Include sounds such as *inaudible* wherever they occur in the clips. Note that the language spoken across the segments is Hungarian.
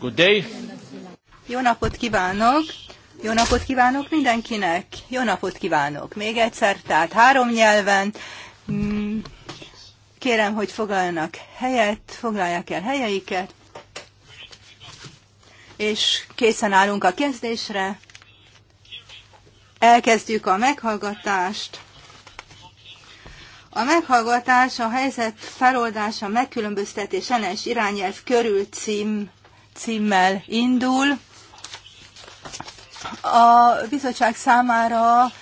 Good day. Jó napot kívánok! Jó napot kívánok mindenkinek! Jó napot kívánok! Még egyszer, tehát három nyelven. Mm, kérem, hogy foglaljanak helyet, foglalják el helyeiket, és készen állunk a kezdésre. Elkezdjük a meghallgatást a meghallgatás a helyzet feloldása megkülönböztetés ellenes irányelv körül cím, címmel indul. A bizottság számára,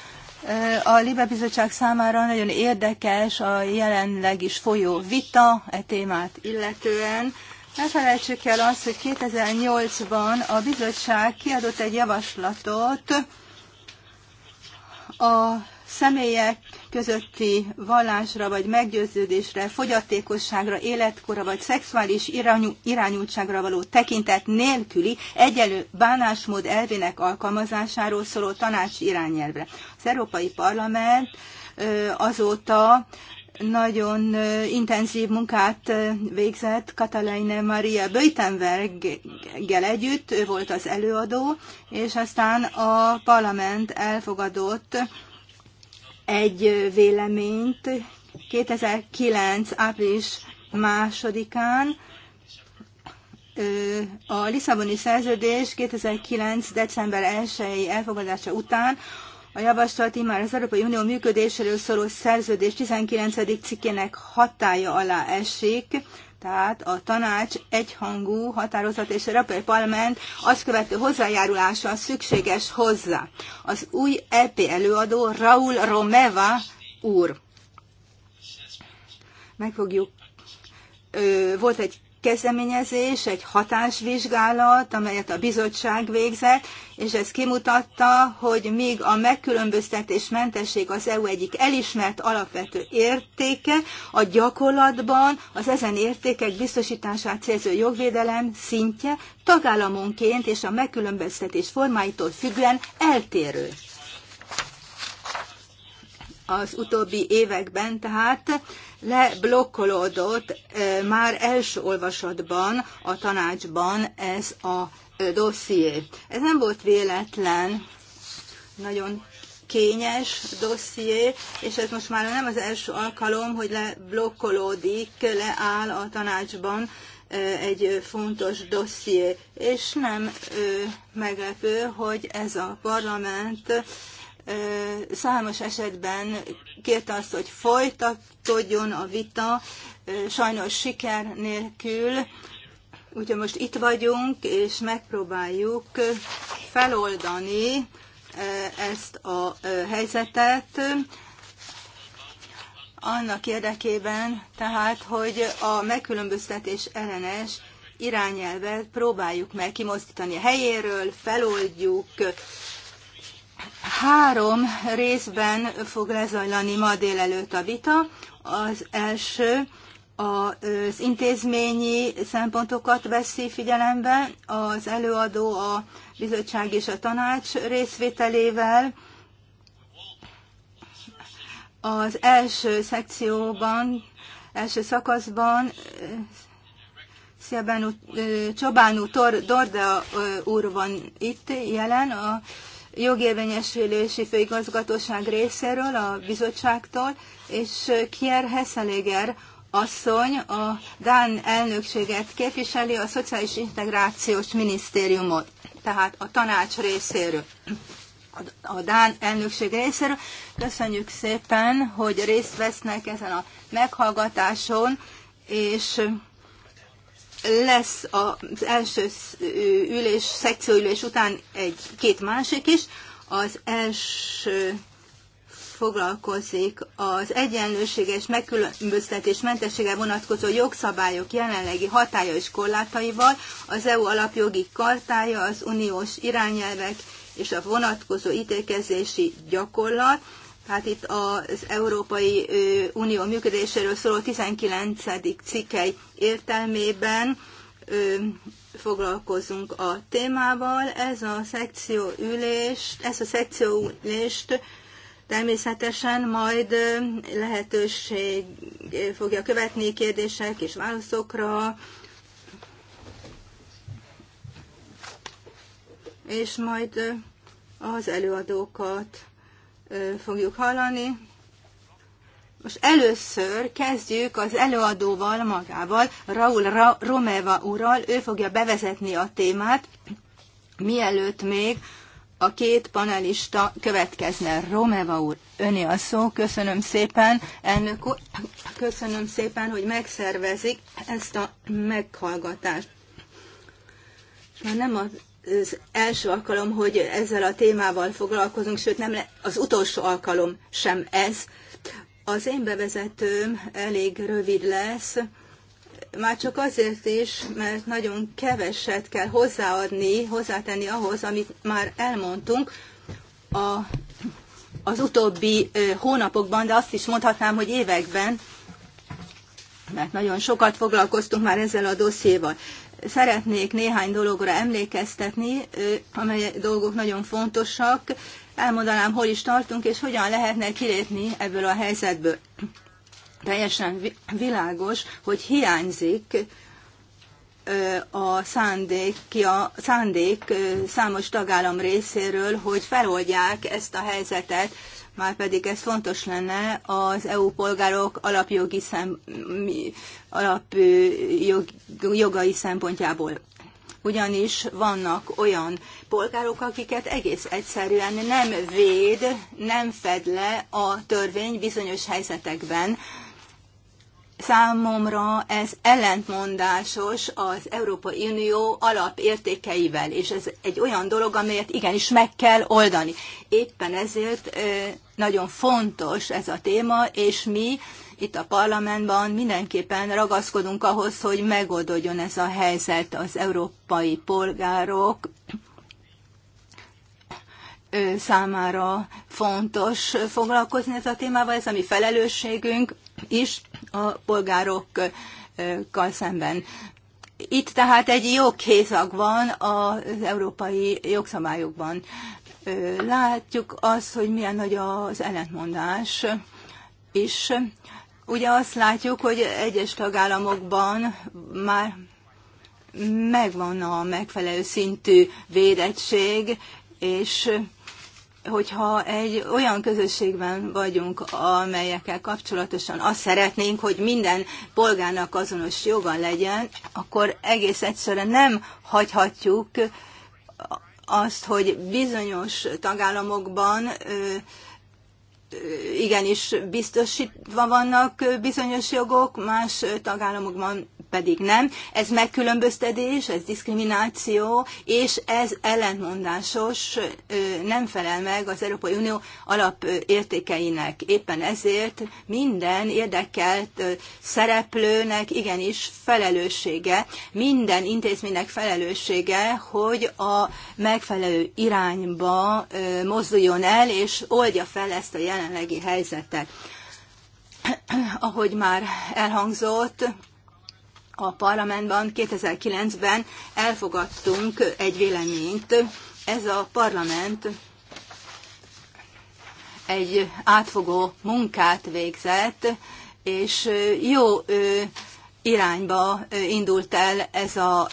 e, a Libe bizottság számára nagyon érdekes a jelenleg is folyó vita e témát illetően. Ne felejtsük el azt, hogy 2008-ban a bizottság kiadott egy javaslatot a személyek közötti vallásra vagy meggyőződésre, fogyatékosságra, életkora vagy szexuális irányú, irányultságra való tekintet nélküli egyenlő bánásmód elvének alkalmazásáról szóló tanács irányelvre. Az Európai Parlament azóta nagyon intenzív munkát végzett Kataleine Maria Böjtenberggel együtt, ő volt az előadó, és aztán a parlament elfogadott egy véleményt 2009. április másodikán, a Lisszaboni szerződés 2009. december 1-i elfogadása után a javaslat már az Európai Unió működéséről szóló szerződés 19. cikkének hatája alá esik, tehát a tanács egyhangú határozat és a Európai Parlament azt követő hozzájárulása szükséges hozzá. Az új EP előadó Raúl Romeva úr. Meg fogjuk, ö, volt egy kezdeményezés, egy hatásvizsgálat, amelyet a bizottság végzett, és ez kimutatta, hogy míg a megkülönböztetés mentesség az EU egyik elismert alapvető értéke, a gyakorlatban az ezen értékek biztosítását célzó jogvédelem szintje tagállamonként és a megkülönböztetés formáitól függően eltérő az utóbbi években, tehát leblokkolódott már első olvasatban a tanácsban ez a dosszié. Ez nem volt véletlen, nagyon kényes dosszié, és ez most már nem az első alkalom, hogy leblokkolódik, leáll a tanácsban egy fontos dosszié. És nem meglepő, hogy ez a parlament Számos esetben kérte azt, hogy folytatódjon a vita, sajnos siker nélkül. Úgyhogy most itt vagyunk, és megpróbáljuk feloldani ezt a helyzetet annak érdekében, tehát, hogy a megkülönböztetés ellenes irányelvet próbáljuk meg kimozdítani a helyéről, feloldjuk, Három részben fog lezajlani ma délelőtt a vita. Az első az intézményi szempontokat veszi figyelembe, az előadó a bizottság és a tanács részvételével. Az első szekcióban, első szakaszban Csobánú Tor, úr van itt jelen, a jogérvényesülési főigazgatóság részéről, a bizottságtól, és Kier Hesseléger asszony a Dán elnökséget képviseli a Szociális Integrációs Minisztériumot, tehát a tanács részéről, a Dán elnökség részéről. Köszönjük szépen, hogy részt vesznek ezen a meghallgatáson, és lesz az első ülés, szekcióülés után egy-két másik is. Az első foglalkozik az egyenlőséges megkülönböztetés mentessége vonatkozó jogszabályok jelenlegi hatája és korlátaival, az EU alapjogi kartája, az uniós irányelvek és a vonatkozó ítélkezési gyakorlat, Hát itt az Európai Unió működéséről szóló 19. cikkely értelmében foglalkozunk a témával. Ez a szekció ülést. ez a szekció ülést természetesen majd lehetőség fogja követni kérdések és válaszokra, és majd az előadókat fogjuk hallani. Most először kezdjük az előadóval magával, Raúl Ra- Romeva úrral, ő fogja bevezetni a témát, mielőtt még a két panelista következne. Romeva úr, öné a szó, köszönöm szépen, elnök úr, köszönöm szépen, hogy megszervezik ezt a meghallgatást. És már nem az az első alkalom, hogy ezzel a témával foglalkozunk, sőt nem az utolsó alkalom sem ez. Az én bevezetőm elég rövid lesz, már csak azért is, mert nagyon keveset kell hozzáadni, hozzátenni ahhoz, amit már elmondtunk a, az utóbbi hónapokban, de azt is mondhatnám, hogy években, mert nagyon sokat foglalkoztunk már ezzel a dossziéval szeretnék néhány dologra emlékeztetni, amely dolgok nagyon fontosak. Elmondanám, hol is tartunk, és hogyan lehetne kilépni ebből a helyzetből. Teljesen világos, hogy hiányzik a szándék, a szándék számos tagállam részéről, hogy feloldják ezt a helyzetet, már pedig ez fontos lenne az EU polgárok alapjogi szem, alapjogai szempontjából. Ugyanis vannak olyan polgárok, akiket egész egyszerűen nem véd, nem fed le a törvény bizonyos helyzetekben, Számomra ez ellentmondásos az Európai Unió alapértékeivel, és ez egy olyan dolog, amelyet igenis meg kell oldani. Éppen ezért nagyon fontos ez a téma, és mi itt a parlamentben mindenképpen ragaszkodunk ahhoz, hogy megoldódjon ez a helyzet az európai polgárok számára fontos foglalkozni ez a témával, ez a mi felelősségünk is, a polgárokkal szemben. Itt tehát egy jó joghézag van az európai jogszabályokban. Látjuk azt, hogy milyen nagy az ellentmondás, és ugye azt látjuk, hogy egyes tagállamokban már megvan a megfelelő szintű védettség, és hogyha egy olyan közösségben vagyunk, amelyekkel kapcsolatosan azt szeretnénk, hogy minden polgárnak azonos joga legyen, akkor egész egyszerűen nem hagyhatjuk azt, hogy bizonyos tagállamokban igenis biztosítva vannak bizonyos jogok, más tagállamokban pedig nem. Ez megkülönböztetés, ez diszkrimináció, és ez ellentmondásos, nem felel meg az Európai Unió alapértékeinek. Éppen ezért minden érdekelt szereplőnek igenis felelőssége, minden intézménynek felelőssége, hogy a megfelelő irányba mozduljon el, és oldja fel ezt a jelenlegi helyzetet. *clears throat* Ahogy már elhangzott, a parlamentben 2009-ben elfogadtunk egy véleményt. Ez a parlament egy átfogó munkát végzett, és jó irányba indult el ez a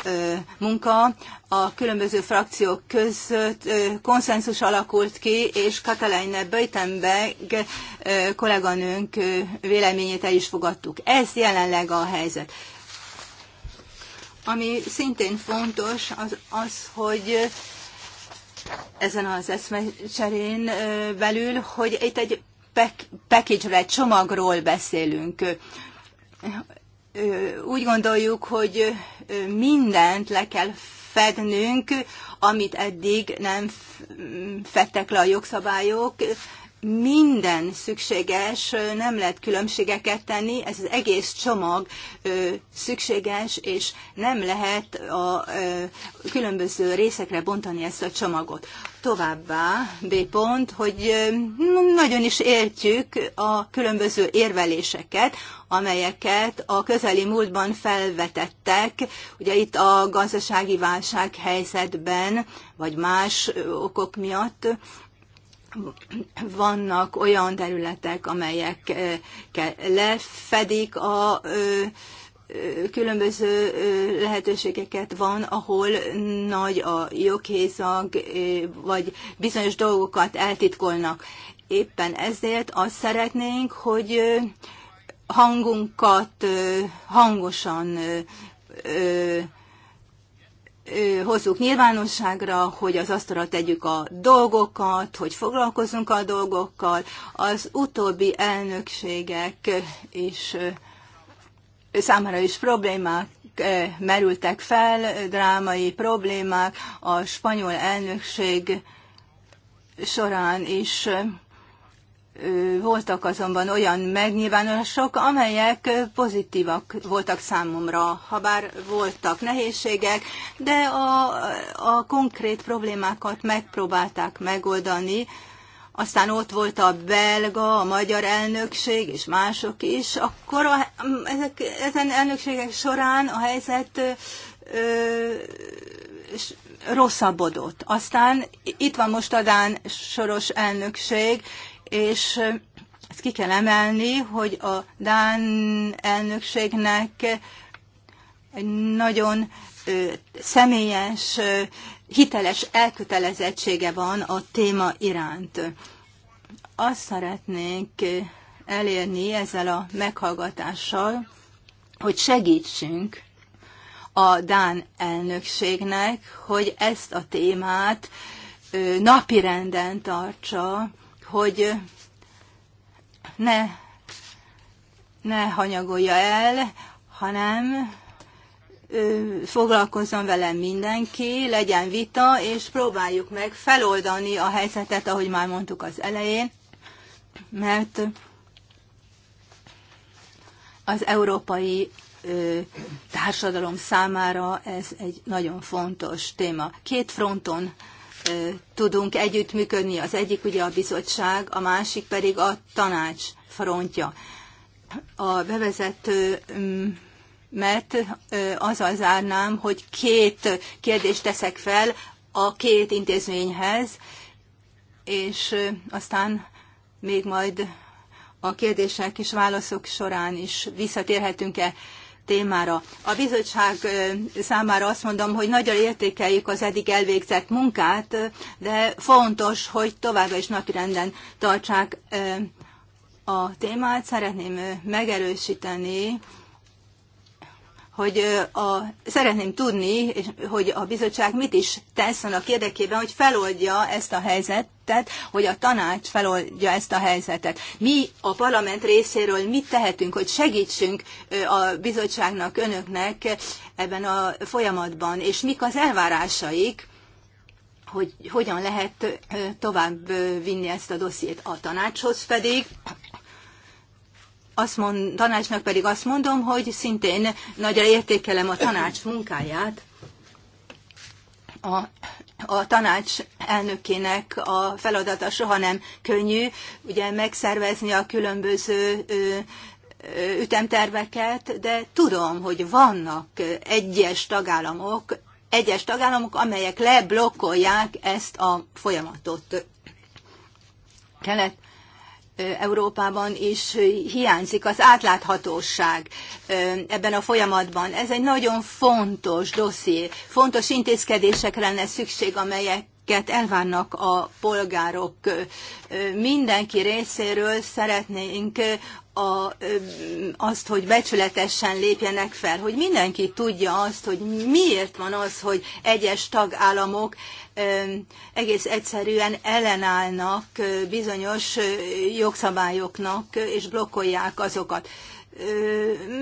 munka. A különböző frakciók között konszenzus alakult ki, és Katalin Böjtenberg kolléganőnk véleményét el is fogadtuk. Ez jelenleg a helyzet. Ami szintén fontos, az, az hogy ezen az eszmecserén belül, hogy itt egy package-re, egy csomagról beszélünk. Úgy gondoljuk, hogy mindent le kell fednünk, amit eddig nem fettek le a jogszabályok, minden szükséges, nem lehet különbségeket tenni, ez az egész csomag szükséges, és nem lehet a különböző részekre bontani ezt a csomagot. Továbbá, B pont, hogy nagyon is értjük a különböző érveléseket, amelyeket a közeli múltban felvetettek, ugye itt a gazdasági válság helyzetben, vagy más okok miatt, vannak olyan területek, amelyek lefedik a különböző lehetőségeket van, ahol nagy a joghézag, vagy bizonyos dolgokat eltitkolnak. Éppen ezért azt szeretnénk, hogy hangunkat hangosan hozzuk nyilvánosságra, hogy az asztalra tegyük a dolgokat, hogy foglalkozunk a dolgokkal. Az utóbbi elnökségek is számára is problémák merültek fel, drámai problémák. A spanyol elnökség során is voltak azonban olyan megnyilvánulások, amelyek pozitívak voltak számomra, habár voltak nehézségek, de a, a konkrét problémákat megpróbálták megoldani. Aztán ott volt a belga, a magyar elnökség és mások is. Akkor a, ezek, ezen elnökségek során a helyzet ö, rosszabbodott. Aztán itt van most a Dán soros elnökség, és ezt ki kell emelni, hogy a Dán elnökségnek egy nagyon személyes, hiteles elkötelezettsége van a téma iránt. Azt szeretnénk elérni ezzel a meghallgatással, hogy segítsünk a Dán elnökségnek, hogy ezt a témát napirenden tartsa, hogy ne, ne hanyagolja el, hanem foglalkozzon vele mindenki, legyen vita, és próbáljuk meg feloldani a helyzetet, ahogy már mondtuk az elején, mert az európai társadalom számára ez egy nagyon fontos téma. Két fronton tudunk együttműködni. Az egyik ugye a bizottság, a másik pedig a tanács frontja. A bevezető mm, mert azzal zárnám, hogy két kérdést teszek fel a két intézményhez, és aztán még majd a kérdések és válaszok során is visszatérhetünk-e témára. A bizottság számára azt mondom, hogy nagyon értékeljük az eddig elvégzett munkát, de fontos, hogy továbbra is napirenden tartsák a témát. Szeretném megerősíteni hogy a, szeretném tudni, hogy a bizottság mit is tesz annak érdekében, hogy feloldja ezt a helyzetet, hogy a tanács feloldja ezt a helyzetet. Mi a parlament részéről mit tehetünk, hogy segítsünk a bizottságnak, önöknek ebben a folyamatban, és mik az elvárásaik, hogy hogyan lehet tovább vinni ezt a dossziét a tanácshoz pedig azt mond, tanácsnak pedig azt mondom, hogy szintén nagyra értékelem a tanács munkáját, a, a tanács elnökének a feladata soha nem könnyű, ugye megszervezni a különböző ö, ütemterveket, de tudom, hogy vannak egyes tagállamok, egyes tagállamok, amelyek leblokkolják ezt a folyamatot. Kelet Európában is hiányzik az átláthatóság ebben a folyamatban. Ez egy nagyon fontos dosszié. Fontos intézkedésekre lenne szükség, amelyek amiket elvárnak a polgárok. Mindenki részéről szeretnénk a, azt, hogy becsületesen lépjenek fel, hogy mindenki tudja azt, hogy miért van az, hogy egyes tagállamok egész egyszerűen ellenállnak bizonyos jogszabályoknak, és blokkolják azokat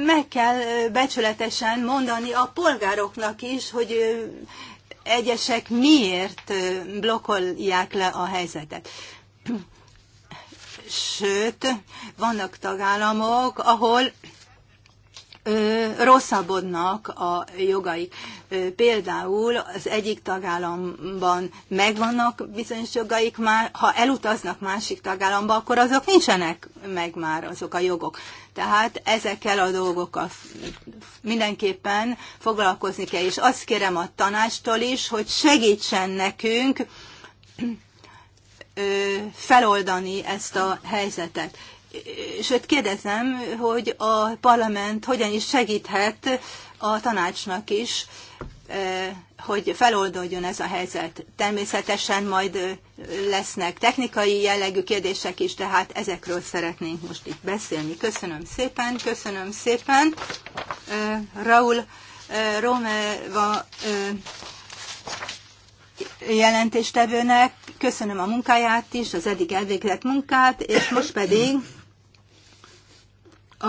meg kell becsületesen mondani a polgároknak is, hogy egyesek miért blokkolják le a helyzetet. Sőt, vannak tagállamok, ahol rosszabbodnak a jogaik. Például az egyik tagállamban megvannak bizonyos jogaik már, ha elutaznak másik tagállamba, akkor azok nincsenek meg már azok a jogok. Tehát ezekkel a dolgokkal mindenképpen foglalkozni kell, és azt kérem a tanástól is, hogy segítsen nekünk feloldani ezt a helyzetet. Sőt, kérdezem, hogy a parlament hogyan is segíthet a tanácsnak is, hogy feloldódjon ez a helyzet. Természetesen majd lesznek technikai jellegű kérdések is, de hát ezekről szeretnénk most itt beszélni. Köszönöm szépen, köszönöm szépen. Raul Romeva jelentéstevőnek köszönöm a munkáját is, az eddig elvégzett munkát, és most pedig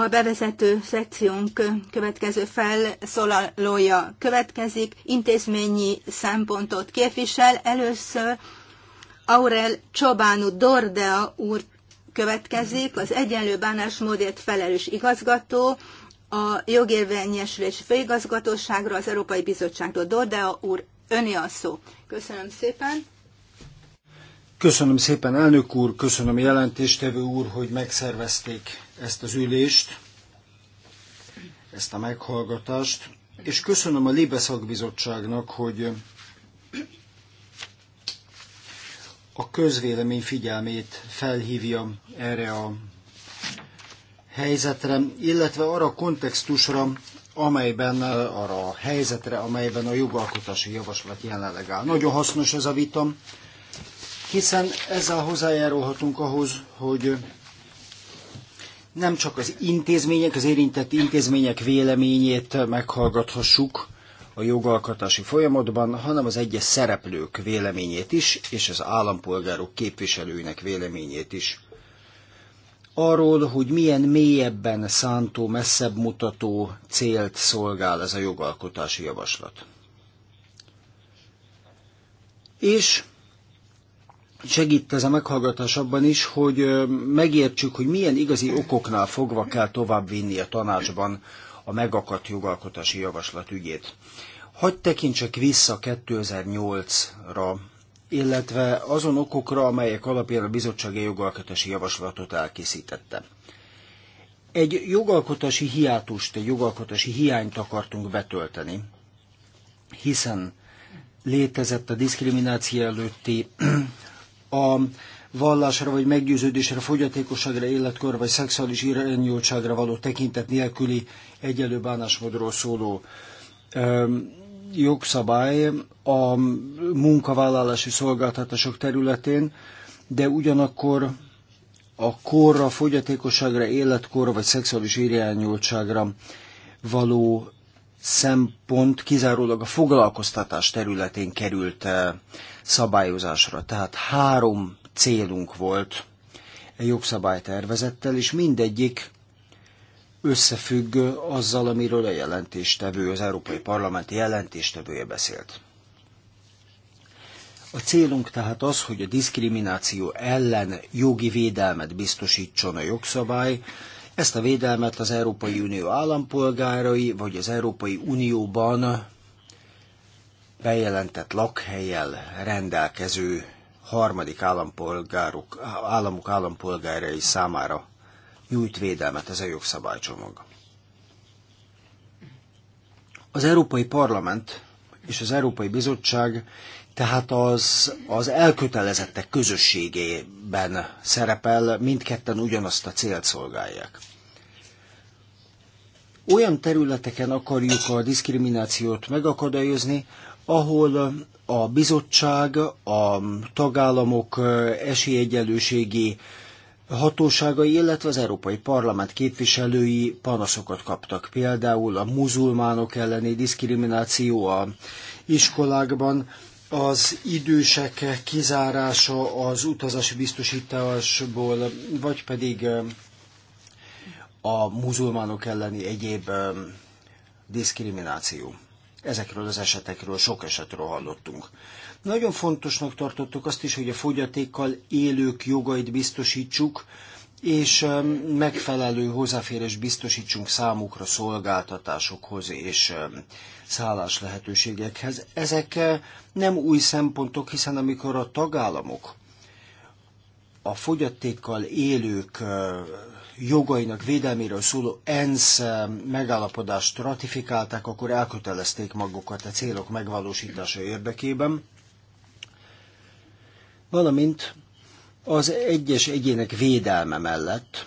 a bevezető szekciónk következő felszólalója következik, intézményi szempontot képvisel. Először Aurel Csobánu Dordea úr következik, az egyenlő bánásmódért felelős igazgató, a jogérvényesülési főigazgatóságra, az Európai Bizottságtól. Dordea úr, öné a szó. Köszönöm szépen. Köszönöm szépen, elnök úr, köszönöm jelentéstevő úr, hogy megszervezték ezt az ülést, ezt a meghallgatást, és köszönöm a Libe szakbizottságnak, hogy a közvélemény figyelmét felhívja erre a helyzetre, illetve arra a kontextusra, amelyben arra a helyzetre, amelyben a jogalkotási javaslat jelenleg áll. Nagyon hasznos ez a vita, hiszen ezzel hozzájárulhatunk ahhoz, hogy nem csak az intézmények, az érintett intézmények véleményét meghallgathassuk a jogalkotási folyamatban, hanem az egyes szereplők véleményét is, és az állampolgárok képviselőinek véleményét is. Arról, hogy milyen mélyebben szántó, messzebb mutató célt szolgál ez a jogalkotási javaslat. És segít ez a meghallgatás abban is, hogy megértsük, hogy milyen igazi okoknál fogva kell továbbvinni a tanácsban a megakadt jogalkotási javaslat ügyét. Hagy tekintsek vissza 2008-ra, illetve azon okokra, amelyek alapján a bizottsági jogalkotási javaslatot elkészítette. Egy jogalkotási hiátust, egy jogalkotási hiányt akartunk betölteni, hiszen létezett a diszkrimináció előtti a vallásra vagy meggyőződésre, fogyatékosságra, életkor vagy szexuális irányultságra való tekintet nélküli egyenlő bánásmódról szóló jogszabály a munkavállalási szolgáltatások területén, de ugyanakkor a korra, fogyatékosságra, életkorra vagy szexuális irányultságra való szempont kizárólag a foglalkoztatás területén került eh, szabályozásra. Tehát három célunk volt a e jogszabálytervezettel, és mindegyik összefügg azzal, amiről a jelentéstevő, az Európai Parlamenti jelentéstevője beszélt. A célunk tehát az, hogy a diszkrimináció ellen jogi védelmet biztosítson a jogszabály, ezt a védelmet az Európai Unió állampolgárai, vagy az Európai Unióban bejelentett lakhelyel rendelkező harmadik állampolgárok, államok állampolgárai számára nyújt védelmet ez a jogszabálycsomag. Az Európai Parlament és az Európai Bizottság tehát az, az elkötelezettek közösségében szerepel, mindketten ugyanazt a célt szolgálják. Olyan területeken akarjuk a diszkriminációt megakadályozni, ahol a bizottság, a tagállamok esélyegyenlőségi hatóságai, illetve az Európai Parlament képviselői panaszokat kaptak. Például a muzulmánok elleni diszkrimináció a iskolákban, az idősek kizárása az utazási biztosításból, vagy pedig a muzulmánok elleni egyéb diszkrimináció. Ezekről az esetekről sok esetről hallottunk. Nagyon fontosnak tartottuk azt is, hogy a fogyatékkal élők jogait biztosítsuk, és megfelelő hozzáférés biztosítsunk számukra szolgáltatásokhoz és szállás lehetőségekhez. Ezek nem új szempontok, hiszen amikor a tagállamok a fogyatékkal élők jogainak védelméről szóló ENSZ megállapodást ratifikálták, akkor elkötelezték magukat a célok megvalósítása érdekében, valamint az egyes egyének védelme mellett,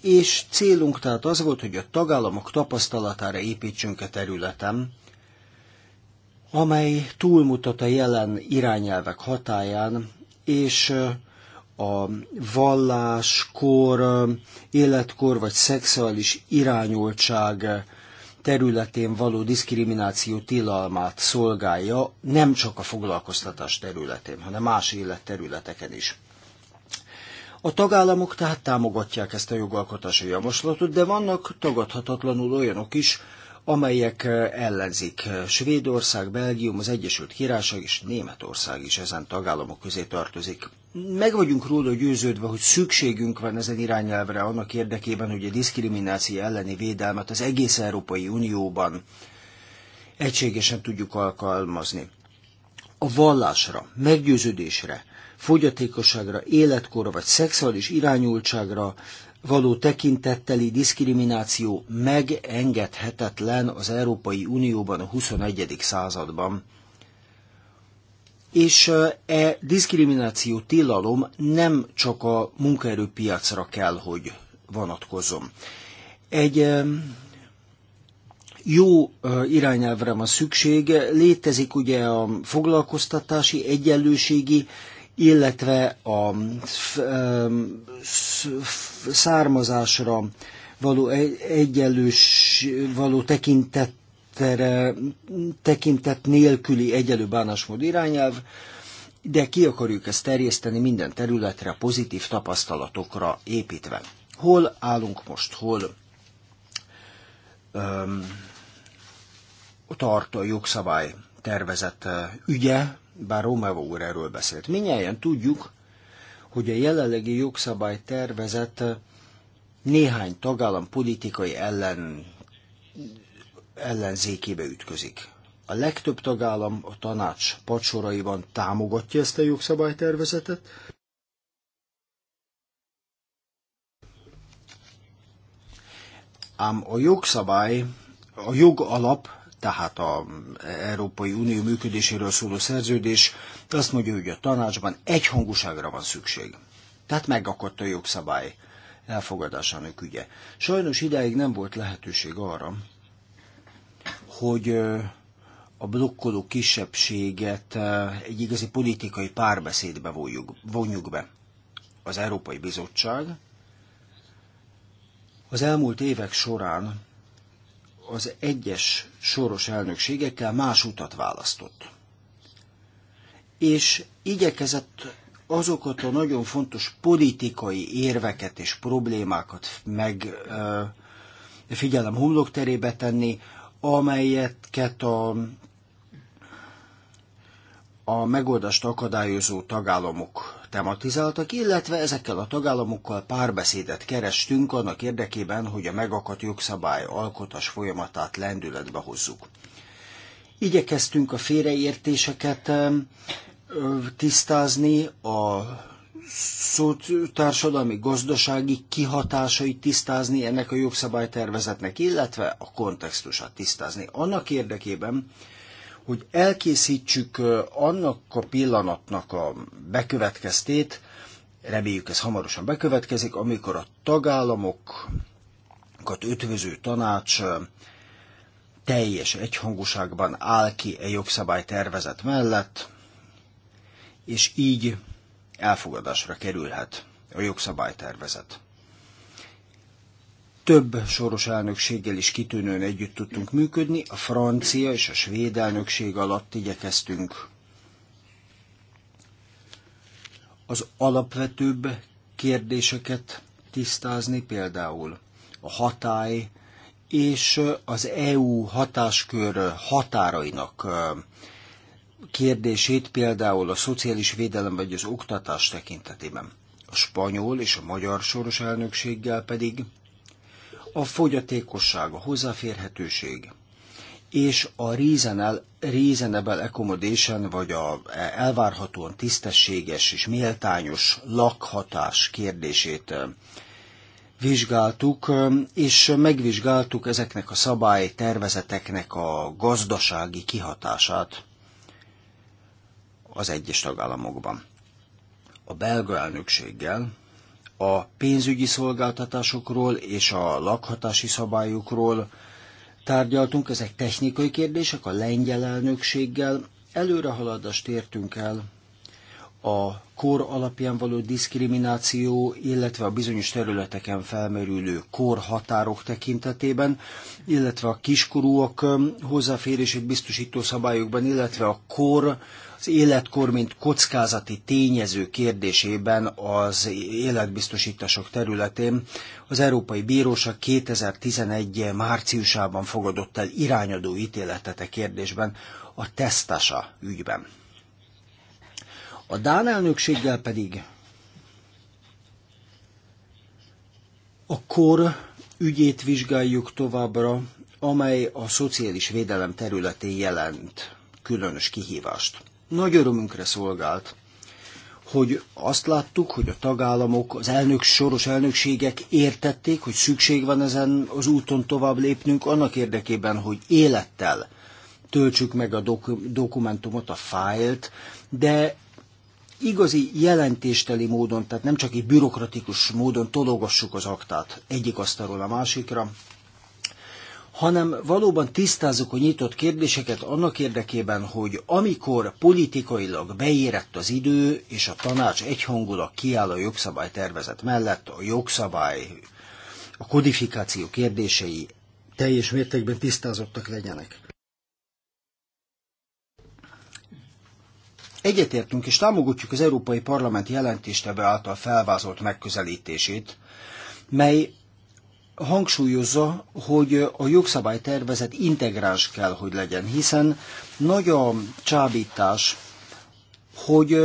és célunk tehát az volt, hogy a tagállamok tapasztalatára építsünk a területen, amely túlmutat a jelen irányelvek hatáján, és a vallás, kor, életkor vagy szexuális irányoltság területén való diszkrimináció tilalmát szolgálja, nem csak a foglalkoztatás területén, hanem más életterületeken is. A tagállamok tehát támogatják ezt a jogalkotási javaslatot, de vannak tagadhatatlanul olyanok is, amelyek eh, ellenzik. Svédország, Belgium, az Egyesült Királyság és Németország is ezen tagállamok közé tartozik meg vagyunk róla győződve, hogy szükségünk van ezen irányelvre annak érdekében, hogy a diszkrimináció elleni védelmet az egész Európai Unióban egységesen tudjuk alkalmazni. A vallásra, meggyőződésre, fogyatékosságra, életkorra vagy szexuális irányultságra való tekintetteli diszkrimináció megengedhetetlen az Európai Unióban a 21. században és e diszkrimináció tilalom nem csak a munkaerőpiacra kell, hogy vonatkozom. Egy jó irányelvre van szükség. Létezik ugye a foglalkoztatási egyenlőségi, illetve a származásra való e-, egyenlős, való tekintett szemeszterre eh, tekintett nélküli egyelő bánásmód irányelv, de ki akarjuk ezt terjeszteni minden területre, pozitív tapasztalatokra építve. Hol állunk most, hol öm, ehm, tart a jogszabály tervezett eh, ügye, bár Romeva úr erről beszélt. Minnyáján tudjuk, hogy a jelenlegi jogszabály tervezet eh, néhány tagállam politikai ellen ellenzékébe ütközik. A legtöbb tagállam a tanács pacsoraiban támogatja ezt a jogszabálytervezetet, ám a jogszabály, a jogalap, tehát a Európai Unió működéséről szóló szerződés azt mondja, hogy a tanácsban egyhangúságra van szükség. Tehát megakadt a jogszabály elfogadásának ügye. Sajnos idáig nem volt lehetőség arra, hogy a blokkoló kisebbséget egy igazi politikai párbeszédbe vonjuk, vonjuk be. Az Európai Bizottság az elmúlt évek során az egyes soros elnökségekkel más utat választott. És igyekezett azokat a nagyon fontos politikai érveket és problémákat meg ö, figyelem homlokterébe tenni, amelyeket a, a megoldást akadályozó tagállamok tematizáltak, illetve ezekkel a tagállamokkal párbeszédet kerestünk annak érdekében, hogy a megakadt jogszabály alkotás folyamatát lendületbe hozzuk. Igyekeztünk a félreértéseket tisztázni, a társadalmi, gazdasági kihatásait tisztázni ennek a jogszabálytervezetnek, illetve a kontextusát tisztázni. Annak érdekében, hogy elkészítsük annak a pillanatnak a bekövetkeztét, reméljük ez hamarosan bekövetkezik, amikor a tagállamokat ötvöző tanács teljes egyhangúságban áll ki e jogszabálytervezet mellett, és így elfogadásra kerülhet a jogszabálytervezet. Több soros elnökséggel is kitűnően együtt tudtunk működni, a francia és a svéd elnökség alatt igyekeztünk az alapvetőbb kérdéseket tisztázni, például a hatály és az EU hatáskör határainak kérdését például a szociális védelem vagy az oktatás tekintetében. A spanyol és a magyar soros elnökséggel pedig a fogyatékosság, a hozzáférhetőség és a reasonable, reasonable accommodation, vagy a elvárhatóan tisztességes és méltányos lakhatás kérdését vizsgáltuk, és megvizsgáltuk ezeknek a szabálytervezeteknek a gazdasági kihatását az egyes tagállamokban. A belga elnökséggel a pénzügyi szolgáltatásokról és a lakhatási szabályokról tárgyaltunk, ezek technikai kérdések, a lengyel elnökséggel előrehaladást értünk el a kor alapján való diszkrimináció, illetve a bizonyos területeken felmerülő korhatárok tekintetében, illetve a kiskorúak um, hozzáférését biztosító szabályokban, illetve a kor az életkor, mint kockázati tényező kérdésében az életbiztosítások területén az Európai Bíróság 2011 márciusában fogadott el irányadó ítéletet a e kérdésben a tesztasa ügyben. A Dán elnökséggel pedig a kor ügyét vizsgáljuk továbbra, amely a szociális védelem területén jelent különös kihívást. Nagy örömünkre szolgált, hogy azt láttuk, hogy a tagállamok, az elnök, soros elnökségek értették, hogy szükség van ezen az úton tovább lépnünk, annak érdekében, hogy élettel töltsük meg a dok- dokumentumot, a fájlt, de igazi jelentésteli módon, tehát nem csak egy bürokratikus módon tologassuk az aktát egyik asztalról a másikra, hanem valóban tisztázzuk a nyitott kérdéseket annak érdekében, hogy amikor politikailag beérett az idő, és a tanács egyhangulag kiáll a jogszabálytervezet mellett, a jogszabály, a kodifikáció kérdései teljes mértékben tisztázottak legyenek. Egyetértünk és támogatjuk az Európai Parlament jelentéstevő által felvázolt megközelítését, mely hangsúlyozza, hogy a jogszabálytervezet integráns kell, hogy legyen, hiszen nagy a csábítás, hogy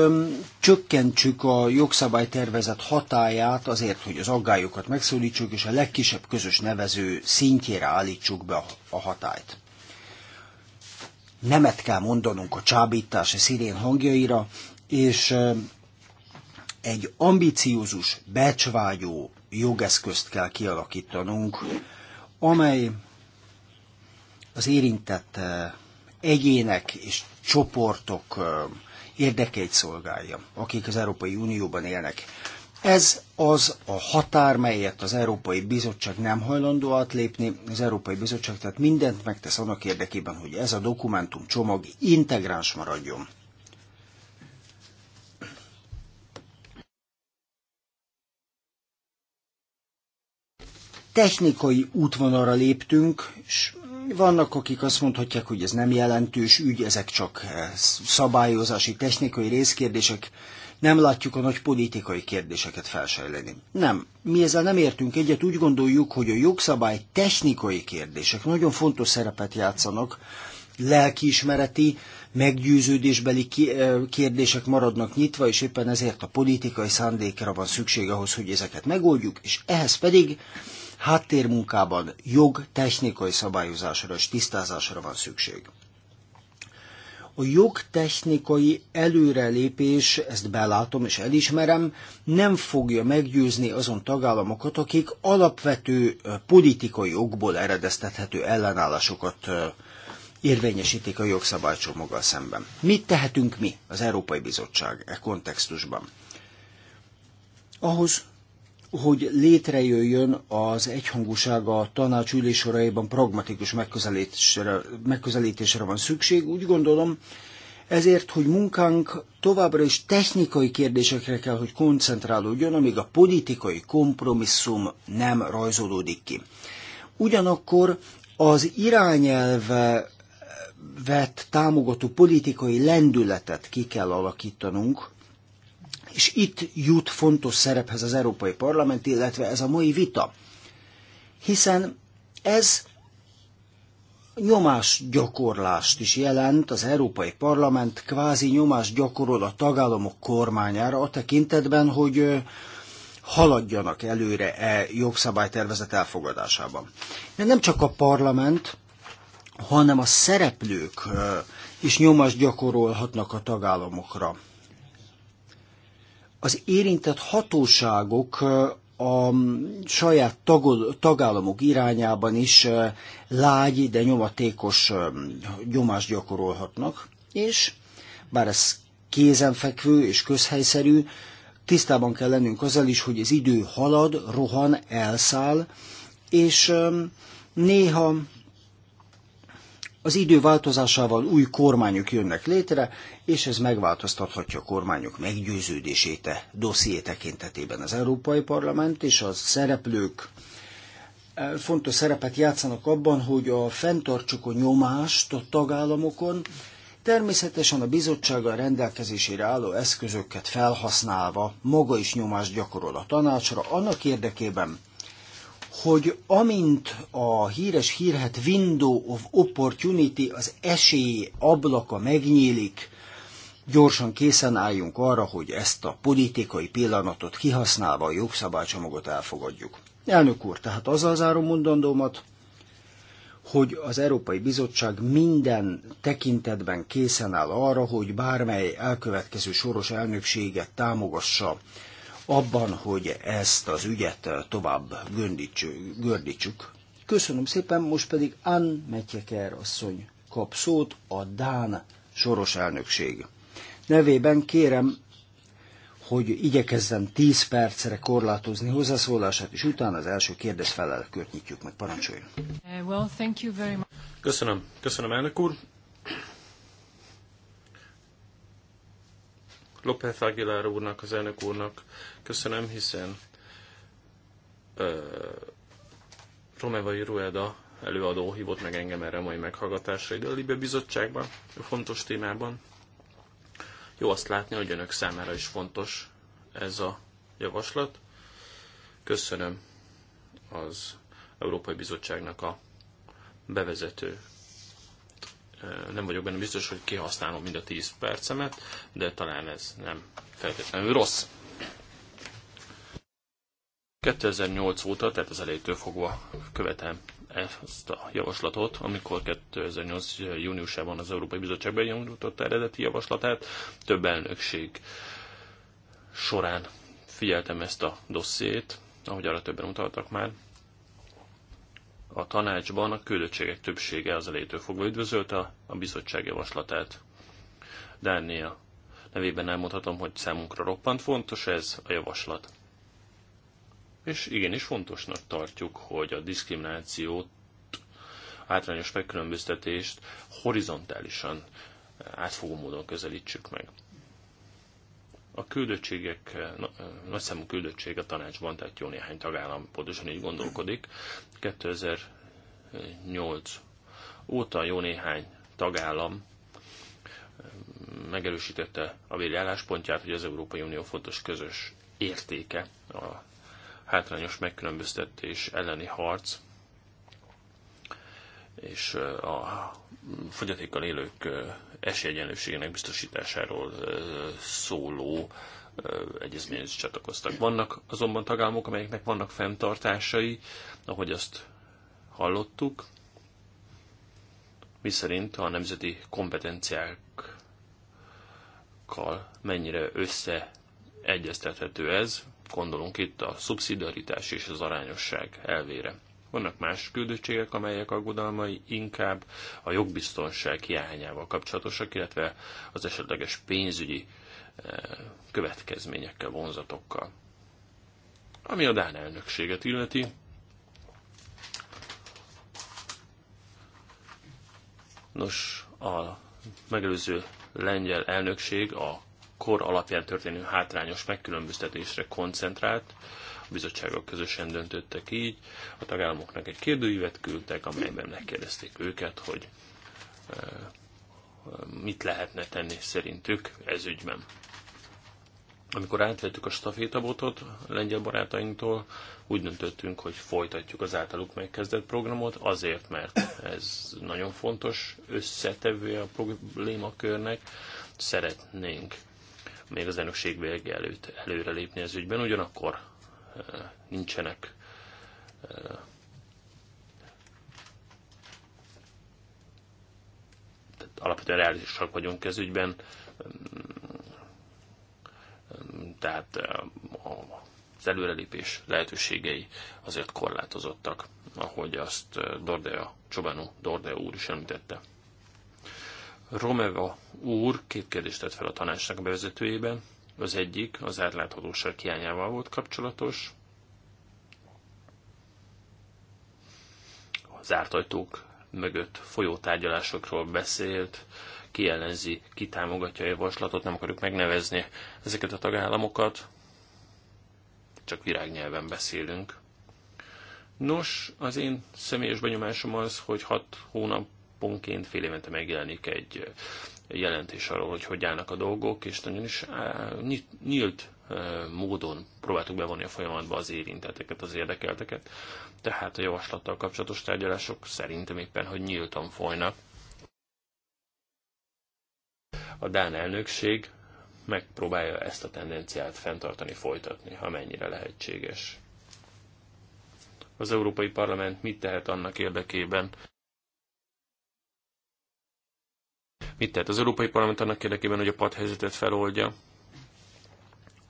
csökkentsük a jogszabálytervezet hatáját azért, hogy az aggályokat megszólítsuk, és a legkisebb közös nevező szintjére állítsuk be a hatályt. Nemet kell mondanunk a csábítás szirén hangjaira, és egy ambiciózus, becsvágyó jogeszközt kell kialakítanunk, amely az érintett eh, egyének és csoportok eh, érdekeit szolgálja, akik az Európai Unióban élnek. Ez az a határ, melyet az Európai Bizottság nem hajlandó átlépni. Az Európai Bizottság tehát mindent megtesz annak érdekében, hogy ez a dokumentum csomag integráns maradjon. technikai útvonalra léptünk, és vannak, akik azt mondhatják, hogy ez nem jelentős ügy, ezek csak eh, szabályozási, technikai részkérdések, nem látjuk a nagy politikai kérdéseket felsejleni. Nem, mi ezzel nem értünk egyet, úgy gondoljuk, hogy a jogszabály technikai kérdések nagyon fontos szerepet játszanak, lelkiismereti, meggyőződésbeli eh, kérdések maradnak nyitva, és éppen ezért a politikai szándékra van szükség ahhoz, hogy ezeket megoldjuk, és ehhez pedig háttérmunkában jog technikai szabályozásra és tisztázásra van szükség. A jogtechnikai előrelépés, ezt belátom és elismerem, nem fogja meggyőzni azon tagállamokat, akik alapvető politikai okból eredeztethető ellenállásokat érvényesítik a jogszabálycsomaggal szemben. Mit tehetünk mi, az Európai Bizottság e kontextusban? Ahhoz, hogy létrejöjjön az egyhangúsága a tanács ülésoraiban pragmatikus megközelítésre, megközelítésre van szükség. Úgy gondolom, ezért, hogy munkánk továbbra is technikai kérdésekre kell, hogy koncentrálódjon, amíg a politikai kompromisszum nem rajzolódik ki. Ugyanakkor az irányelve vett támogató politikai lendületet ki kell alakítanunk, és itt jut fontos szerephez az Európai Parlament, illetve ez a mai vita. Hiszen ez nyomásgyakorlást is jelent, az Európai Parlament kvázi nyomás gyakorol a tagállamok kormányára a tekintetben, hogy haladjanak előre e jogszabálytervezet elfogadásában. De nem csak a parlament, hanem a szereplők is nyomást gyakorolhatnak a tagállamokra az érintett hatóságok a saját tagol, tagállamok irányában is lágy, de nyomatékos nyomást gyakorolhatnak, és bár ez kézenfekvő és közhelyszerű, tisztában kell lennünk azzal is, hogy az idő halad, rohan, elszáll, és néha az idő változásával új kormányok jönnek létre, és ez megváltoztathatja a kormányok meggyőződését a e dosszié tekintetében. Az Európai Parlament és a szereplők e, fontos szerepet játszanak abban, hogy a fenntartsuk a nyomást a tagállamokon, természetesen a bizottsággal rendelkezésére álló eszközöket felhasználva maga is nyomást gyakorol a tanácsra, annak érdekében, hogy amint a híres hírhet window of opportunity, az esély ablaka megnyílik, gyorsan készen álljunk arra, hogy ezt a politikai pillanatot kihasználva a jogszabálycsomagot elfogadjuk. Elnök úr, tehát azzal zárom mondandómat, hogy az Európai Bizottság minden tekintetben készen áll arra, hogy bármely elkövetkező soros elnökséget támogassa abban, hogy ezt az ügyet tovább gördítsük. Köszönöm szépen, most pedig Ann Metjeker asszony kap szót, a Dán soros elnökség. Nevében kérem, hogy igyekezzen 10 percre korlátozni hozzászólását, és utána az első kérdés felelkört nyitjuk meg. Parancsoljon. Uh, well, thank you very much. Köszönöm. Köszönöm, elnök úr. López Aguilar úrnak, az elnök úrnak, Köszönöm, hiszen ö, Romeva Rueda előadó hívott meg engem erre a mai meghallgatásra ide a Libia Bizottságban, a fontos témában. Jó azt látni, hogy önök számára is fontos ez a javaslat. Köszönöm az Európai Bizottságnak a bevezető. Nem vagyok benne biztos, hogy kihasználom mind a 10 percemet, de talán ez nem feltétlenül rossz. 2008 óta, tehát az elejétől fogva követem ezt a javaslatot, amikor 2008. júniusában az Európai Bizottság benyújtotta eredeti javaslatát, több elnökség során figyeltem ezt a dossziét, ahogy arra többen utaltak már. A tanácsban a küldöttségek többsége az elejétől fogva üdvözölte a bizottság javaslatát. Dánia nevében elmondhatom, hogy számunkra roppant fontos ez a javaslat és igenis fontosnak tartjuk, hogy a diszkriminációt, hátrányos megkülönböztetést horizontálisan, átfogó módon közelítsük meg. A küldöttségek, nagyszámú küldöttség a tanácsban, tehát jó néhány tagállam pontosan így gondolkodik. 2008 óta jó néhány tagállam mm, megerősítette a véli álláspontját, hogy az Európai Unió fontos közös értéke a hátrányos megkülönböztetés elleni harc és a fogyatékkal élők esélyegyenlőségének biztosításáról szóló egyezményhez is csatlakoztak. Vannak azonban tagállamok, amelyeknek vannak fenntartásai, ahogy azt hallottuk, miszerint a nemzeti kompetenciákkal mennyire összeegyeztethető ez, gondolunk itt a szubszidiaritás és az arányosság elvére. Vannak más küldöttségek, amelyek aggodalmai inkább a jogbiztonság hiányával kapcsolatosak, illetve az esetleges pénzügyi eh, következményekkel, vonzatokkal. Ami a Dán elnökséget illeti, nos, a megelőző lengyel elnökség a kor alapján történő hátrányos megkülönböztetésre koncentrált, a bizottságok közösen döntöttek így, a tagállamoknak egy kérdőívet küldtek, amelyben megkérdezték őket, hogy mit lehetne tenni szerintük ez ügyben. Amikor átvettük a stafétabotot lengyel barátainktól, úgy döntöttünk, hogy folytatjuk az általuk megkezdett programot, azért, mert ez nagyon fontos összetevője a problémakörnek. Szeretnénk még az elnökség vége előtt előrelépni az ügyben, ugyanakkor nincsenek tehát alapvetően reálisak vagyunk ez ügyben, tehát az előrelépés lehetőségei azért korlátozottak, ahogy azt Dordea, Csobanu Dordea úr is említette. Romeva úr két kérdést tett fel a tanácsnak bevezetőjében. Az egyik az átláthatóság hiányával volt kapcsolatos. Az zárt ajtók mögött folyó tárgyalásokról beszélt, ki ellenzi, ki támogatja a javaslatot, nem akarjuk megnevezni ezeket a tagállamokat, csak virágnyelven beszélünk. Nos, az én személyes benyomásom az, hogy hat hónap hónaponként, fél évente megjelenik egy jelentés arról, hogy hogy állnak a dolgok, és nagyon is nyílt módon próbáltuk bevonni a folyamatba az érinteteket, az érdekelteket. Tehát a javaslattal kapcsolatos tárgyalások szerintem éppen, hogy nyíltan folynak. A Dán elnökség megpróbálja ezt a tendenciát fenntartani, folytatni, ha mennyire lehetséges. Az Európai Parlament mit tehet annak érdekében, Mit tett az Európai Parlament annak érdekében, hogy a padhelyzetet feloldja?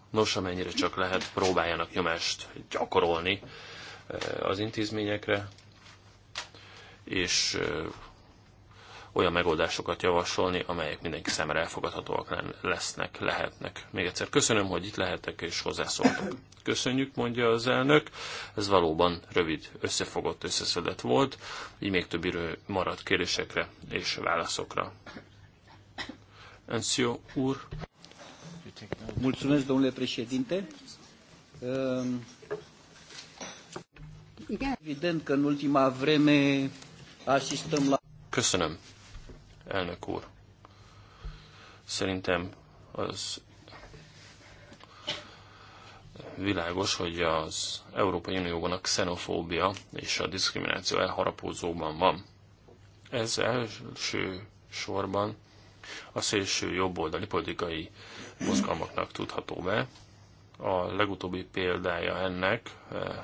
Nos, amennyire csak lehet, próbáljanak nyomást gyakorolni eh, az intézményekre, és eh, olyan megoldásokat javasolni, amelyek mindenki számára elfogadhatóak lesznek, lehetnek. Még egyszer köszönöm, hogy itt lehetek és hozzászóltak. Köszönjük, mondja az elnök. Ez valóban rövid, összefogott, összeszedett volt, így még több idő maradt kérdésekre és válaszokra. Encio úr. Mulțumesc, domnule președinte. Ehm, evident că în ultima vreme asistăm la... Köszönöm elnök úr. Szerintem az világos, hogy az Európai Unióban a xenofóbia és a diszkrimináció elharapózóban van. Ez első sorban a szélső jobboldali politikai mozgalmaknak tudható be. A legutóbbi példája ennek eh,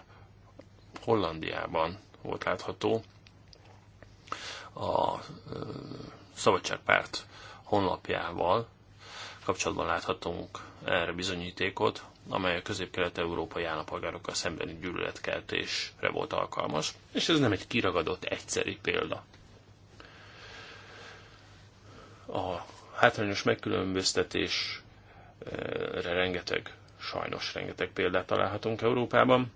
Hollandiában volt látható. A eh, Szabadságpárt honlapjával kapcsolatban láthatunk erre bizonyítékot, amely a közép-kelet-európai állampolgárokkal szembeni gyűlöletkeltésre volt alkalmas, és ez nem egy kiragadott egyszeri példa. A hátrányos megkülönböztetésre rengeteg, sajnos rengeteg példát találhatunk Európában,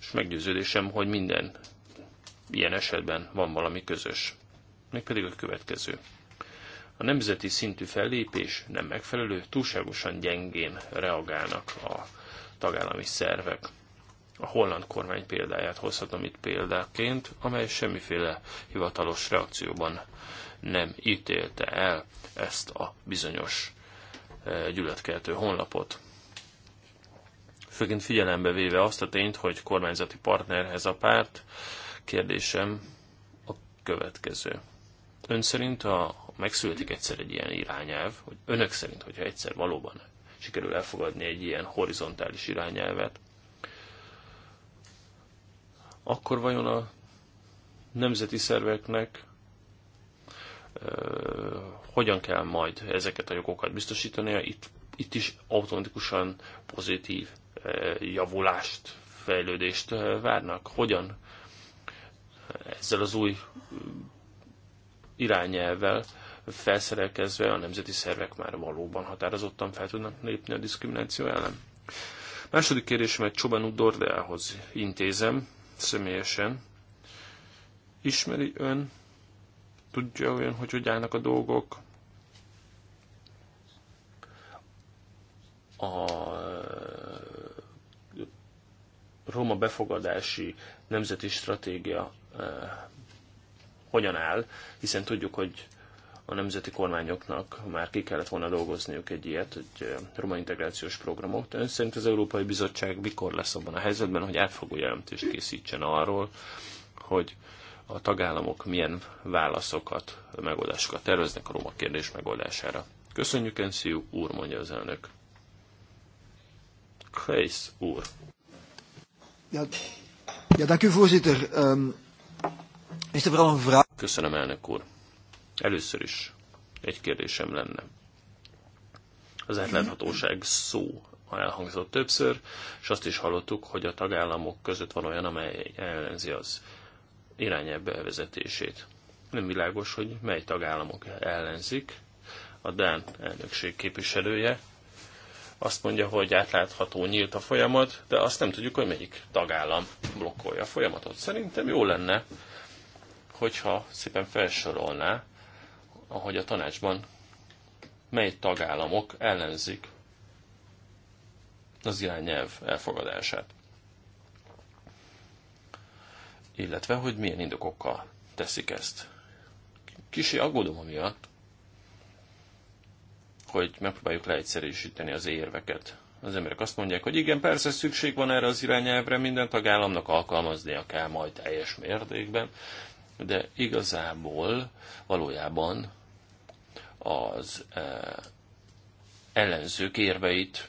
és meggyőződésem, hogy minden ilyen esetben van valami közös. Mégpedig a következő. A nemzeti szintű fellépés nem megfelelő, túlságosan gyengén reagálnak a tagállami szervek. A holland kormány példáját hozhatom itt példáként, amely semmiféle hivatalos reakcióban nem ítélte el ezt a bizonyos eh, gyűlöletkeltő honlapot. Főként figyelembe véve azt a tényt, hogy kormányzati partnerhez a párt, kérdésem a következő. Ön szerint, ha megszületik egyszer egy ilyen irányelv, hogy önök szerint, hogyha egyszer valóban sikerül elfogadni egy ilyen horizontális irányelvet, akkor vajon a nemzeti szerveknek ö, hogyan kell majd ezeket a jogokat biztosítani, Itt, itt is automatikusan pozitív ö, javulást, fejlődést ö, várnak. Hogyan ezzel az új irányelvvel felszerelkezve a nemzeti szervek már valóban határozottan fel tudnak lépni a diszkrimináció ellen. Második kérdésemet Csoban Udordeához intézem személyesen. Ismeri ön? Tudja olyan, hogy hogy állnak a dolgok? A Roma befogadási nemzeti stratégia hogyan áll, hiszen tudjuk, hogy a nemzeti kormányoknak már ki kellett volna dolgozniuk egy ilyet, egy roma integrációs programot. Ön szerint az Európai Bizottság mikor lesz abban a helyzetben, hogy átfogó jelentést készítsen arról, hogy a tagállamok milyen válaszokat, megoldásokat terveznek a roma kérdés megoldására. Köszönjük, Ensziu úr, mondja az elnök. Kreisz úr. Ja, ja, dank u voorzitter. Um, Er Köszönöm, elnök úr. Először is egy kérdésem lenne. Az átláthatóság szó elhangzott többször, és azt is hallottuk, hogy a tagállamok között van olyan, amely ellenzi az irányelv bevezetését. Nem világos, hogy mely tagállamok ellenzik. A Dán elnökség képviselője azt mondja, hogy átlátható, nyílt a folyamat, de azt nem tudjuk, hogy melyik tagállam blokkolja a folyamatot. Szerintem jó lenne, hogyha szépen felsorolná, ahogy a tanácsban mely tagállamok ellenzik az irányelv elfogadását. Illetve, hogy milyen indokokkal teszik ezt. Kisi aggódom amiatt, hogy megpróbáljuk leegyszerűsíteni az érveket. Az emberek azt mondják, hogy igen, persze szükség van erre az irányelvre, minden tagállamnak alkalmaznia kell majd teljes mértékben, de igazából valójában az eh, ellenzők érveit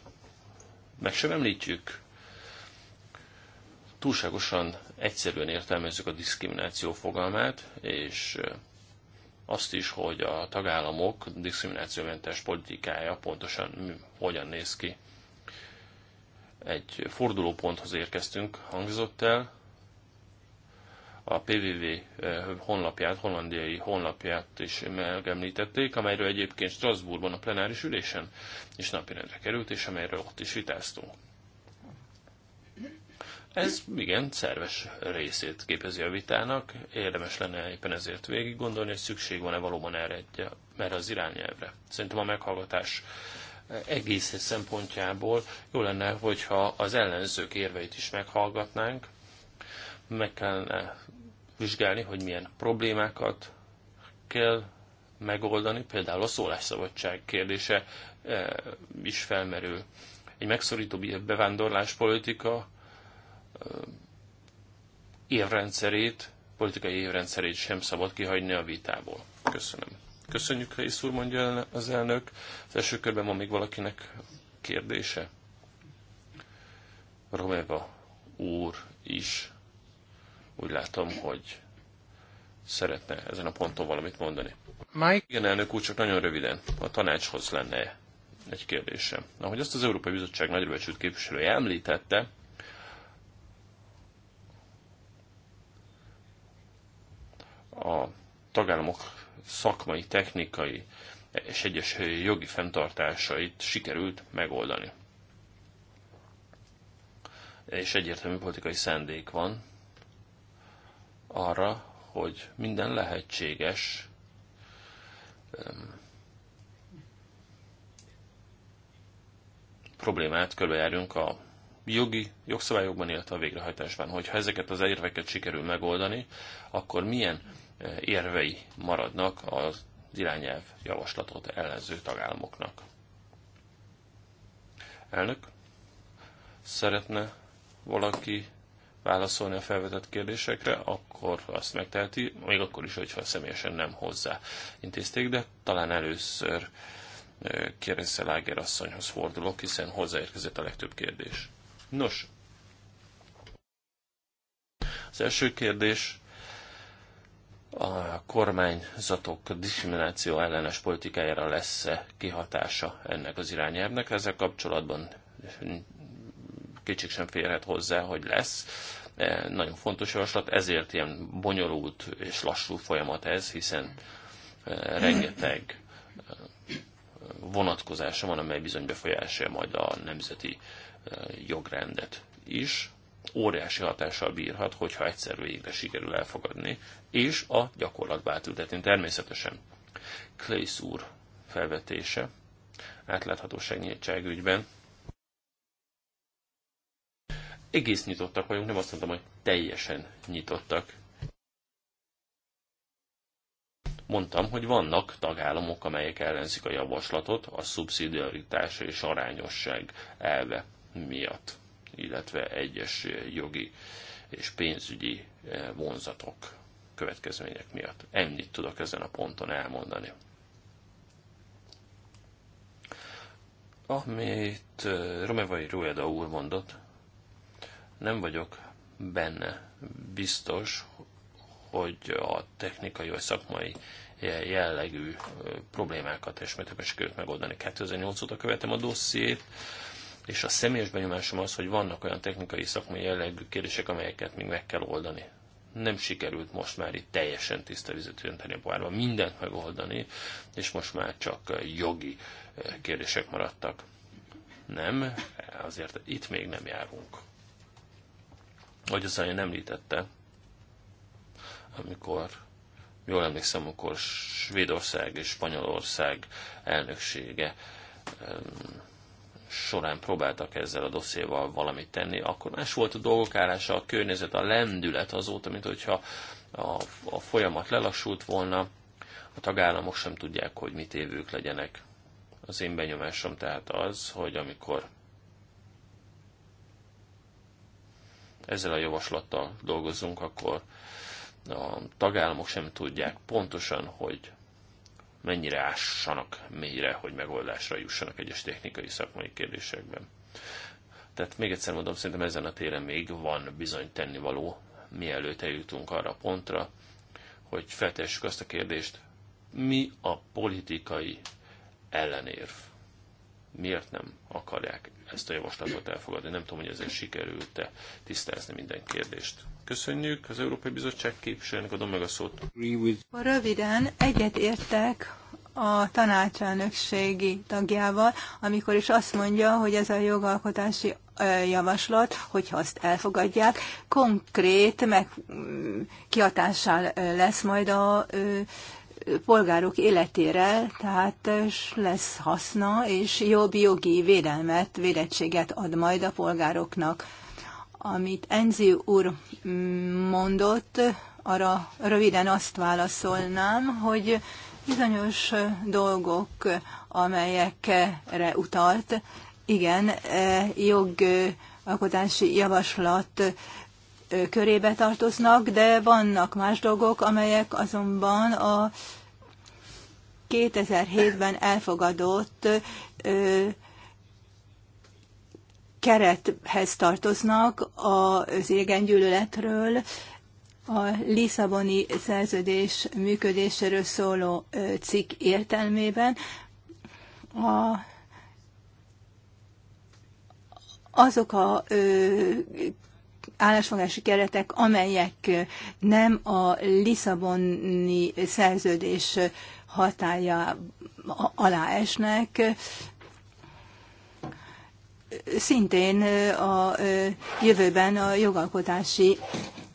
meg sem említjük. Túlságosan egyszerűen értelmezzük a diszkrimináció fogalmát, és eh, azt is, hogy a tagállamok diszkriminációmentes politikája pontosan hogyan néz ki. Egy fordulóponthoz érkeztünk, hangzott el, a PVV eh, honlapját, hollandiai honlapját is megemlítették, amelyről egyébként Strasbourgban a plenáris ülésen is napirendre került, és amelyről ott is vitáztunk. Ez igen, szerves részét képezi a vitának, érdemes lenne éppen ezért végig gondolni, hogy szükség van-e valóban erre, egy, erre az irányelvre. Szerintem a meghallgatás egész szempontjából jó lenne, hogyha az ellenzők érveit is meghallgatnánk, meg kellene vizsgálni, hogy milyen problémákat kell megoldani, például a szólásszabadság kérdése eh, is felmerül. Egy megszorító bevándorláspolitika eh, évrendszerét, politikai évrendszerét sem szabad kihagyni a vitából. Köszönöm. Köszönjük, Rész úr, mondja az elnök. Az első körben van még valakinek kérdése. Romeva úr is úgy látom, hogy szeretne ezen a ponton valamit mondani. Mike? Igen, elnök úr, csak nagyon röviden. A tanácshoz lenne egy kérdésem. Ahogy azt az Európai Bizottság nagybecsült képviselője említette, a tagállamok szakmai, technikai és egyes jogi fenntartásait sikerült megoldani. És egyértelmű politikai szendék van arra, hogy minden lehetséges problémát körbejárjunk a jogi jogszabályokban, illetve a végrehajtásban. Hogyha ezeket az érveket sikerül megoldani, akkor milyen érvei maradnak az irányelv javaslatot ellenző tagállamoknak? Elnök, szeretne valaki válaszolni a felvetett kérdésekre, akkor azt megteheti, még akkor is, hogyha személyesen nem hozzá intézték, de talán először kérdezze Láger asszonyhoz fordulok, hiszen hozzáérkezett a legtöbb kérdés. Nos, az első kérdés a kormányzatok diszkrimináció ellenes politikájára lesz-e kihatása ennek az irányelvnek. Ezzel kapcsolatban kicsit sem férhet hozzá, hogy lesz. E, nagyon fontos javaslat, ezért ilyen bonyolult és lassú folyamat ez, hiszen e, rengeteg e, vonatkozása van, amely bizony befolyásolja majd a nemzeti jogrendet is. Óriási hatással bírhat, hogyha egyszer végre sikerül elfogadni, és a gyakorlatba átültetni természetesen. Claysz úr felvetése átláthatóság nyíltságügyben egész nyitottak vagyunk, nem azt mondtam, hogy teljesen nyitottak. Mondtam, hogy vannak tagállamok, amelyek ellenzik a javaslatot a szubszidiaritás és arányosság elve miatt, illetve egyes jogi és pénzügyi eh, vonzatok következmények miatt. Ennyit tudok ezen a ponton elmondani. Amit eh, Romevai Rueda úr mondott, nem vagyok benne biztos, hogy a technikai vagy szakmai jellegű problémákat és mértékben sikerült megoldani. 2008 óta követem a dossziét, és a személyes benyomásom az, hogy vannak olyan technikai szakmai jellegű kérdések, amelyeket még meg kell oldani. Nem sikerült most már itt teljesen tiszta vizet önteni a pohárba, mindent megoldani, és most már csak jogi kérdések maradtak. Nem, azért itt még nem járunk vagy az Anya említette, amikor jól emlékszem, akkor Svédország és Spanyolország elnöksége során próbáltak ezzel a dosszéval valamit tenni, akkor más volt a dolgok állása, a környezet, a lendület azóta, mint hogyha a, a folyamat lelassult volna, a tagállamok sem tudják, hogy mit évők legyenek. Az én benyomásom tehát az, hogy amikor ezzel a javaslattal dolgozzunk, akkor a tagállamok sem tudják pontosan, hogy mennyire ássanak mélyre, hogy megoldásra jussanak egyes technikai szakmai kérdésekben. Tehát még egyszer mondom, szerintem ezen a téren még van bizony tennivaló, mielőtt eljutunk arra a pontra, hogy feltessük azt a kérdést, mi a politikai ellenérv miért nem akarják ezt a javaslatot elfogadni. Nem tudom, hogy ezzel sikerült-e tisztázni minden kérdést. Köszönjük. Az Európai Bizottság képviselőnek adom meg a szót. Röviden egyetértek a tanácselnökségi tagjával, amikor is azt mondja, hogy ez a jogalkotási javaslat, hogyha azt elfogadják, konkrét meg kiatással lesz majd a polgárok életére, tehát lesz haszna, és jobb jogi védelmet, védettséget ad majd a polgároknak. Amit Enzi úr mondott, arra röviden azt válaszolnám, hogy bizonyos dolgok, amelyekre utalt, igen, e, jogalkotási javaslat e, körébe tartoznak, de vannak más dolgok, amelyek azonban a 2007-ben elfogadott ö, kerethez tartoznak az idegengyűlöletről, a Lisszaboni szerződés működéséről szóló cikk értelmében. A, azok a ö, állásfogási keretek, amelyek nem a Lisszaboni szerződés hatája alá esnek, szintén a jövőben a jogalkotási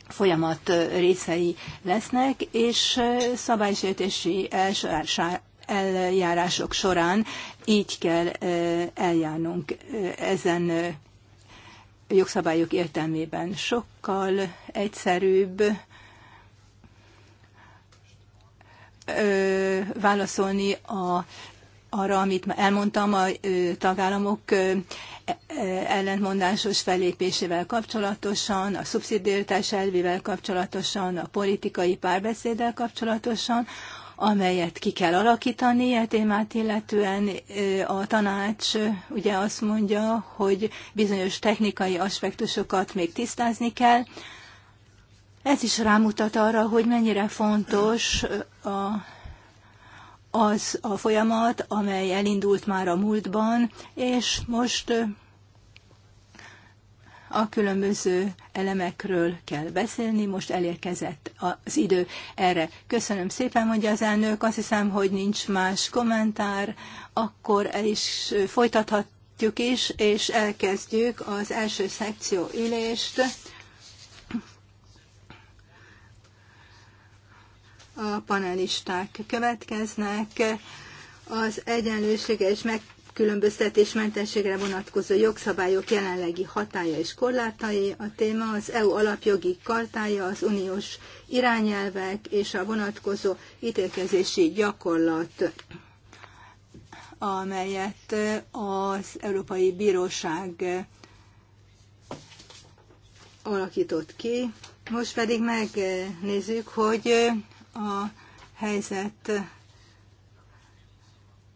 folyamat részei lesznek, és szabálysértési eljárások során így kell eljárnunk ezen jogszabályok értelmében. Sokkal egyszerűbb ö, válaszolni a, arra, amit elmondtam a ö, tagállamok ö, e, e, ellentmondásos fellépésével kapcsolatosan, a szubszidiaritás elvével kapcsolatosan, a politikai párbeszéddel kapcsolatosan, amelyet ki kell alakítani a e témát illetően. A tanács ugye azt mondja, hogy bizonyos technikai aspektusokat még tisztázni kell, ez is rámutat arra, hogy mennyire fontos a az a folyamat, amely elindult már a múltban, és most a különböző elemekről kell beszélni, most elérkezett az idő erre. Köszönöm szépen, mondja az elnök, azt hiszem, hogy nincs más kommentár, akkor el is folytathatjuk is, és elkezdjük az első szekció ülést. a panelisták következnek. Az egyenlősége és megkülönböztetésmentességre vonatkozó jogszabályok jelenlegi hatája és korlátai a téma, az EU alapjogi kartája, az uniós irányelvek és a vonatkozó ítélkezési gyakorlat amelyet az Európai Bíróság alakított ki. Most pedig megnézzük, hogy a helyzet.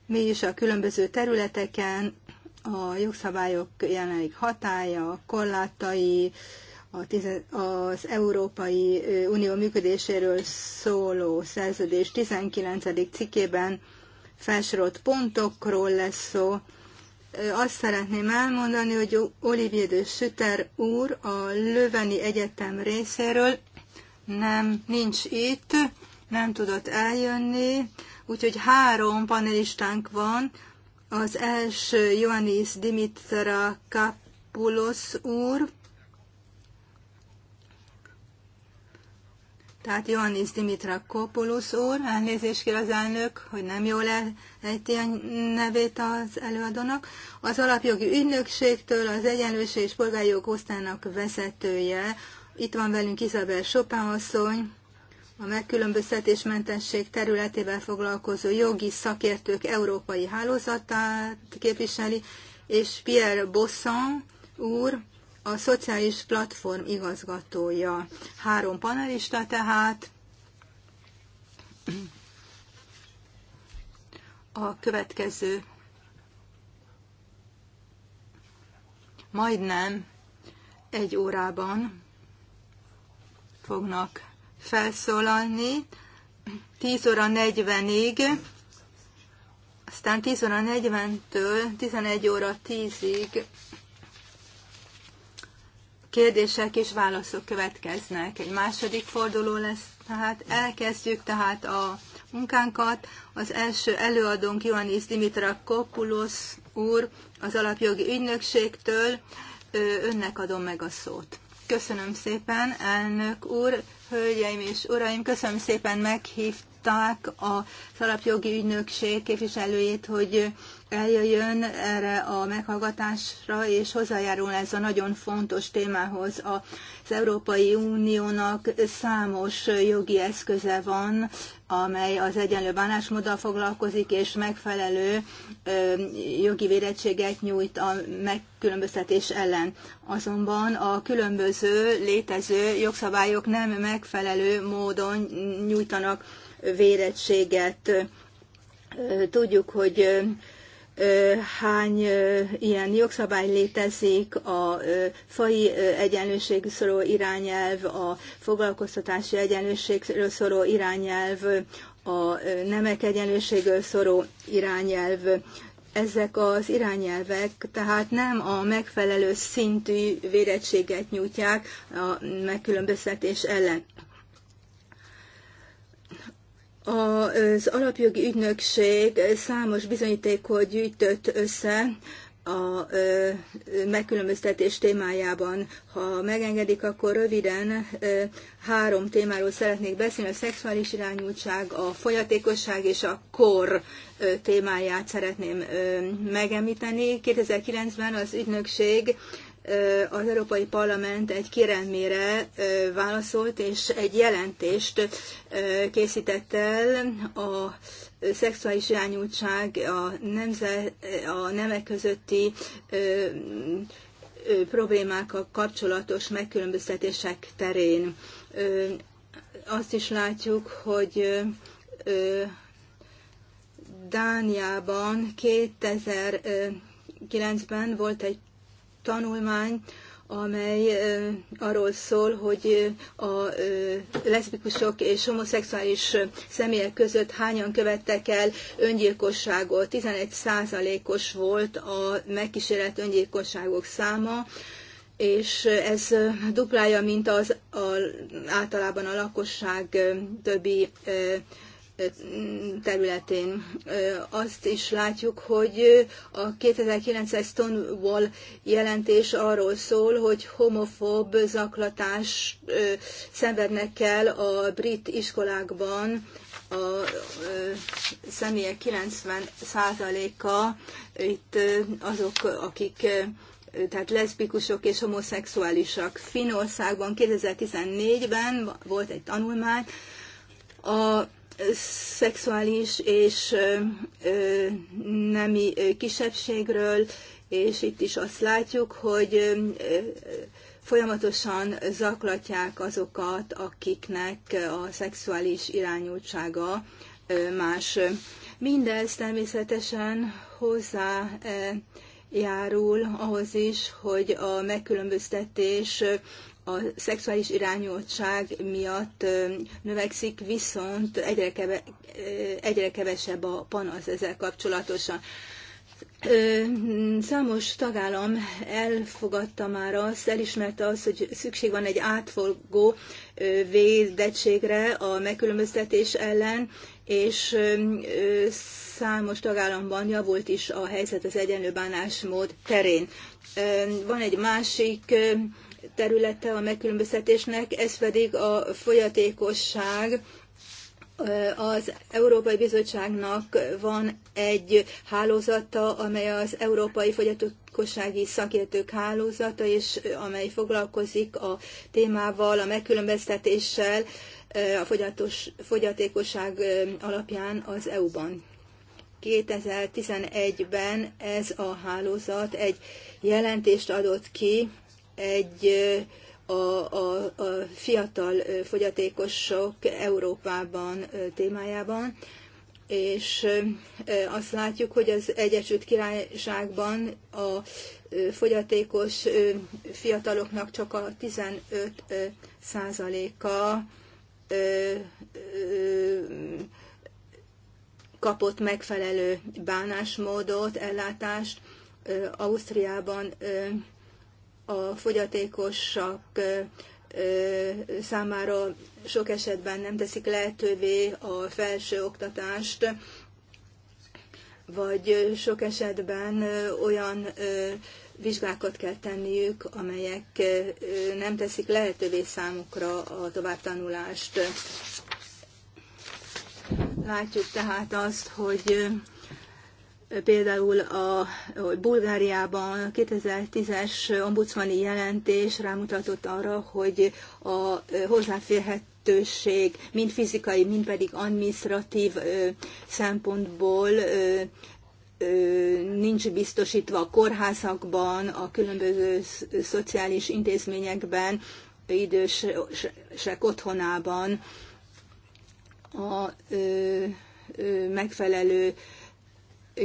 Mi is a különböző területeken a jogszabályok jelenleg hatája, a korlátai, az Európai Unió működéséről szóló szerződés 19. cikkében felsorolt pontokról lesz szó. Azt szeretném elmondani, hogy Olivier de Sütter úr a Löveni Egyetem részéről nem nincs itt, nem tudott eljönni, úgyhogy három panelistánk van. Az első Ioannis Dimitra Kapulos úr, Tehát Ioannis Dimitra Kopulusz úr, elnézést kér az elnök, hogy nem jól ejti a nevét az előadónak. Az alapjogi ügynökségtől az egyenlőség és polgárjog osztának vezetője. Itt van velünk Izabel Sopánasszony, a megkülönböztetésmentesség területével foglalkozó jogi szakértők európai hálózatát képviseli, és Pierre Bossan úr a szociális platform igazgatója. Három panelista tehát. A következő majdnem egy órában fognak felszólalni 10 óra 40-ig, aztán 10 óra 40-től 11 óra 10-ig kérdések és válaszok következnek. Egy második forduló lesz, tehát elkezdjük tehát a munkánkat. Az első előadónk Ioannis Dimitra Kopulos úr az alapjogi ügynökségtől. Önnek adom meg a szót. Köszönöm szépen, elnök úr. Hölgyeim és uraim, köszönöm szépen meghívták a alapjogi ügynökség képviselőjét, hogy eljöjjön erre a meghallgatásra, és hozzájárul ez a nagyon fontos témához. Az Európai Uniónak számos jogi eszköze van amely az egyenlő bánásmóddal foglalkozik, és megfelelő jogi védettséget nyújt a megkülönböztetés ellen. Azonban a különböző létező jogszabályok nem megfelelő módon nyújtanak védettséget. Tudjuk, hogy hány ilyen jogszabály létezik, a fai egyenlőségű szóló irányelv, a foglalkoztatási egyenlőségről szóló irányelv, a nemek egyenlőségről szóló irányelv. Ezek az irányelvek tehát nem a megfelelő szintű védettséget nyújtják a megkülönböztetés ellen. Az alapjogi ügynökség számos bizonyítékot gyűjtött össze a megkülönböztetés témájában. Ha megengedik, akkor röviden három témáról szeretnék beszélni. A szexuális irányultság, a folyatékosság és a kor témáját szeretném megemlíteni. 2009-ben az ügynökség az Európai Parlament egy kérelmére válaszolt, és egy jelentést készített el a szexuális irányultság, a, nemze, a nemek közötti problémákkal kapcsolatos megkülönböztetések terén. Azt is látjuk, hogy Dániában 2009-ben volt egy tanulmány, amely arról szól, hogy a leszbikusok és homoszexuális személyek között hányan követtek el öngyilkosságot. 11 százalékos volt a megkísérelt öngyilkosságok száma, és ez duplája, mint az a, általában a lakosság többi területén. Azt is látjuk, hogy a 2009-es Stonewall jelentés arról szól, hogy homofób zaklatás szenvednek el a brit iskolákban a személyek 90%-a itt azok, akik tehát leszbikusok és homoszexuálisak. Finországban 2014-ben volt egy tanulmány, a szexuális és nemi kisebbségről, és itt is azt látjuk, hogy folyamatosan zaklatják azokat, akiknek a szexuális irányultsága más. Mindez természetesen hozzá járul ahhoz is, hogy a megkülönböztetés a szexuális irányultság miatt növekszik, viszont egyre, keve, egyre kevesebb a panasz ezzel kapcsolatosan. Számos tagállam elfogadta már azt, elismerte azt, hogy szükség van egy átfogó védettségre a megkülönböztetés ellen, és számos tagállamban javult is a helyzet az egyenlő bánásmód terén. Van egy másik területe a megkülönböztetésnek, ez pedig a folyatékosság. Az Európai Bizottságnak van egy hálózata, amely az Európai Fogyatékossági Szakértők Hálózata, és amely foglalkozik a témával, a megkülönböztetéssel eh, a fogyatos, fogyatékosság eh, alapján az EU-ban. 2011-ben ez a hálózat egy jelentést adott ki egy a, a, a fiatal fogyatékosok Európában témájában, és azt látjuk, hogy az Egyesült Királyságban a fogyatékos fiataloknak csak a 15 százaléka kapott megfelelő bánásmódot, ellátást. Ausztriában a fogyatékosak számára sok esetben nem teszik lehetővé a felső oktatást, vagy sok esetben olyan vizsgákat kell tenniük, amelyek nem teszik lehetővé számukra a továbbtanulást. Látjuk tehát azt, hogy például a hogy Bulgáriában 2010-es ombudsmani jelentés rámutatott arra, hogy a hozzáférhetőség mind fizikai, mind pedig administratív szempontból nincs biztosítva a kórházakban, a különböző szociális intézményekben, idősek otthonában a megfelelő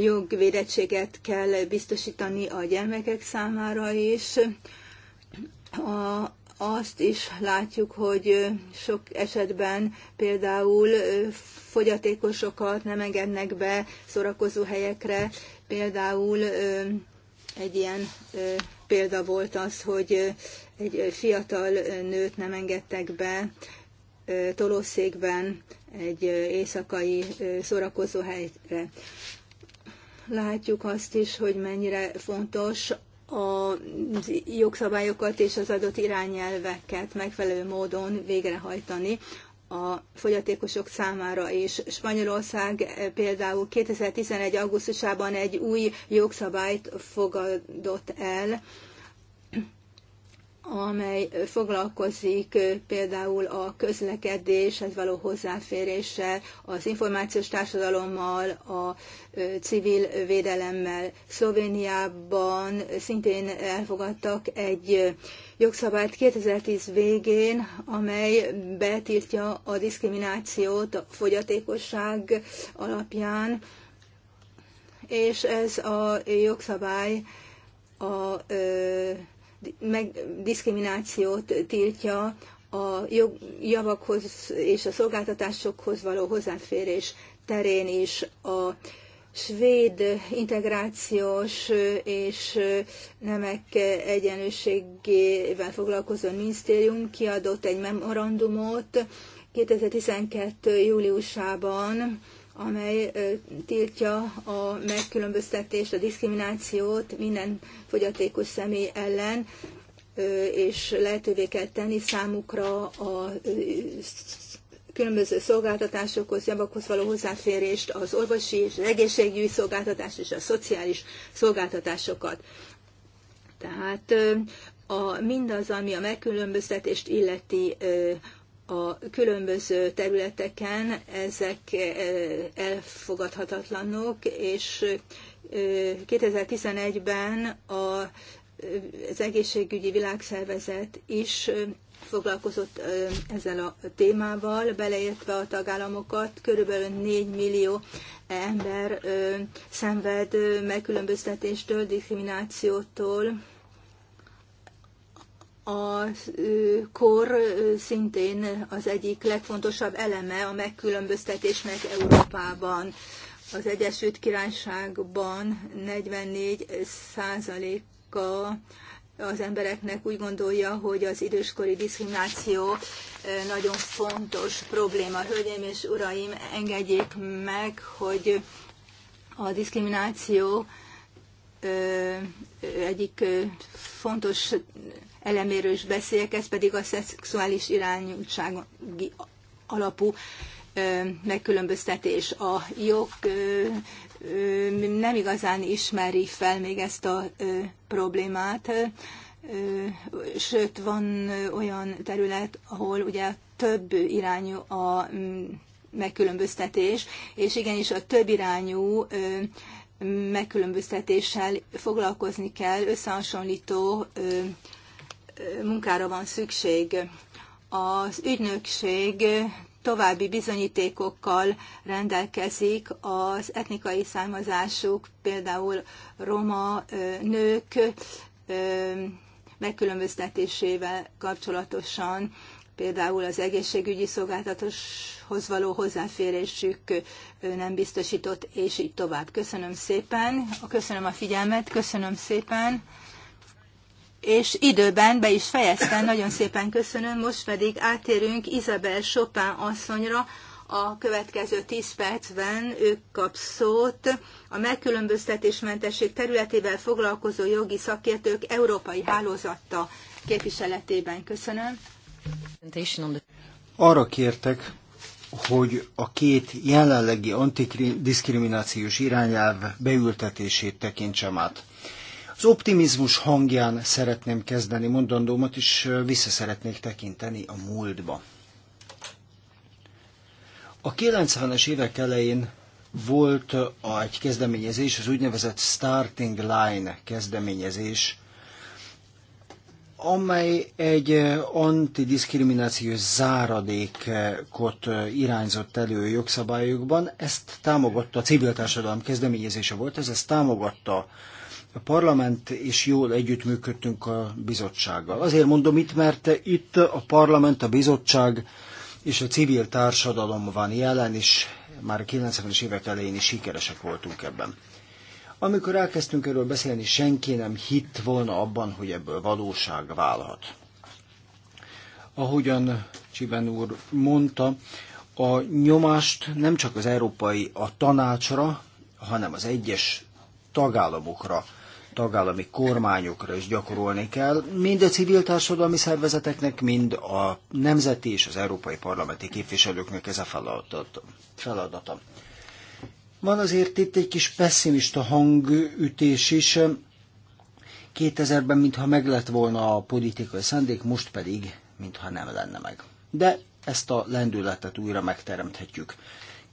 jogvédettséget kell biztosítani a gyermekek számára is. A, azt is látjuk, hogy sok esetben például fogyatékosokat nem engednek be szórakozó helyekre. Például egy ilyen példa volt az, hogy egy fiatal nőt nem engedtek be tolószékben egy éjszakai szórakozó helyre látjuk azt is, hogy mennyire fontos a jogszabályokat és az adott irányelveket megfelelő módon végrehajtani a fogyatékosok számára is. Spanyolország eh, például 2011. augusztusában egy új jogszabályt fogadott el, amely foglalkozik például a közlekedéshez való hozzáféréssel, az információs társadalommal, a civil védelemmel. Szlovéniában szintén elfogadtak egy jogszabályt 2010 végén, amely betiltja a diszkriminációt a fogyatékosság alapján, és ez a jogszabály a meg, diszkriminációt tiltja a jog, javakhoz és a szolgáltatásokhoz való hozzáférés terén is a svéd integrációs és nemek egyenlőségével foglalkozó minisztérium kiadott egy memorandumot 2012. júliusában amely tiltja a megkülönböztetést, a diszkriminációt minden fogyatékos személy ellen, és lehetővé kell tenni számukra a különböző szolgáltatásokhoz, javakhoz való hozzáférést, az orvosi és az egészségügyi szolgáltatást és a szociális szolgáltatásokat. Tehát a, mindaz, ami a megkülönböztetést illeti, a különböző területeken, ezek eh, elfogadhatatlanok, és 2011-ben eh, a, eh, az egészségügyi világszervezet is foglalkozott ezzel a témával, beleértve a tagállamokat. Körülbelül 4 millió ember szenved megkülönböztetéstől, diszkriminációtól, a kor szintén az egyik legfontosabb eleme a megkülönböztetésnek Európában. Az Egyesült Királyságban 44 százaléka az embereknek úgy gondolja, hogy az időskori diszkrimináció nagyon fontos probléma. Hölgyeim és uraim, engedjék meg, hogy a diszkrimináció egyik fontos eleméről is beszéljek, ez pedig a szexuális irányultsági alapú megkülönböztetés. A jog nem igazán ismeri fel még ezt a problémát, sőt van olyan terület, ahol ugye több irányú a megkülönböztetés, és igenis a több irányú megkülönböztetéssel foglalkozni kell összehasonlító munkára van szükség. Az ügynökség további bizonyítékokkal rendelkezik az etnikai származásuk, például roma nők megkülönböztetésével kapcsolatosan, például az egészségügyi szolgáltatáshoz való hozzáférésük nem biztosított, és így tovább. Köszönöm szépen, köszönöm a figyelmet, köszönöm szépen és időben be is fejeztem, nagyon szépen köszönöm, most pedig átérünk Isabel Chopin asszonyra, a következő 10 percben ők kap szót a megkülönböztetésmentesség területével foglalkozó jogi szakértők európai hálózatta képviseletében. Köszönöm. Arra kértek, hogy a két jelenlegi antidiszkriminációs irányelv beültetését tekintsem át. Az optimizmus hangján szeretném kezdeni mondandómat, és vissza szeretnék tekinteni a múltba. A 90-es évek elején volt egy kezdeményezés, az úgynevezett Starting Line kezdeményezés, amely egy antidiszkriminációs záradékot irányzott elő jogszabályokban. Ezt támogatta, a civil társadalom kezdeményezése volt, ez ezt támogatta a parlament és jól együttműködtünk a bizottsággal. Azért mondom itt, mert itt a parlament, a bizottság és a civil társadalom van jelen, és már a 90-es évek elején is sikeresek voltunk ebben. Amikor elkezdtünk erről beszélni, senki nem hitt volna abban, hogy ebből valóság válhat. Ahogyan Csiben úr mondta, a nyomást nem csak az európai, a tanácsra, hanem az egyes tagállamokra tagállami kormányokra is gyakorolni kell, mind a civil társadalmi szervezeteknek, mind a nemzeti és az európai parlamenti képviselőknek ez a feladata. Van azért itt egy kis pessimista hangütés is. 2000-ben mintha meg lett volna a politikai szándék, most pedig mintha nem lenne meg. De ezt a lendületet újra megteremthetjük.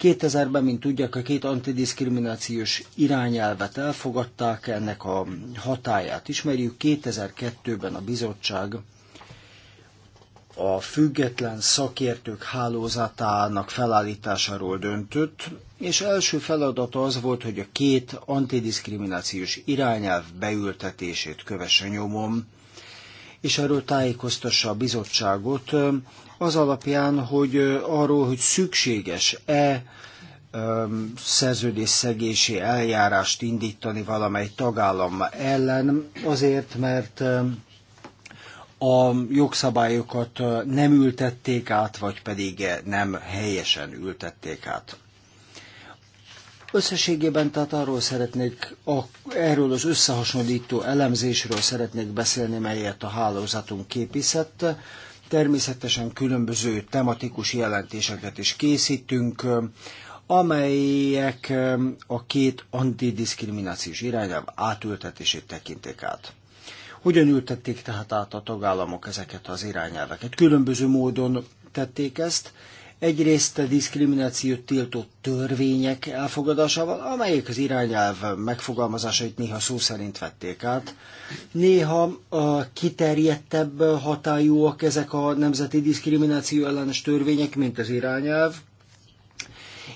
2000-ben, mint tudják, a két antidiszkriminációs irányelvet elfogadták, ennek a hatáját ismerjük. 2002-ben a bizottság a független szakértők hálózatának felállításáról döntött, és első feladata az volt, hogy a két antidiszkriminációs irányelv beültetését kövesse nyomon, és erről tájékoztassa a bizottságot az alapján, hogy arról, hogy szükséges-e szerződésszegési eljárást indítani valamely tagállam ellen, azért, mert a jogszabályokat nem ültették át, vagy pedig nem helyesen ültették át. Összességében tehát arról szeretnék, a, erről az összehasonlító elemzésről szeretnék beszélni, melyet a hálózatunk képített. Természetesen különböző tematikus jelentéseket is készítünk, amelyek a két antidiszkriminációs irányelv átültetését tekintik át. Hogyan ültették tehát át a tagállamok ezeket az irányelveket? Különböző módon tették ezt, Egyrészt a diszkriminációt tiltó törvények elfogadásával, amelyek az irányelv megfogalmazásait néha szó szerint vették át. Néha a kiterjedtebb hatályúak ezek a nemzeti diszkrimináció ellenes törvények, mint az irányelv,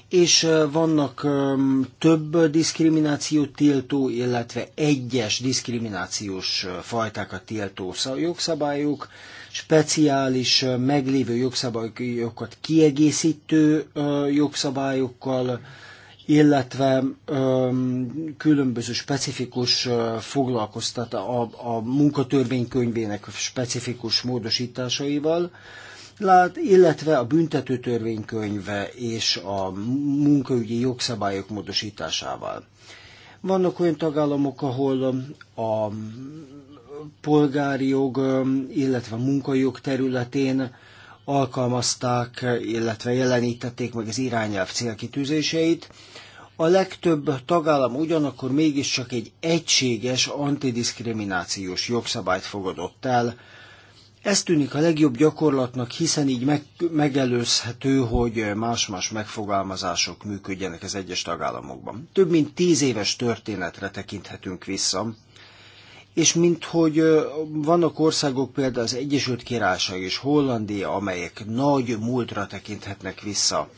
és vannak több diszkriminációt tiltó, illetve egyes diszkriminációs fajtákat tiltó jogszabályok, speciális meglévő jogszabályokat kiegészítő jogszabályokkal, illetve öm, különböző specifikus foglalkoztat a, a munkatörvénykönyvének specifikus módosításaival, lát, illetve a büntető törvénykönyve és a munkaügyi jogszabályok módosításával. Vannak olyan tagállamok, ahol a polgári jog, illetve munkajog területén alkalmazták, illetve jelenítették meg az irányelv célkitűzéseit. A legtöbb tagállam ugyanakkor mégiscsak egy egységes antidiszkriminációs jogszabályt fogadott el. Ez tűnik a legjobb gyakorlatnak, hiszen így meg, megelőzhető, hogy más-más megfogalmazások működjenek az egyes tagállamokban. Több mint tíz éves történetre tekinthetünk vissza, és minthogy vannak országok, például az Egyesült Királyság és Hollandia, amelyek nagy múltra tekinthetnek vissza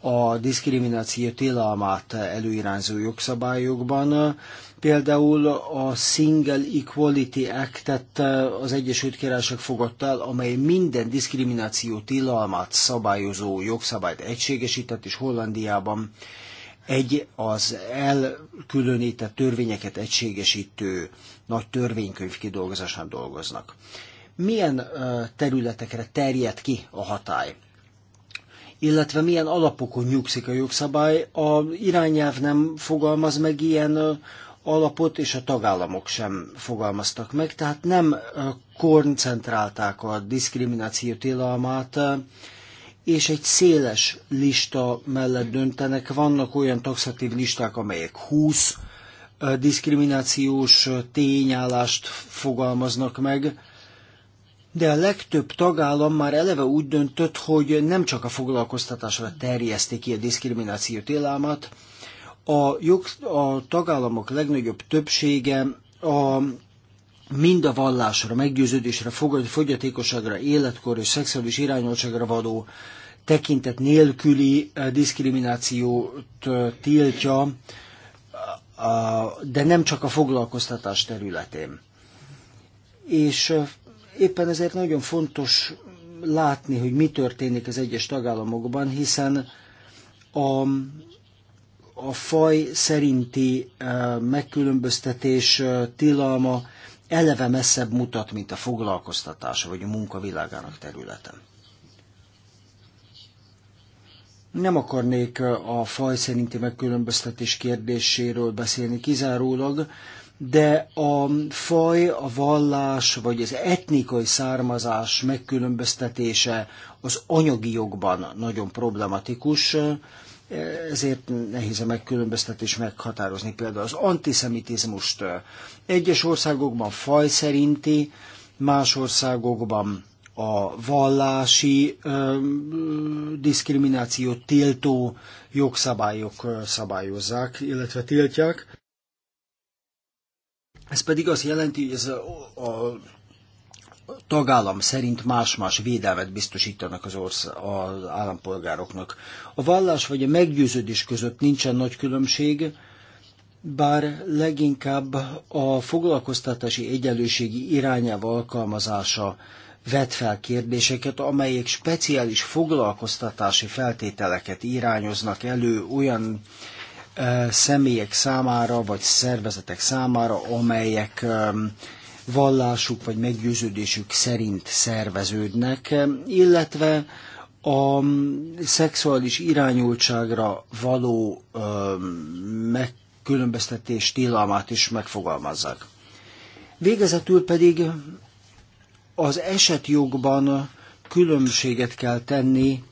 a diszkrimináció tilalmát előirányzó jogszabályokban. Például a Single Equality Act-et az Egyesült Királyság fogadta el, amely minden diszkrimináció tilalmát szabályozó jogszabályt egységesített, és Hollandiában egy az elkülönített törvényeket egységesítő nagy törvénykönyv kidolgozásán dolgoznak. Milyen területekre terjed ki a hatály? illetve milyen alapokon nyugszik a jogszabály. A irányelv nem fogalmaz meg ilyen alapot, és a tagállamok sem fogalmaztak meg, tehát nem koncentrálták a diszkrimináció tilalmát és egy széles lista mellett döntenek. Vannak olyan taxatív listák, amelyek 20 diszkriminációs tényállást fogalmaznak meg, de a legtöbb tagállam már eleve úgy döntött, hogy nem csak a foglalkoztatásra terjeszték ki a diszkrimináció télámat, a, jog, a tagállamok legnagyobb többsége a mind a vallásra, meggyőződésre, fogyatékosságra, életkor és szexuális irányoltságra való tekintet nélküli eh, diszkriminációt eh, tiltja, eh, de nem csak a foglalkoztatás területén. És éppen ezért nagyon fontos látni, hogy mi történik az egyes tagállamokban, hiszen a, a faj szerinti megkülönböztetés tilalma eleve messzebb mutat, mint a foglalkoztatás vagy a munkavilágának területe. Nem akarnék a faj szerinti megkülönböztetés kérdéséről beszélni kizárólag, de a faj, a vallás vagy az etnikai származás megkülönböztetése az anyagi jogban nagyon problematikus, ezért nehéz a megkülönböztetés meghatározni. Például az antiszemitizmust egyes országokban faj szerinti, más országokban a vallási ö, diszkriminációt tiltó jogszabályok ö, szabályozzák, illetve tiltják. Ez pedig azt jelenti, hogy ez a, a tagállam szerint más-más védelmet biztosítanak az, orsz- az állampolgároknak. A vallás vagy a meggyőződés között nincsen nagy különbség, bár leginkább a foglalkoztatási egyenlőségi irányelv alkalmazása vet fel kérdéseket, amelyek speciális foglalkoztatási feltételeket irányoznak elő olyan e, személyek számára, vagy szervezetek számára, amelyek e, vallásuk vagy meggyőződésük szerint szerveződnek, illetve a szexuális irányultságra való megkülönböztetés tilalmát is megfogalmazzák. Végezetül pedig az esetjogban különbséget kell tenni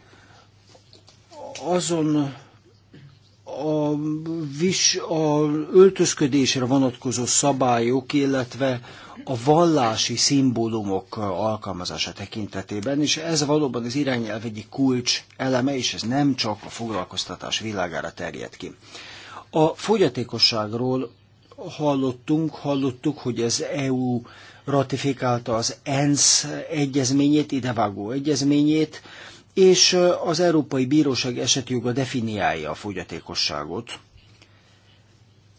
azon a, vis, a öltözködésre vonatkozó szabályok, illetve a vallási szimbólumok alkalmazása tekintetében, és ez valóban az irányelv egyik kulcs eleme, és ez nem csak a foglalkoztatás világára terjed ki. A fogyatékosságról hallottunk, hallottuk, hogy az EU ratifikálta az ENSZ egyezményét, idevágó egyezményét, és az Európai Bíróság esetjoga definiálja a fogyatékosságot,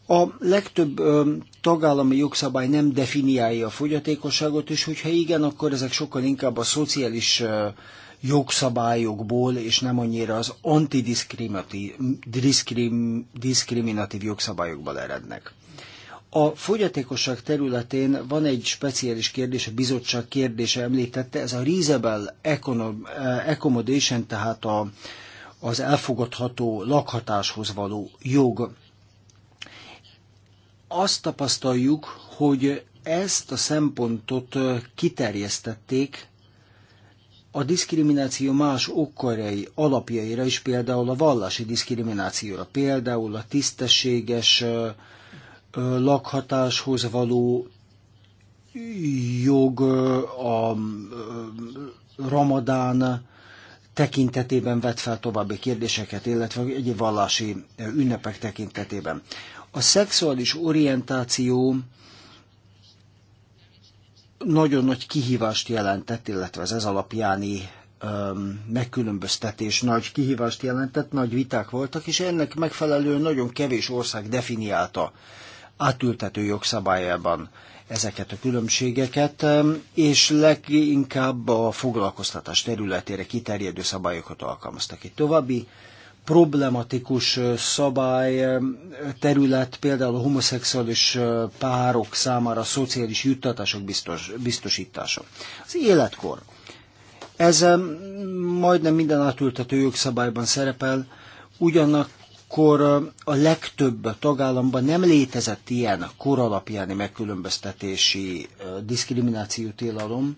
a legtöbb ö, tagállami jogszabály nem definiálja a fogyatékosságot, és hogyha igen, akkor ezek sokkal inkább a szociális ö, jogszabályokból, és nem annyira az antidiskriminatív jogszabályokból erednek. A fogyatékosság területén van egy speciális kérdés, a bizottság kérdése említette, ez a reasonable accommodation, tehát a, az elfogadható lakhatáshoz való jog azt tapasztaljuk, hogy ezt a szempontot kiterjesztették a diszkrimináció más okkorai alapjaira is, például a vallási diszkriminációra, például a tisztességes lakhatáshoz való jog, a ramadán tekintetében vett fel további kérdéseket, illetve egy vallási ünnepek tekintetében. A szexuális orientáció nagyon nagy kihívást jelentett, illetve az ez alapjáni öm, megkülönböztetés nagy kihívást jelentett, nagy viták voltak, és ennek megfelelően nagyon kevés ország definiálta átültető jogszabályában ezeket a különbségeket, és leginkább a foglalkoztatás területére kiterjedő szabályokat alkalmaztak. Egy további problematikus szabály terület, például a homoszexuális párok számára a szociális juttatások biztos, biztosítása. Az életkor. Ez majdnem minden átültető jogszabályban szerepel, ugyanakkor a legtöbb tagállamban nem létezett ilyen koralapjáni megkülönböztetési diszkrimináció tilalom,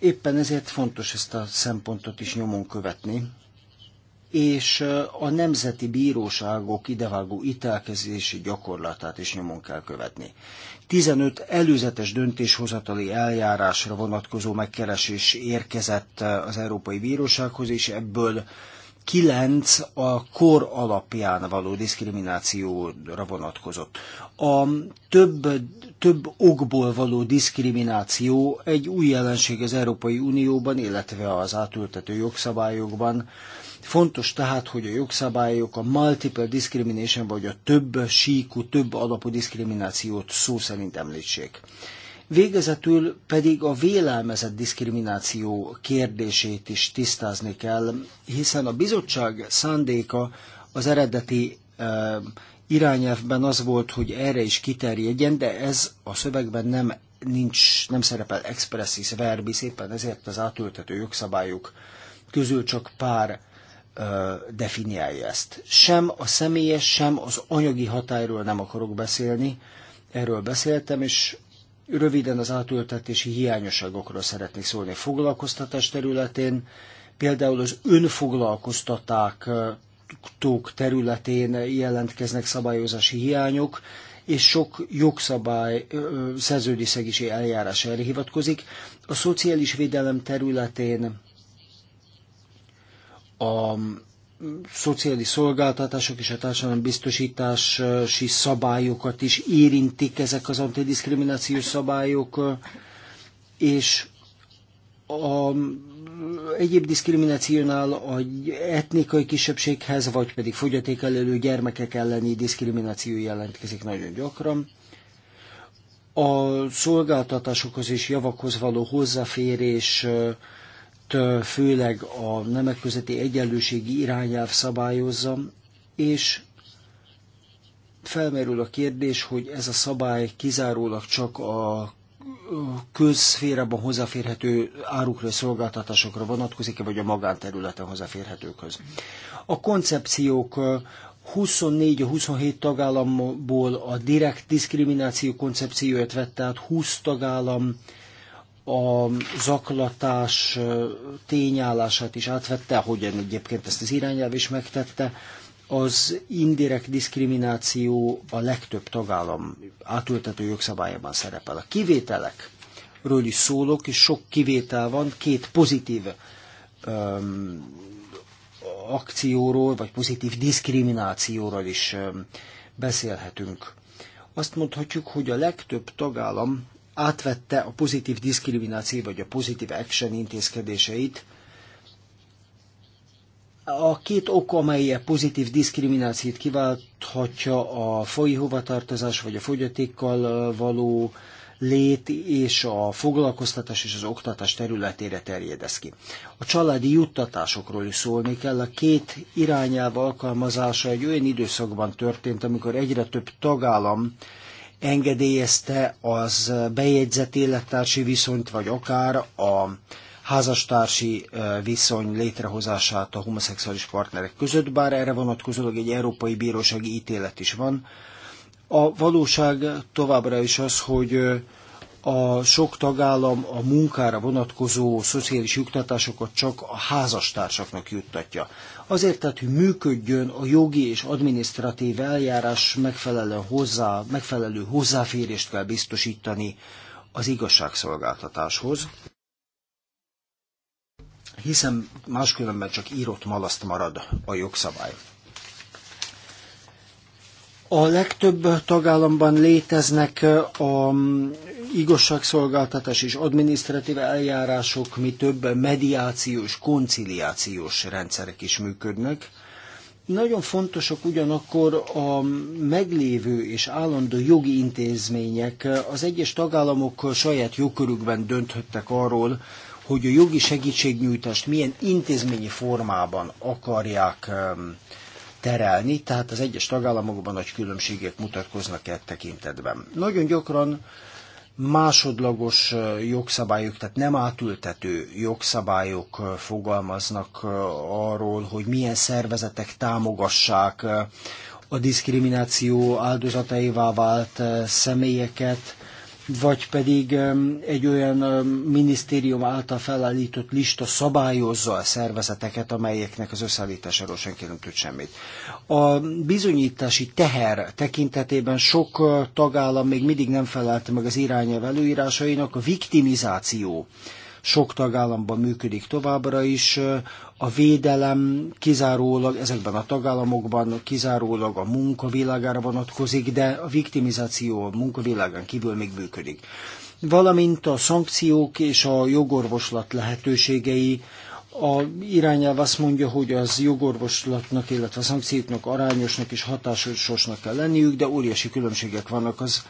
Éppen ezért fontos ezt a szempontot is nyomon követni, és a nemzeti bíróságok idevágó ítelkezési gyakorlatát is nyomon kell követni. 15 előzetes döntéshozatali eljárásra vonatkozó megkeresés érkezett az Európai Bírósághoz, és ebből kilenc a kor alapján való diszkriminációra vonatkozott. A több, több okból való diszkrimináció egy új jelenség az Európai Unióban, illetve az átültető jogszabályokban. Fontos tehát, hogy a jogszabályok a multiple discrimination vagy a több síkú, több alapú diszkriminációt szó szerint említsék. Végezetül pedig a vélelmezett diszkrimináció kérdését is tisztázni kell, hiszen a bizottság szándéka az eredeti e, irányelvben az volt, hogy erre is kiterjedjen, de ez a szövegben nem nincs, nem szerepel expressis verbis, éppen ezért az átültető jogszabályok közül csak pár ö, eh, definiálja ezt. Sem a személyes, sem az anyagi hatályról nem akarok beszélni, erről beszéltem, és Röviden az átültetési hiányosságokról szeretnék szólni. Foglalkoztatás területén például az önfoglalkoztaták tók területén jelentkeznek szabályozási hiányok, és sok jogszabály szerződésszegési eljárás erre hivatkozik. A szociális védelem területén a szociális szolgáltatások és a társadalmi biztosítási szabályokat is érintik ezek az antidiszkriminációs szabályok, és a egyéb diszkriminációnál a etnikai kisebbséghez, vagy pedig fogyaték elő gyermekek elleni diszkrimináció jelentkezik nagyon gyakran. A szolgáltatásokhoz és javakhoz való hozzáférés itt főleg a nemek közötti egyenlőségi irányelv szabályozza, és felmerül a kérdés, hogy ez a szabály kizárólag csak a közszférában hozzáférhető árukra és szolgáltatásokra vonatkozik, e vagy a magánterületen hozzáférhetőkhöz. A koncepciók 24 27 tagállamból a direkt diszkrimináció koncepcióját vette át, 20 tagállam a zaklatás tényállását is átvette, ahogyan egyébként ezt az irányelv is megtette, az indirekt diszkrimináció a legtöbb tagállam átültető jogszabályában szerepel. A kivételekről is szólok, és sok kivétel van, két pozitív öm, akcióról, vagy pozitív diszkriminációról is öm, beszélhetünk. Azt mondhatjuk, hogy a legtöbb tagállam átvette a pozitív diszkrimináció vagy a pozitív action intézkedéseit. A két ok, amely a pozitív diszkriminációt kiválthatja a faji hovatartozás vagy a fogyatékkal való lét és a foglalkoztatás és az oktatás területére terjedez ki. A családi juttatásokról is szólni kell. A két irányelv alkalmazása egy olyan időszakban történt, amikor egyre több tagállam engedélyezte, az bejegyzett élettársi viszonyt, vagy akár a házastársi viszony létrehozását a homoszexuális partnerek között, bár erre vonatkozólag egy európai bírósági ítélet is van. A valóság továbbra is az, hogy a sok tagállam a munkára vonatkozó szociális juttatásokat csak a házastársaknak juttatja. Azért tehát, hogy működjön a jogi és adminisztratív eljárás megfelelő, hozzá, megfelelő hozzáférést kell biztosítani az igazságszolgáltatáshoz, hiszen máskülönben csak írott malaszt marad a jogszabály. A legtöbb tagállamban léteznek a igazságszolgáltatás és adminisztratív eljárások, mi több mediációs, konciliációs rendszerek is működnek. Nagyon fontosak ugyanakkor a meglévő és állandó jogi intézmények, az egyes tagállamok saját jogkörükben dönthettek arról, hogy a jogi segítségnyújtást milyen intézményi formában akarják terelni, tehát az egyes tagállamokban nagy különbségek mutatkoznak e tekintetben. Nagyon gyakran másodlagos jogszabályok, tehát nem átültető jogszabályok fogalmaznak arról, hogy milyen szervezetek támogassák a diszkrimináció áldozataivá vált személyeket, vagy pedig egy olyan minisztérium által felállított lista szabályozza a szervezeteket, amelyeknek az összeállításáról senki nem tud semmit. A bizonyítási teher tekintetében sok tagállam még mindig nem felelt meg az irányelv előírásainak, a viktimizáció sok tagállamban működik továbbra is, a védelem kizárólag ezekben a tagállamokban kizárólag a munkavilágára vonatkozik, de a viktimizáció a munkavilágán kívül még működik. Valamint a szankciók és a jogorvoslat lehetőségei, a irányelv azt mondja, hogy az jogorvoslatnak, illetve a szankcióknak arányosnak és hatásosnak kell lenniük, de óriási különbségek vannak az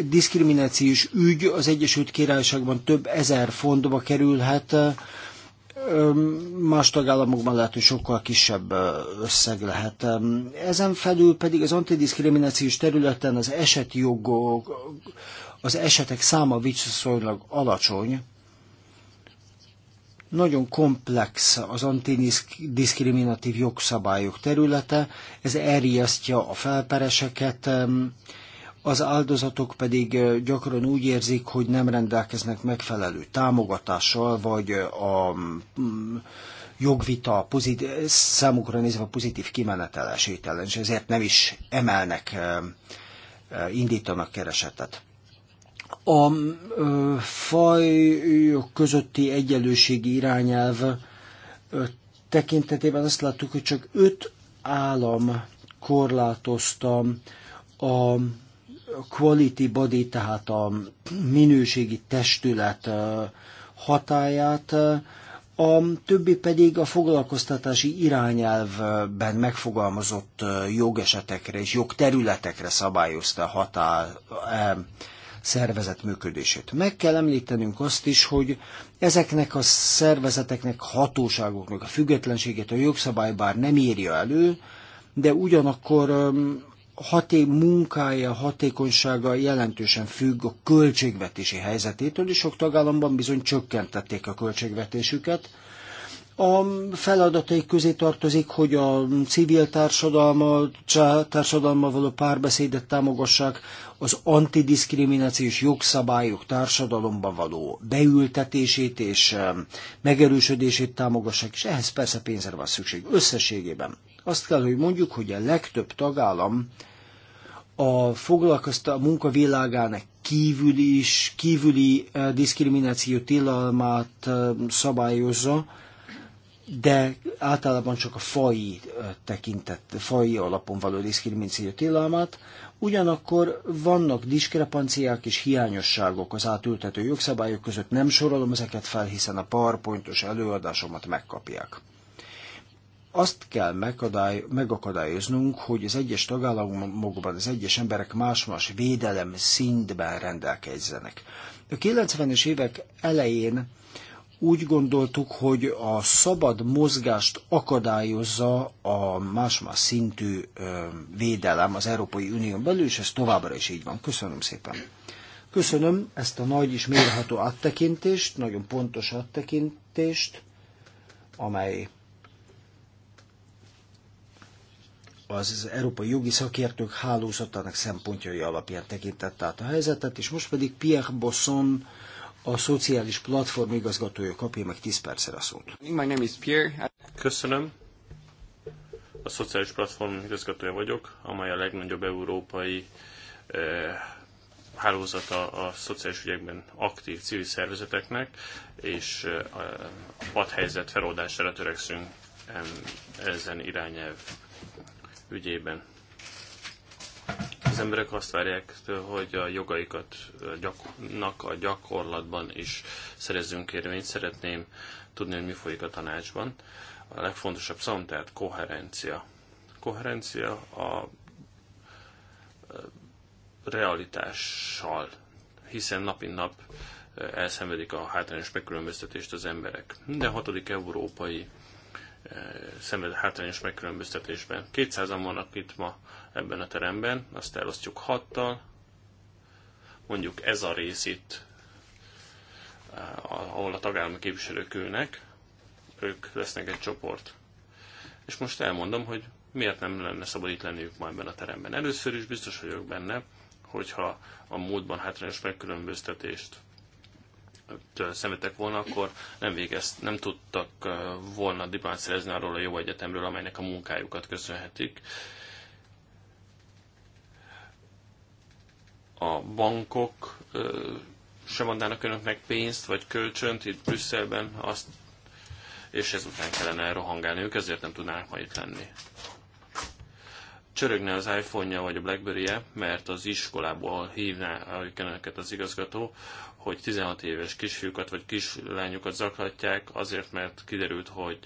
diszkriminációs ügy az Egyesült Királyságban több ezer fontba kerülhet, Más tagállamokban lehet, hogy sokkal kisebb összeg lehet. Ezen felül pedig az antidiszkriminációs területen az eseti jogok, az esetek száma viszonylag alacsony, nagyon komplex az antidiszkriminatív jogszabályok területe, ez elriasztja a felpereseket, az áldozatok pedig gyakran úgy érzik, hogy nem rendelkeznek megfelelő támogatással, vagy a mm, jogvita számukra nézve pozitív kimenetel esélytelen, és ezért nem is emelnek, indítanak keresetet. A fajok közötti egyenlőségi irányelv tekintetében azt láttuk, hogy csak öt állam korlátozta a quality body, tehát a minőségi testület hatáját, a többi pedig a foglalkoztatási irányelvben megfogalmazott jogesetekre és jogterületekre szabályozta a határ szervezet működését. Meg kell említenünk azt is, hogy ezeknek a szervezeteknek, hatóságoknak a függetlenségét a jogszabály bár nem írja elő, de ugyanakkor haté munkája, hatékonysága jelentősen függ a költségvetési helyzetétől, és sok tagállamban bizony csökkentették a költségvetésüket. A feladataik közé tartozik, hogy a civil társadalma, társadalma való párbeszédet támogassák, az antidiszkriminációs jogszabályok társadalomban való beültetését és eh, megerősödését támogassák, és ehhez persze pénzre van szükség összességében. Azt kell, hogy mondjuk, hogy a legtöbb tagállam a foglalkozta a munkavilágának kívül is, kívüli eh, diszkrimináció tilalmát eh, szabályozza, de általában csak a fai eh, tekintet, fai alapon való diszkrimináció tilalmát, ugyanakkor vannak diskrepanciák és hiányosságok az átültető jogszabályok között, nem sorolom ezeket fel, hiszen a parpontos előadásomat megkapják. Azt kell megakadályoznunk, hogy az egyes tagállamokban az egyes emberek más-más védelem szintben rendelkezzenek. A 90-es évek elején úgy gondoltuk, hogy a szabad mozgást akadályozza a más-más szintű védelem az Európai Unión belül, és ez továbbra is így van. Köszönöm szépen. Köszönöm ezt a nagy és mérható áttekintést, nagyon pontos áttekintést, amely az Európai Jogi Szakértők Hálózatának szempontjai alapján tekintett át a helyzetet, és most pedig Pierre Bosson, a szociális platform igazgatója kapja meg 10 percre a szót. My name is Pierre. Köszönöm. A szociális platform igazgatója vagyok, amely a legnagyobb európai eh, hálózata a szociális ügyekben aktív civil szervezeteknek, és eh, a padhelyzet feloldására törekszünk ezen irányelv ügyében. Az emberek azt várják, hogy a jogaikat gyakornak a gyakorlatban is szerezzünk érvényt. Szeretném tudni, hogy mi folyik a tanácsban. A legfontosabb szám, tehát koherencia. Koherencia a realitással, hiszen nap in nap elszenvedik a hátrányos megkülönböztetést az emberek. Minden hatodik európai szenved hátrányos megkülönböztetésben. 200-an vannak itt ma ebben a teremben, azt elosztjuk 6-tal, mondjuk ez a rész itt, eh, ahol a tagállami képviselők ülnek, ők lesznek egy csoport. És most elmondom, hogy miért nem lenne szabad itt lenniük ma ebben a teremben. Először is biztos vagyok benne, hogyha a módban hátrányos megkülönböztetést szemetek volna, akkor nem végezt, nem tudtak volna diplomát szerezni arról a jó egyetemről, amelynek a munkájukat köszönhetik. A bankok sem adnának önöknek pénzt vagy kölcsönt itt Brüsszelben, azt, és ezután kellene rohangálni ők, ezért nem tudnának ma itt lenni. Csörögne az iPhone-ja vagy a Blackberry-je, mert az iskolából hívná őket az igazgató, hogy 16 éves kisfiúkat vagy kislányokat zaklatják azért, mert kiderült, hogy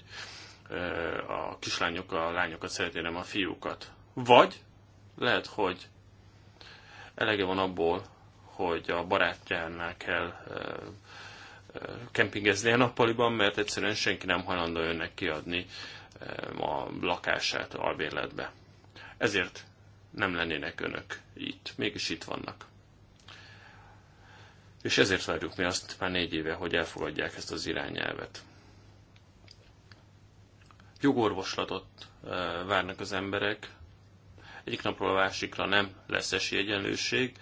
a kislányok a lányokat szereti, nem a fiúkat. Vagy lehet, hogy elege van abból, hogy a barátjánál kell kempingezni a nappaliban, mert egyszerűen senki nem hajlandó önnek kiadni a lakását bérletbe. Ezért nem lennének önök itt. Mégis itt vannak. És ezért várjuk mi azt már négy éve, hogy elfogadják ezt az irányelvet. Jogorvoslatot eh, várnak az emberek, egyik napról a másikra nem lesz esélyegyenlőség,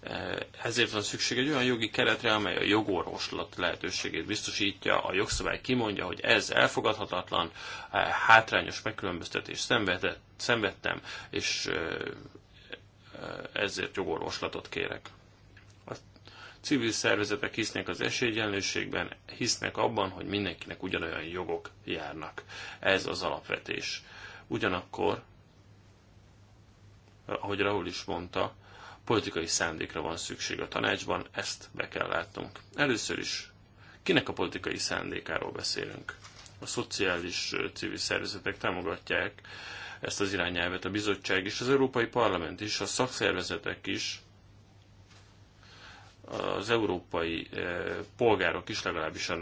eh, ezért van szükség egy olyan jogi keretre, amely a jogorvoslat lehetőségét biztosítja, a jogszabály kimondja, hogy ez elfogadhatatlan, eh, hátrányos megkülönböztetés szenvedett, szenvedtem, és ezért jogorvoslatot kérek civil szervezetek hisznek az esélyegyenlőségben, hisznek abban, hogy mindenkinek ugyanolyan jogok járnak. Ez az alapvetés. Ugyanakkor, ahogy Raúl is mondta, politikai szándékra van szükség a tanácsban, ezt be kell látnunk. Először is, kinek a politikai szándékáról beszélünk? A szociális civil szervezetek támogatják ezt az irányelvet, a bizottság is, az Európai Parlament is, a szakszervezetek is, az európai eh, polgárok is, legalábbis a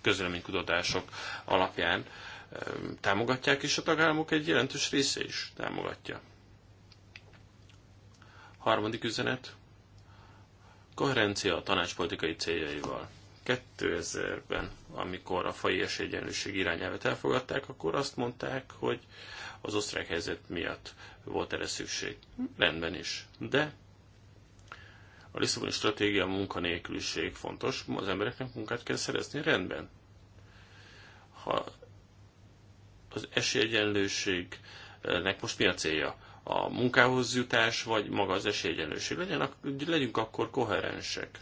közleménykutatások alapján eh, támogatják, és a tagállamok egy jelentős része is támogatja. Harmadik üzenet. Koherencia a tanácspolitikai céljaival. 2000-ben, amikor a fai esélyegyenlőség irányelvet elfogadták, akkor azt mondták, hogy az osztrák helyzet miatt volt erre szükség. Rendben is. De a Lisszaboni stratégia a munkanélküliség fontos, az embereknek munkát kell szerezni, rendben. Ha az esélyegyenlőségnek most mi a célja? A munkához jutás, vagy maga az esélyegyenlőség? Legyen, legyünk akkor koherensek.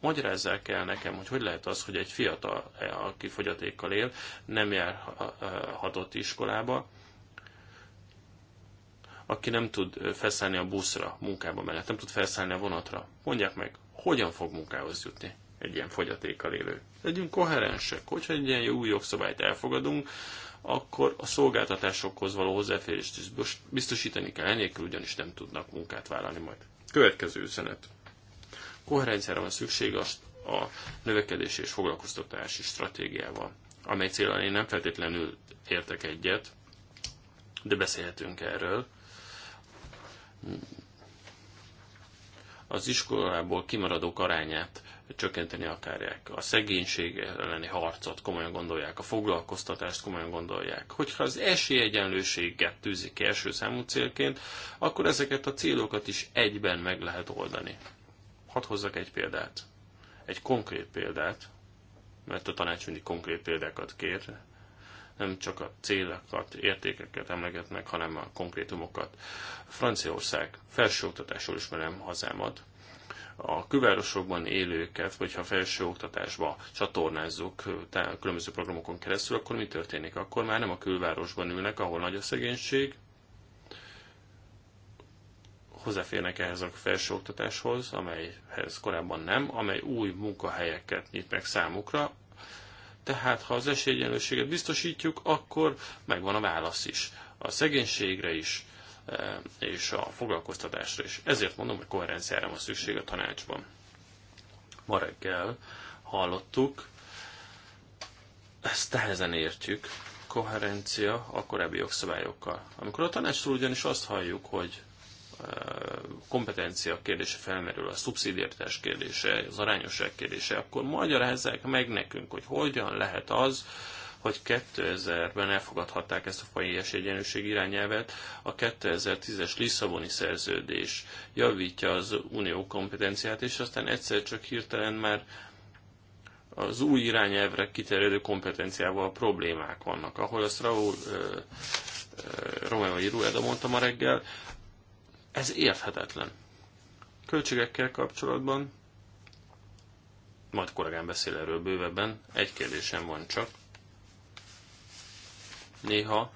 Magyarázzák el nekem, hogy hogy lehet az, hogy egy fiatal, aki fogyatékkal él, nem járhatott iskolába, aki nem tud felszállni a buszra munkába mellett, nem tud felszállni a vonatra, mondják meg, hogyan fog munkához jutni egy ilyen fogyatékkal élő. Legyünk koherensek, hogyha egy ilyen jó új jogszabályt elfogadunk, akkor a szolgáltatásokhoz való hozzáférést is biztosítani kell, enélkül ugyanis nem tudnak munkát vállalni majd. Következő üzenet. Koherenciára van szükség a, a és foglalkoztatási stratégiával, amely célral én nem feltétlenül értek egyet, de beszélhetünk erről az iskolából kimaradók arányát csökkenteni akarják. A szegénység elleni harcot komolyan gondolják, a foglalkoztatást komolyan gondolják. Hogyha az esélyegyenlőséget tűzik ki első számú célként, akkor ezeket a célokat is egyben meg lehet oldani. Hadd hozzak egy példát. Egy konkrét példát, mert a tanács mindig konkrét példákat kér, nem csak a célokat, értékeket emlegetnek, hanem a konkrétumokat. Franciaország felsőoktatásról ismerem hazámat, a külvárosokban élőket, ha felsőoktatásba csatornázzuk különböző programokon keresztül, akkor mi történik? Akkor már nem a külvárosban ülnek, ahol nagy a szegénység, hozzáférnek ehhez a felsőoktatáshoz, amelyhez korábban nem, amely új munkahelyeket nyit meg számukra, tehát, ha az esélyegyenlőséget biztosítjuk, akkor megvan a válasz is. A szegénységre is, e, és a foglalkoztatásra is. Ezért mondom, hogy koherenciára van szükség a tanácsban. Ma reggel hallottuk, ezt tehezen értjük, koherencia a korábbi jogszabályokkal. Amikor a tanácsról ugyanis azt halljuk, hogy kompetencia kérdése felmerül, a szubszidiaritás kérdése, az arányosság kérdése, akkor magyarázzák meg nekünk, hogy hogyan lehet az, hogy 2000-ben elfogadhatták ezt a fajies egyenlőség irányelvet, a 2010-es Lisszaboni szerződés javítja az unió kompetenciát, és aztán egyszer csak hirtelen már az új irányelvre kiterjedő kompetenciával problémák vannak. Ahol azt Raúl Romeo Irueda mondta ma reggel, ez érthetetlen. Költségekkel kapcsolatban, majd kollégám beszél erről bővebben, egy kérdésem van csak. Néha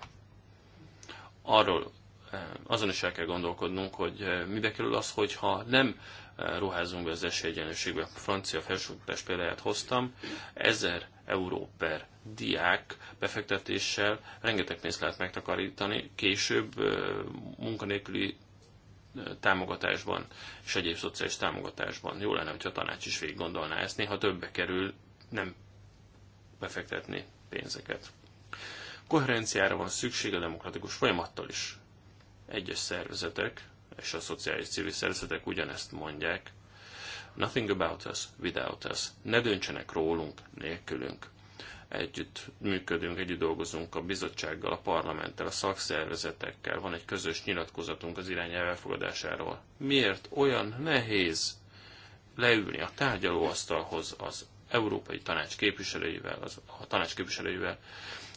arról eh, azon is el kell gondolkodnunk, hogy eh, mibe kerül az, hogyha nem eh, ruházunk be az esélyegyenlőségbe. A francia felsőoktatás példáját hoztam, 1000 euró per diák befektetéssel rengeteg pénzt lehet megtakarítani, később munkanélküli támogatásban és egyéb szociális támogatásban. Jó lenne, hogyha a tanács is végig gondolná ezt. Néha többe kerül nem befektetni pénzeket. Koherenciára van szükség a demokratikus folyamattal is. Egyes szervezetek és a szociális civil szervezetek ugyanezt mondják. Nothing about us, without us. Ne döntsenek rólunk, nélkülünk együtt működünk, együtt dolgozunk a bizottsággal, a parlamenttel, a szakszervezetekkel, van egy közös nyilatkozatunk az irányelv elfogadásáról. Miért olyan nehéz leülni a tárgyalóasztalhoz az Európai Tanács képviselőivel, az, a tanács képviselőivel,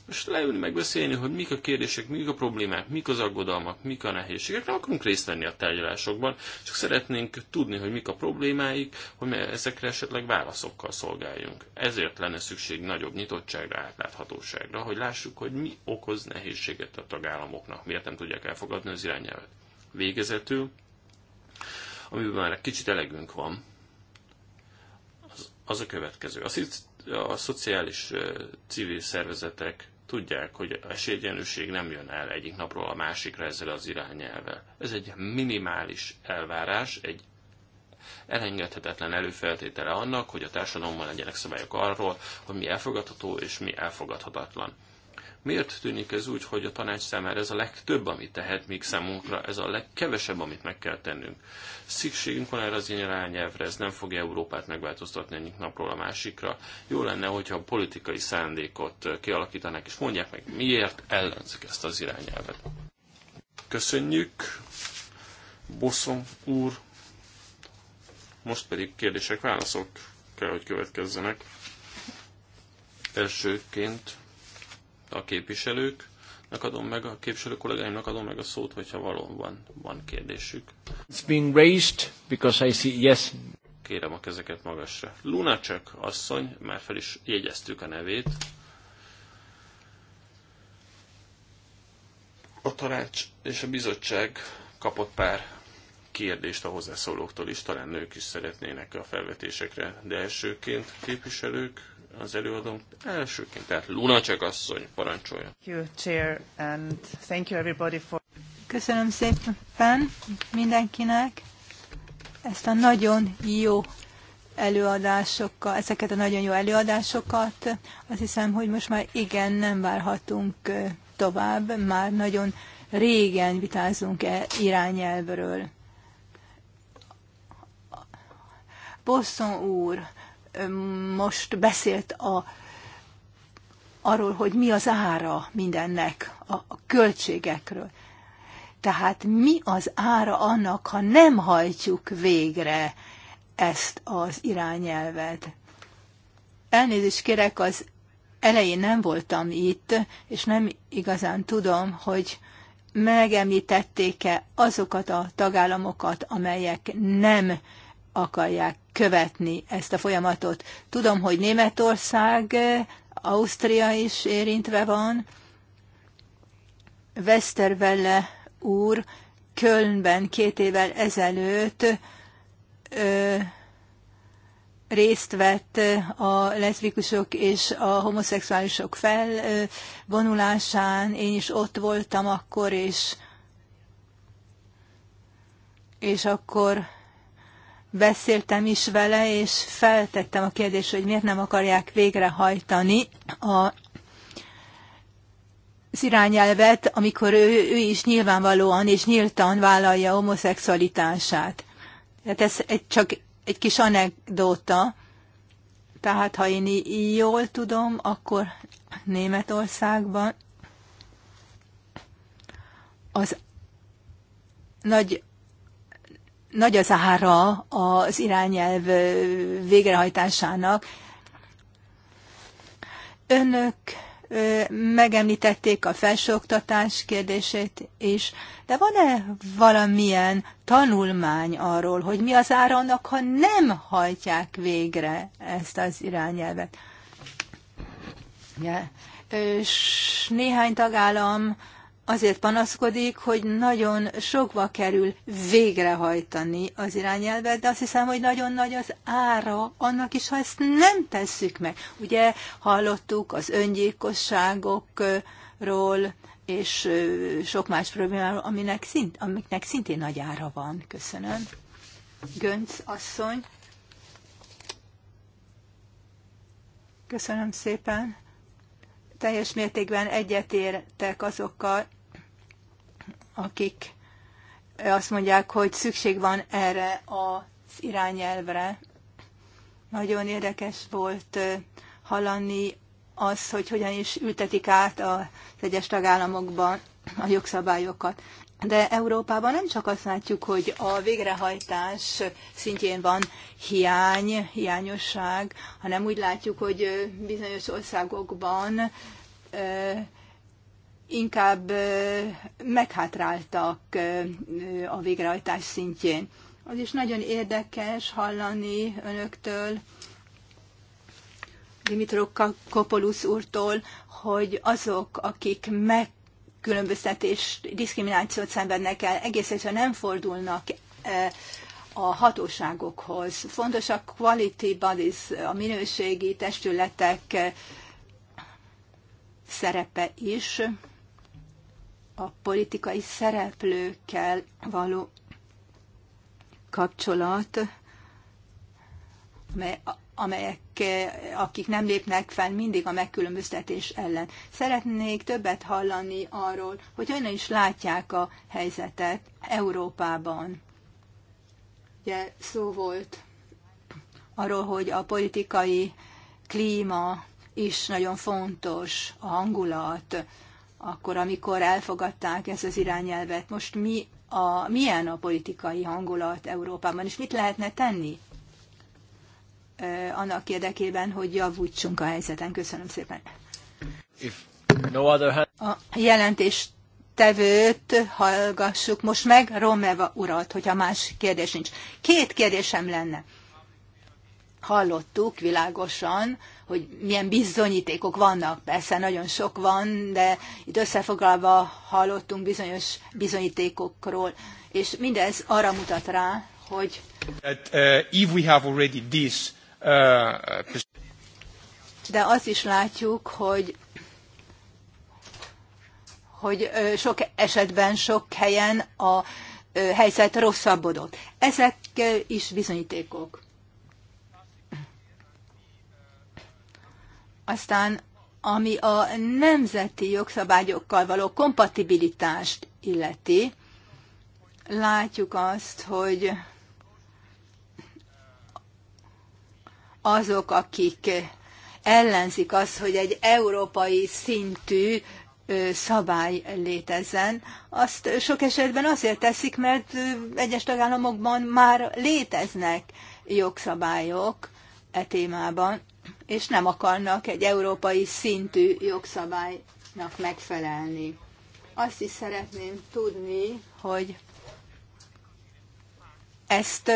most leülni, megbeszélni, hogy mik a kérdések, mik a problémák, mik az aggodalmak, mik a nehézségek. Nem akarunk részt venni a tárgyalásokban, csak szeretnénk tudni, hogy mik a problémáik, hogy ezekre esetleg válaszokkal szolgáljunk. Ezért lenne szükség nagyobb nyitottságra, átláthatóságra, hogy lássuk, hogy mi okoz nehézséget a tagállamoknak, miért nem tudják elfogadni az irányelvet. Végezetül, amiben már egy kicsit elegünk van, az, az a következő. A, a szociális civil szervezetek tudják, hogy esélyegyenlőség nem jön el egyik napról a másikra ezzel az irányelvel. Ez egy minimális elvárás, egy elengedhetetlen előfeltétele annak, hogy a társadalomban legyenek szabályok arról, hogy mi elfogadható és mi elfogadhatatlan. Miért tűnik ez úgy, hogy a tanács számára ez a legtöbb, amit tehet, míg számunkra ez a legkevesebb, amit meg kell tennünk? Szükségünk van erre az irányelvre, ez nem fogja Európát megváltoztatni egyik napról a másikra. Jó lenne, hogyha a politikai szándékot kialakítanák, és mondják meg, miért ellenzik ezt az irányelvet. Köszönjük, Bosszom úr. Most pedig kérdések, válaszok kell, hogy következzenek. Elsőként a képviselőknek adom meg, a képviselő kollégáimnak adom meg a szót, hogyha valóban van kérdésük. It's being raised because I see yes. Kérem a kezeket magasra. Lunacek asszony, már fel is jegyeztük a nevét. A tanács és a bizottság kapott pár kérdést a hozzászólóktól is, talán nők is szeretnének a felvetésekre, de elsőként képviselők az előadó. Elsőként, tehát csak asszony parancsolja. Köszönöm szépen mindenkinek ezt a nagyon jó előadásokkal, ezeket a nagyon jó előadásokat. Azt hiszem, hogy most már igen, nem várhatunk tovább, már nagyon régen vitázunk e irányelvről. Bosszon úr, most beszélt a, arról, hogy mi az ára mindennek, a, a költségekről. Tehát mi az ára annak, ha nem hajtjuk végre ezt az irányelvet? Elnézést kérek, az elején nem voltam itt, és nem igazán tudom, hogy megemlítették-e azokat a tagállamokat, amelyek nem akarják követni ezt a folyamatot. Tudom, hogy Németország, Ausztria is érintve van. Westerwelle úr Kölnben két évvel ezelőtt ö, részt vett a leszbikusok és a homoszexuálisok felvonulásán. Én is ott voltam akkor, és, és akkor beszéltem is vele, és feltettem a kérdést, hogy miért nem akarják végrehajtani a az irányelvet, amikor ő, ő is nyilvánvalóan és nyíltan vállalja homoszexualitását. Tehát ez egy, csak egy kis anekdóta. Tehát, ha én jól tudom, akkor Németországban az nagy nagy az ára az irányelv végrehajtásának. Önök megemlítették a felsőoktatás kérdését is, de van-e valamilyen tanulmány arról, hogy mi az ára annak, ha nem hajtják végre ezt az irányelvet? Yeah. És néhány tagállam azért panaszkodik, hogy nagyon sokba kerül végrehajtani az irányelvet, de azt hiszem, hogy nagyon nagy az ára annak is, ha ezt nem tesszük meg. Ugye hallottuk az öngyilkosságokról, és sok más problémáról, aminek szint, amiknek szintén nagy ára van. Köszönöm. Gönc asszony. Köszönöm szépen. Teljes mértékben egyetértek azokkal, akik azt mondják, hogy szükség van erre az irányelvre. Nagyon érdekes volt hallani az, hogy hogyan is ültetik át az egyes tagállamokban a jogszabályokat. De Európában nem csak azt látjuk, hogy a végrehajtás szintjén van hiány, hiányosság, hanem úgy látjuk, hogy bizonyos országokban inkább meghátráltak a végrehajtás szintjén. Az is nagyon érdekes hallani önöktől, Dimitro Kopolusz úrtól, hogy azok, akik megkülönböztetés, diszkriminációt szenvednek el, egész egyszerűen nem fordulnak a hatóságokhoz. Fontos a quality bodies, a minőségi testületek szerepe is a politikai szereplőkkel való kapcsolat, amelyek, akik nem lépnek fel mindig a megkülönböztetés ellen. Szeretnék többet hallani arról, hogy hogyan is látják a helyzetet Európában. Ugye szó volt arról, hogy a politikai klíma is nagyon fontos, a hangulat, akkor, amikor elfogadták ezt az irányelvet. Most mi a, milyen a politikai hangulat Európában, és mit lehetne tenni annak érdekében, hogy javítsunk a helyzeten. Köszönöm szépen. No other... A jelentést tevőt hallgassuk most meg, Romeva urat, hogyha más kérdés nincs. Két kérdésem lenne. Hallottuk világosan hogy milyen bizonyítékok vannak. Persze nagyon sok van, de itt összefoglalva hallottunk bizonyos bizonyítékokról, és mindez arra mutat rá, hogy uh, if we have already this, uh, de azt is látjuk, hogy hogy sok esetben, sok helyen a helyzet rosszabbodott. Ezek is bizonyítékok. Aztán ami a nemzeti jogszabályokkal való kompatibilitást illeti, látjuk azt, hogy azok, akik ellenzik azt, hogy egy európai szintű szabály létezzen, azt sok esetben azért teszik, mert egyes tagállamokban már léteznek jogszabályok e témában és nem akarnak egy európai szintű jogszabálynak megfelelni. Azt is szeretném tudni, hogy ezt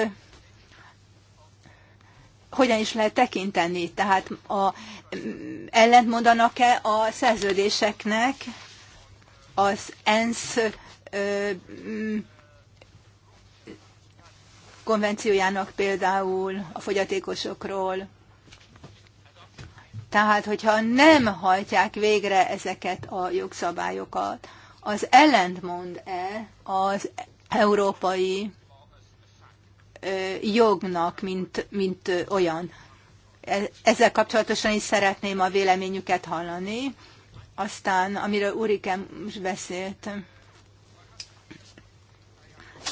hogyan is lehet tekinteni? Tehát a, mm, ellentmondanak-e a szerződéseknek az ENSZ ö, mm, konvenciójának például a fogyatékosokról, tehát, hogyha nem hajtják végre ezeket a jogszabályokat, az ellentmond-e az európai jognak, mint, mint olyan. E, ezzel kapcsolatosan is szeretném a véleményüket hallani. Aztán, amiről Urikem most beszélt,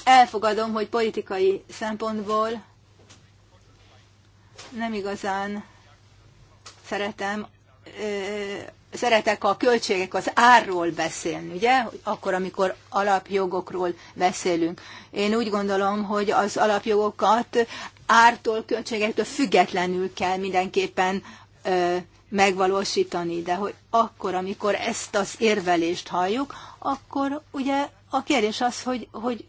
elfogadom, hogy politikai szempontból nem igazán szeretem, szeretek a költségek, az árról beszélni, ugye? Akkor, amikor alapjogokról beszélünk. Én úgy gondolom, hogy az alapjogokat ártól, költségektől függetlenül kell mindenképpen megvalósítani, de hogy akkor, amikor ezt az érvelést halljuk, akkor ugye a kérdés az, hogy, hogy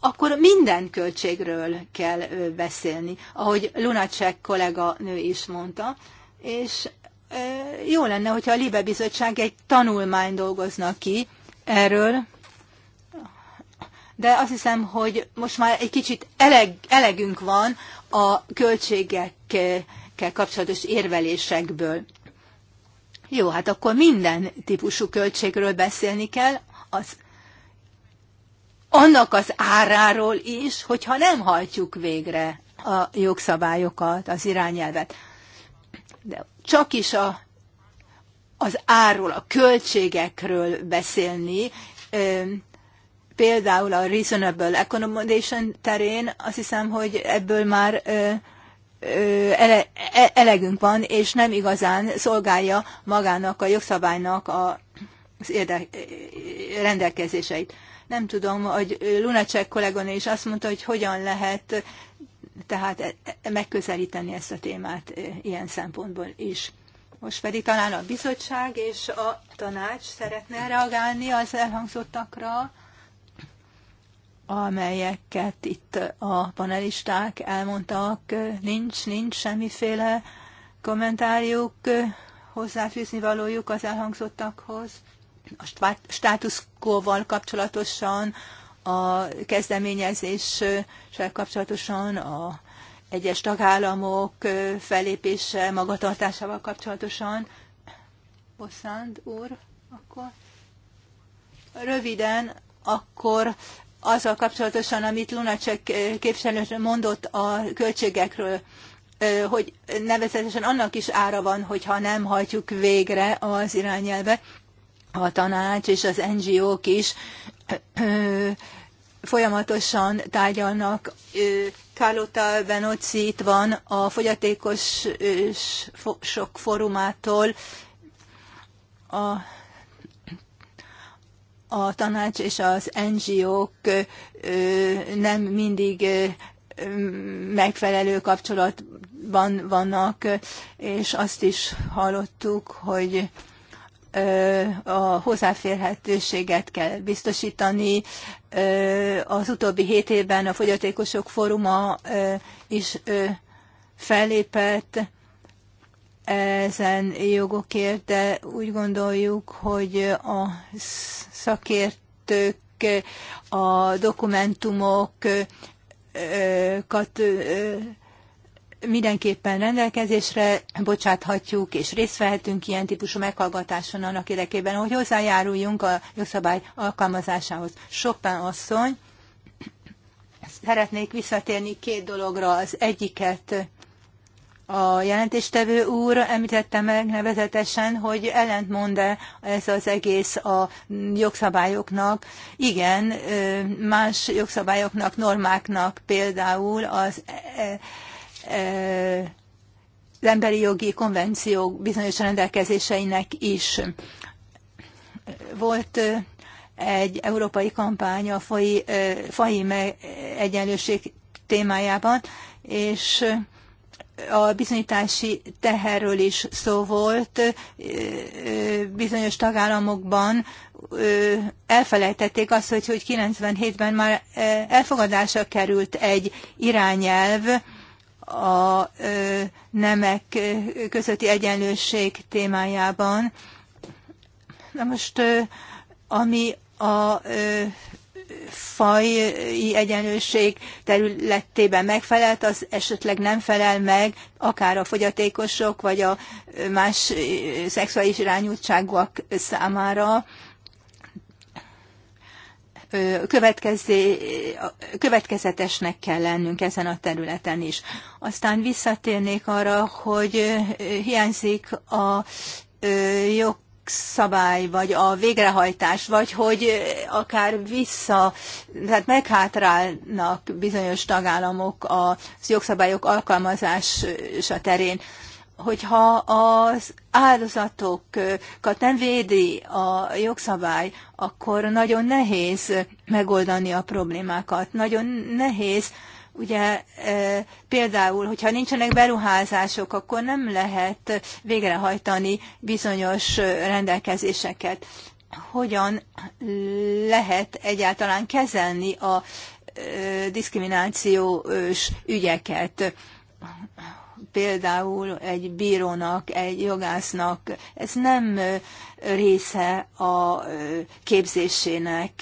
akkor minden költségről kell beszélni, ahogy Lunacek kollega nő is mondta, és jó lenne, hogyha a Libe Bizottság egy tanulmány dolgozna ki erről, de azt hiszem, hogy most már egy kicsit eleg, elegünk van a költségekkel kapcsolatos érvelésekből. Jó, hát akkor minden típusú költségről beszélni kell, az annak az áráról is, hogyha nem hajtjuk végre a jogszabályokat, az irányelvet de csak is a, az árról, a költségekről beszélni, például a reasonable accommodation terén, azt hiszem, hogy ebből már ele, e, elegünk van, és nem igazán szolgálja magának a jogszabálynak a, az érdek, rendelkezéseit. Nem tudom, hogy Lunacek kolléganő is azt mondta, hogy hogyan lehet tehát e, e, megközelíteni ezt a témát e, ilyen szempontból is. Most pedig talán a bizottság és a tanács szeretne reagálni az elhangzottakra, amelyeket itt a panelisták elmondtak. Nincs, nincs semmiféle kommentárjuk, hozzáfűzni valójuk az elhangzottakhoz. A státuszkóval kapcsolatosan, a kezdeményezéssel kapcsolatosan, a egyes tagállamok felépése, magatartásával kapcsolatosan. Bosszant úr, akkor röviden, akkor azzal kapcsolatosan, amit Lunacek képviselő mondott a költségekről, hogy nevezetesen annak is ára van, hogyha nem hajtjuk végre az irányelve, a tanács és az NGO-k is folyamatosan tárgyalnak. Carlota Benocci itt van a fogyatékos sok fórumától, a, a tanács és az NGO-k nem mindig megfelelő kapcsolatban vannak, és azt is hallottuk, hogy a hozzáférhetőséget kell biztosítani. Az utóbbi hét évben a Fogyatékosok Fóruma is fellépett ezen jogokért, de úgy gondoljuk, hogy a szakértők, a dokumentumokat mindenképpen rendelkezésre bocsáthatjuk, és részt vehetünk ilyen típusú meghallgatáson annak érdekében, hogy hozzájáruljunk a jogszabály alkalmazásához. Chopin asszony, szeretnék visszatérni két dologra. Az egyiket a jelentéstevő úr említette meg nevezetesen, hogy ellentmond-e ez az egész a jogszabályoknak. Igen, más jogszabályoknak, normáknak például az az emberi jogi konvenciók bizonyos rendelkezéseinek is. Volt egy európai kampány a fai, fai egyenlőség témájában, és a bizonyítási teherről is szó volt. Bizonyos tagállamokban elfelejtették azt, hogy, hogy 97-ben már elfogadásra került egy irányelv, a nemek közötti egyenlőség témájában. Na most, ami a faji egyenlőség területében megfelelt, az esetleg nem felel meg, akár a fogyatékosok, vagy a más szexuális irányultságúak számára következetesnek kell lennünk ezen a területen is. Aztán visszatérnék arra, hogy hiányzik a jog szabály, vagy a végrehajtás, vagy hogy akár vissza, tehát meghátrálnak bizonyos tagállamok a jogszabályok alkalmazása terén hogyha az áldozatokat nem védi a jogszabály, akkor nagyon nehéz megoldani a problémákat. Nagyon nehéz, ugye e, például, hogyha nincsenek beruházások, akkor nem lehet végrehajtani bizonyos rendelkezéseket. Hogyan lehet egyáltalán kezelni a e, diszkriminációs ügyeket? például egy bírónak, egy jogásznak, ez nem része a képzésének.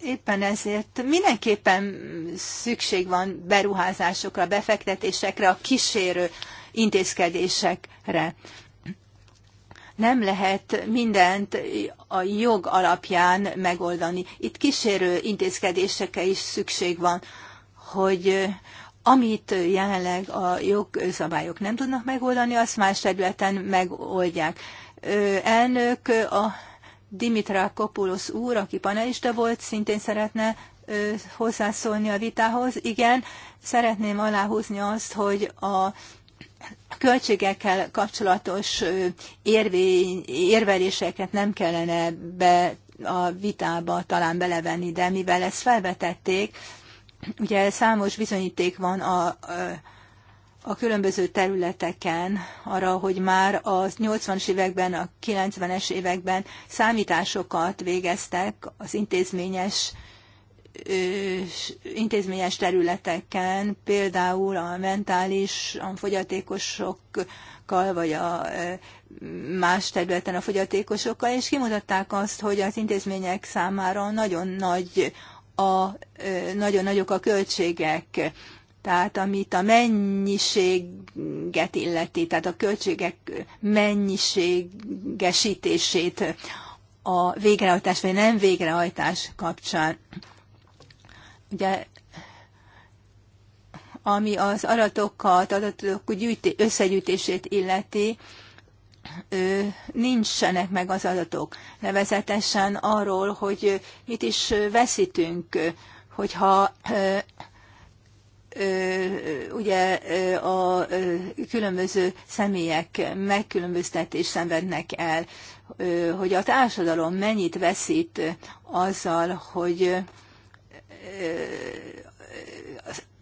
Éppen ezért mindenképpen szükség van beruházásokra, befektetésekre, a kísérő intézkedésekre. Nem lehet mindent a jog alapján megoldani. Itt kísérő intézkedésekre is szükség van, hogy amit jelenleg a jogszabályok nem tudnak megoldani, azt más területen megoldják. Elnök a Dimitra Kopulos úr, aki panelista volt, szintén szeretne hozzászólni a vitához. Igen, szeretném aláhúzni azt, hogy a költségekkel kapcsolatos érvény, érveléseket nem kellene be a vitába talán belevenni, de mivel ezt felvetették, Ugye számos bizonyíték van a, a különböző területeken arra, hogy már a 80-as években, a 90-es években számításokat végeztek az intézményes intézményes területeken, például a mentális, a fogyatékosokkal, vagy a más területen a fogyatékosokkal, és kimutatták azt, hogy az intézmények számára nagyon nagy a, nagyon nagyok a költségek, tehát amit a mennyiséget illeti, tehát a költségek mennyiségesítését a végrehajtás vagy nem végrehajtás kapcsán. Ugye ami az adatokat, adatok gyűjté, összegyűjtését illeti, nincsenek meg az adatok, nevezetesen arról, hogy mit is veszítünk, hogyha ugye a különböző személyek megkülönböztetés szenvednek el, hogy a társadalom mennyit veszít azzal, hogy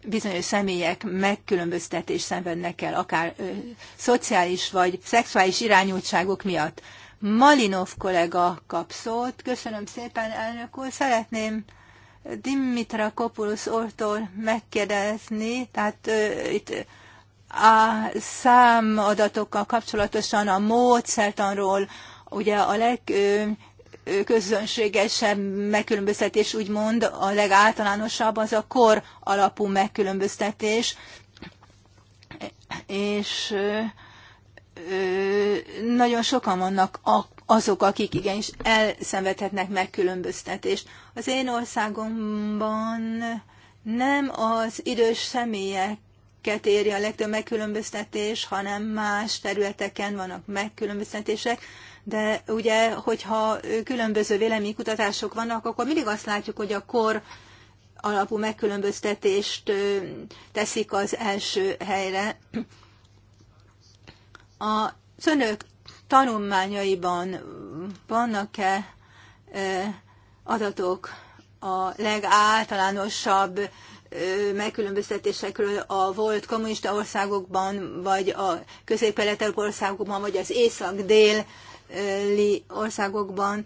bizonyos személyek megkülönböztetés szenvednek el, akár ö, szociális vagy szexuális irányultságok miatt. Malinov kollega kap szót. Köszönöm szépen, elnök úr. Szeretném Dimitra Kopulusz ortól megkérdezni, tehát ö, itt a számadatokkal kapcsolatosan a módszertanról, ugye a leg... Ö, közönségesen megkülönböztetés, úgymond a legáltalánosabb az a kor alapú megkülönböztetés, és nagyon sokan vannak azok, akik igenis elszenvedhetnek megkülönböztetést. Az én országomban nem az idős személyek éri a legtöbb megkülönböztetés, hanem más területeken vannak megkülönböztetések de ugye, hogyha különböző véleménykutatások vannak, akkor mindig azt látjuk, hogy a kor alapú megkülönböztetést teszik az első helyre. A önök tanulmányaiban vannak-e adatok a legáltalánosabb megkülönböztetésekről a volt kommunista országokban, vagy a közép országokban, vagy az észak-dél országokban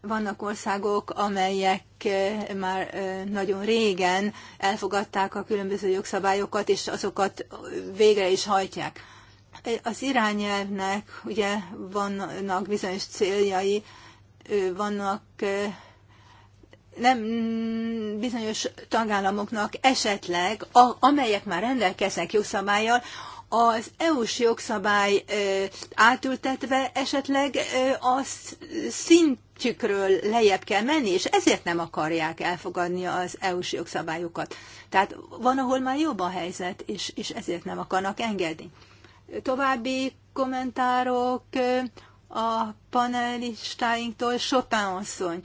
vannak országok, amelyek eh, már eh, nagyon régen elfogadták a különböző jogszabályokat, és azokat végre is hajtják. Az irányelvnek ugye vannak bizonyos céljai, vannak nem bizonyos tagállamoknak esetleg, amelyek már rendelkeznek jogszabályjal, az EU-s jogszabály átültetve esetleg a szintjükről lejjebb kell menni, és ezért nem akarják elfogadni az EU-s jogszabályokat. Tehát van, ahol már jobb a helyzet, és, és ezért nem akarnak engedni. További kommentárok a panelistáinktól. Chopin asszony.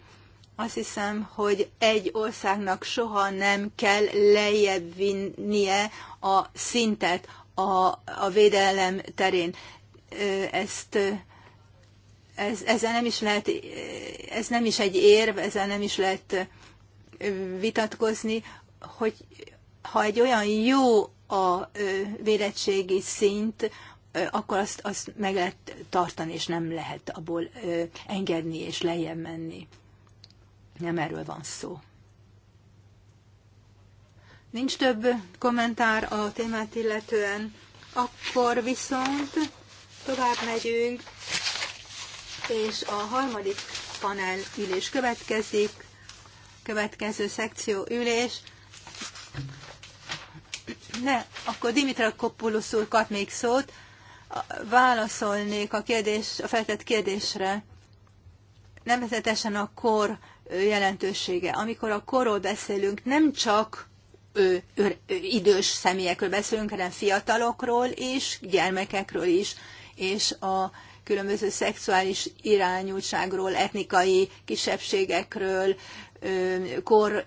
Azt hiszem, hogy egy országnak soha nem kell lejjebb vinnie a szintet a, a védelem terén. Ezt ez, ezzel nem is lehet, ez nem is egy érv, ezzel nem is lehet vitatkozni, hogy ha egy olyan jó a védettségi szint, akkor azt, azt meg lehet tartani, és nem lehet abból engedni és lejjebb menni. Nem erről van szó nincs több kommentár a témát illetően, akkor viszont tovább megyünk, és a harmadik panel ülés következik, következő szekció ülés. Ne, akkor Dimitra Koppulusz úr kap még szót, válaszolnék a, kérdés, a feltett kérdésre, Nemzetesen a kor jelentősége. Amikor a korról beszélünk, nem csak ö, ö, idős személyekről beszélünk, hanem fiatalokról is, gyermekekről is, és a különböző szexuális irányultságról, etnikai kisebbségekről, kor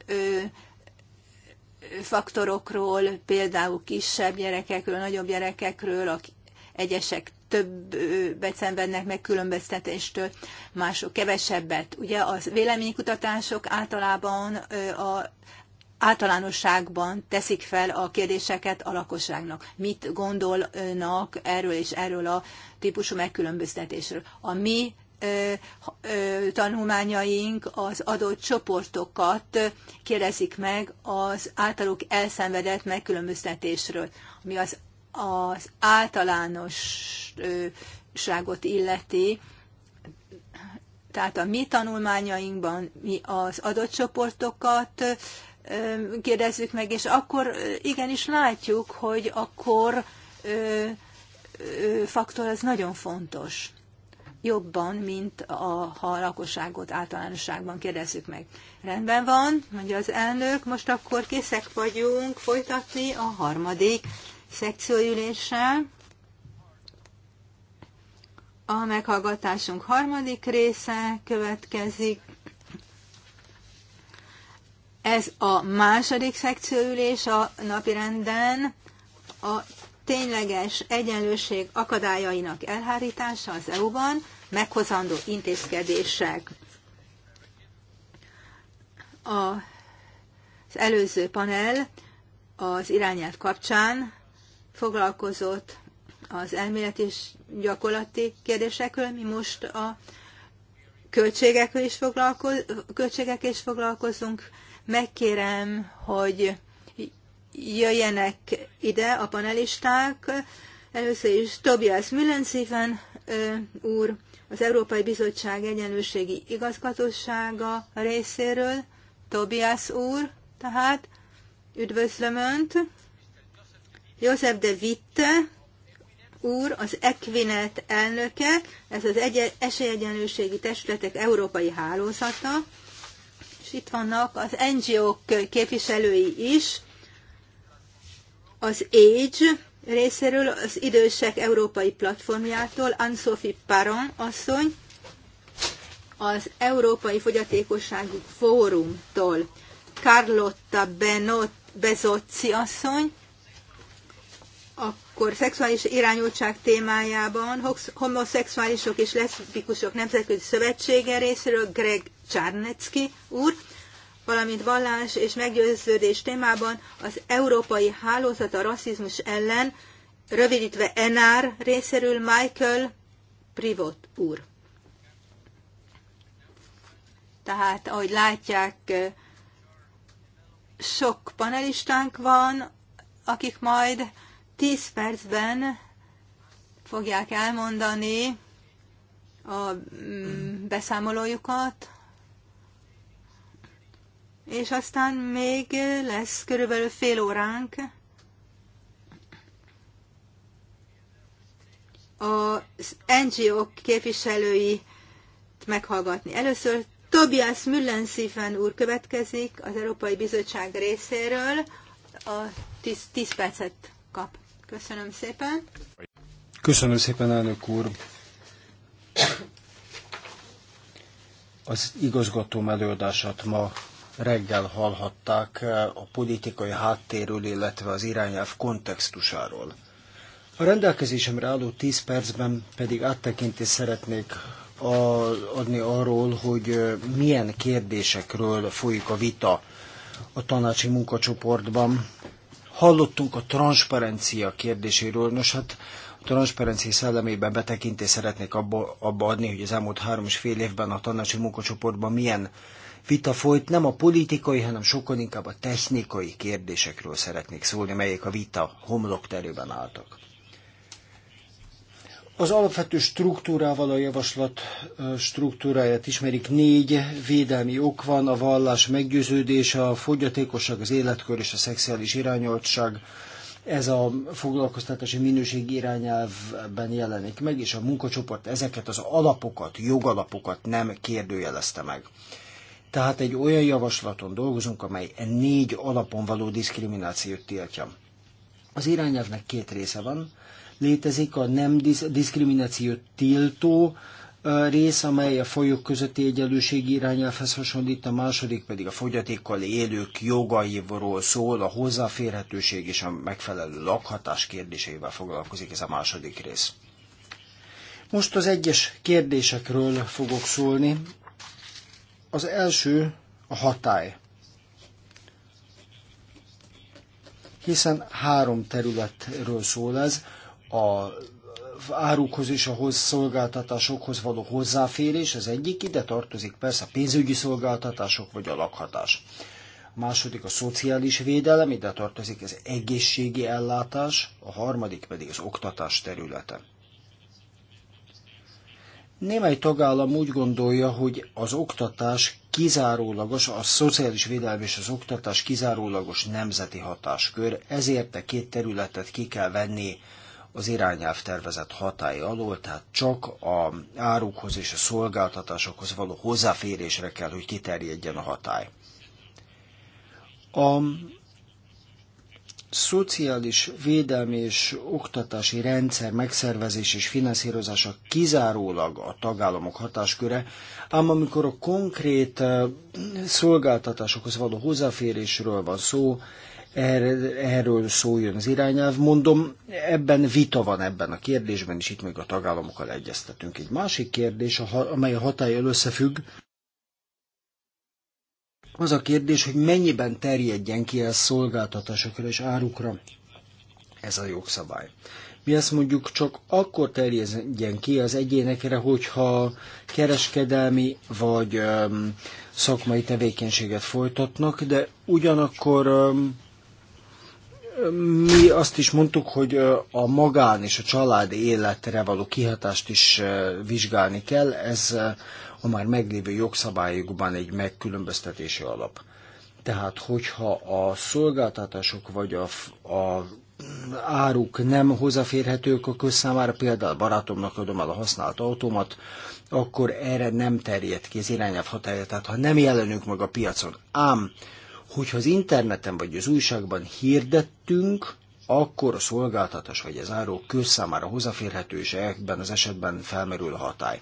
faktorokról, például kisebb gyerekekről, nagyobb gyerekekről, a egyesek több szenvednek meg különböztetéstől, mások kevesebbet. Ugye az véleménykutatások általában a általánosságban teszik fel a kérdéseket a lakosságnak. Mit gondolnak erről és erről a típusú megkülönböztetésről? A mi tanulmányaink az adott csoportokat kérdezik meg az általuk elszenvedett megkülönböztetésről, ami az, az általánosságot illeti, tehát a mi tanulmányainkban mi az adott csoportokat kérdezzük meg, és akkor igenis látjuk, hogy akkor faktor az nagyon fontos. Jobban, mint a, ha a lakosságot általánosságban kérdezzük meg. Rendben van, mondja az elnök, most akkor készek vagyunk folytatni a harmadik szekcióüléssel. A meghallgatásunk harmadik része következik. Ez a második szekcióülés a napirenden a tényleges egyenlőség akadályainak elhárítása az EU-ban, meghozandó intézkedések. A, az előző panel az irányelv kapcsán foglalkozott az elméleti és gyakorlati kérdésekről, mi most a költségekről is foglalko- költségek is foglalkozunk, Megkérem, hogy jöjjenek ide a panelisták. Először is Tobias Müllenszíven úr, az Európai Bizottság Egyenlőségi Igazgatósága részéről. Tobias úr, tehát üdvözlöm Önt. József de Witte úr, az Equinet elnöke, ez az Egyen- Esélyegyenlőségi Testületek Európai Hálózata itt vannak az NGO-k képviselői is, az Age részéről, az Idősek Európai Platformjától, Anne-Sophie Paron asszony, az Európai Fogyatékossági Fórumtól, Carlotta Benot, Bezocci asszony, akkor szexuális irányultság témájában homoszexuálisok és leszbikusok nemzetközi szövetsége részéről Greg Csárnecki úr, valamint vallás és meggyőződés témában az Európai Hálózat a rasszizmus ellen, rövidítve Enár részéről Michael Privot úr. Tehát, ahogy látják, sok panelistánk van, akik majd 10 percben fogják elmondani a mm, beszámolójukat, és aztán még lesz körülbelül fél óránk az ngo képviselői meghallgatni. Először Tobias Müllensiefen úr következik az Európai Bizottság részéről. A 10 percet kap. Köszönöm szépen. Köszönöm szépen, elnök úr. Az igazgatóm előadását ma reggel hallhatták eh, a politikai háttérről, illetve az irányelv kontextusáról. A rendelkezésemre álló 10 percben pedig áttekintést szeretnék adni arról, hogy eh, milyen kérdésekről folyik a vita a tanácsi munkacsoportban. Hallottunk a transzparencia kérdéséről, nos hát a transzparencia szellemében betekintést szeretnék abba, abba adni, hogy az elmúlt három és fél évben a tanácsi munkacsoportban milyen vita folyt, nem a politikai, hanem sokkal inkább a technikai kérdésekről szeretnék szólni, melyek a vita homlokterében álltak. Az alapvető struktúrával a javaslat struktúráját ismerik. Négy védelmi ok van, a vallás meggyőződése, a fogyatékosság, az életkör és a szexuális irányoltság. Ez a foglalkoztatási minőség irányelvben jelenik meg, és a munkacsoport ezeket az alapokat, jogalapokat nem kérdőjelezte meg. Tehát egy olyan javaslaton dolgozunk, amely négy alapon való diszkriminációt tiltja. Az irányelvnek két része van. Létezik a nem diszkrimináció tiltó rész, amely a folyók közötti egyenlőség irányelvhez hasonlít, a második pedig a fogyatékkal élők jogairól szól, a hozzáférhetőség és a megfelelő lakhatás kérdéseivel foglalkozik ez a második rész. Most az egyes kérdésekről fogok szólni, az első a hatály. Hiszen három területről szól ez, a árukhoz és a szolgáltatásokhoz való hozzáférés, ez egyik, ide tartozik persze a pénzügyi szolgáltatások vagy a lakhatás. A második a szociális védelem, ide tartozik az egészségi ellátás, a harmadik pedig az oktatás területe. Némely tagállam úgy gondolja, hogy az oktatás kizárólagos, a szociális védelem és az oktatás kizárólagos nemzeti hatáskör, ezért a két területet ki kell venni az irányelv tervezett hatája alól, tehát csak a árukhoz és a szolgáltatásokhoz való hozzáférésre kell, hogy kiterjedjen a hatály. A szociális védelmi és oktatási rendszer megszervezés és finanszírozása kizárólag a tagállamok hatásköre, ám amikor a konkrét szolgáltatásokhoz való hozzáférésről van szó, er, erről szóljon az irányelv. Mondom, ebben vita van ebben a kérdésben, és itt még a tagállamokkal egyeztetünk. Egy másik kérdés, amely a hatályjal összefügg, az a kérdés, hogy mennyiben terjedjen ki ez szolgáltatásokra és árukra. Ez a jogszabály. Mi azt mondjuk csak akkor terjedjen ki az egyénekre, hogyha kereskedelmi vagy öm, szakmai tevékenységet folytatnak, de ugyanakkor öm, mi azt is mondtuk, hogy a magán és a család életre való kihatást is vizsgálni kell. Ez a már meglévő jogszabályokban egy megkülönböztetési alap. Tehát, hogyha a szolgáltatások vagy a, a áruk nem hozzáférhetők a közszámára, például barátomnak adom el a használt autómat, akkor erre nem terjed ki az irányelv hatája, tehát ha nem jelenünk meg a piacon. Ám, hogyha az interneten vagy az újságban hirdettünk, akkor a szolgáltatás vagy az áró közszámára hozzáférhető, és ebben az esetben felmerül a hatály.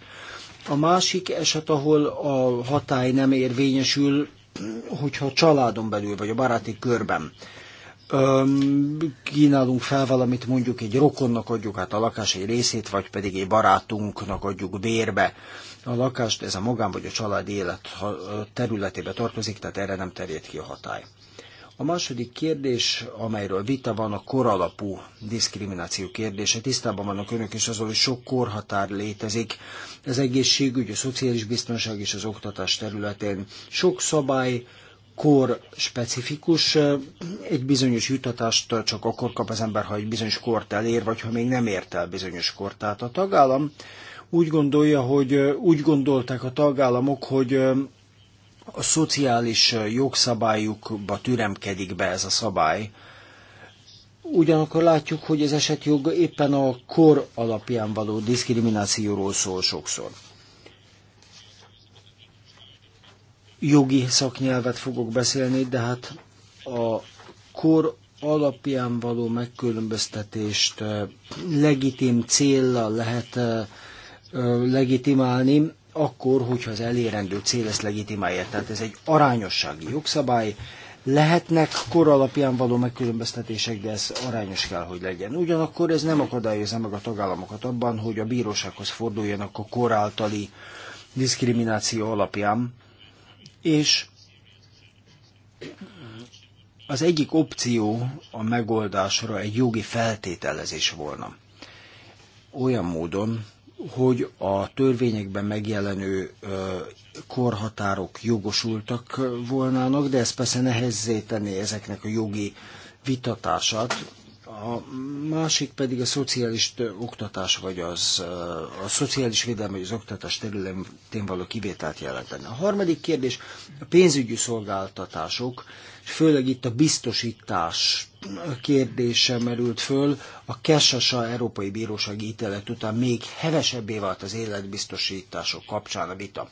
A másik eset, ahol a hatály nem érvényesül, hogyha a családon belül vagy a baráti körben kínálunk fel valamit, mondjuk egy rokonnak adjuk át a lakás egy részét, vagy pedig egy barátunknak adjuk bérbe a lakást, ez a magán vagy a család élet területébe tartozik, tehát erre nem terjed ki a hatály. A második kérdés, amelyről vita van, a koralapú diszkrimináció kérdése. Tisztában vannak önök is azon, hogy sok korhatár létezik, az egészségügy, a szociális biztonság és az oktatás területén. Sok szabály kor specifikus, egy bizonyos jutatást csak akkor kap az ember, ha egy bizonyos kort elér, vagy ha még nem ért el bizonyos kort. Tehát a tagállam úgy gondolja, hogy úgy gondolták a tagállamok, hogy a szociális jogszabályukba türemkedik be ez a szabály, Ugyanakkor látjuk, hogy az esetjog éppen a kor alapján való diszkriminációról szól sokszor. Jogi szaknyelvet fogok beszélni, de hát a kor alapján való megkülönböztetést eh, legitim célra lehet eh, eh, legitimálni, akkor, hogyha az elérendő cél ezt legitimálja. Tehát ez egy arányossági jogszabály, Lehetnek kor alapján való megkülönböztetések, de ez arányos kell, hogy legyen. Ugyanakkor ez nem akadályozza meg a tagállamokat abban, hogy a bírósághoz forduljanak a kor általi diszkrimináció alapján, és az egyik opció a megoldásra egy jogi feltételezés volna. Olyan módon, hogy a törvényekben megjelenő korhatárok jogosultak volnának, de ez persze nehezzé tenni ezeknek a jogi vitatását, a másik pedig a szociális oktatás, vagy az, a szociális védelem, vagy az oktatás területén való kivételt jelentene. A harmadik kérdés a pénzügyi szolgáltatások, és főleg itt a biztosítás kérdése merült föl. A Kessasa Európai bíróság ítélet után még hevesebbé vált az életbiztosítások kapcsán a vita.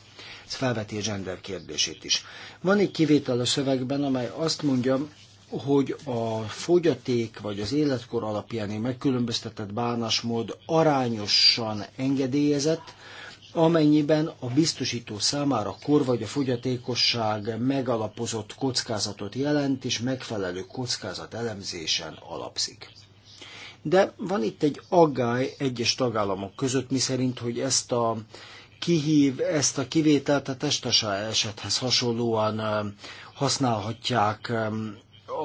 Ez felveti a gender kérdését is. Van egy kivétel a szövegben, amely azt mondja, hogy a fogyaték vagy az életkor alapján megkülönböztetett bánásmód arányosan engedélyezett, amennyiben a biztosító számára kor vagy a fogyatékosság megalapozott kockázatot jelent és megfelelő kockázat elemzésen alapszik. De van itt egy aggály egyes tagállamok között, miszerint, hogy ezt a kihív, ezt a kivételt a testese esethez hasonlóan használhatják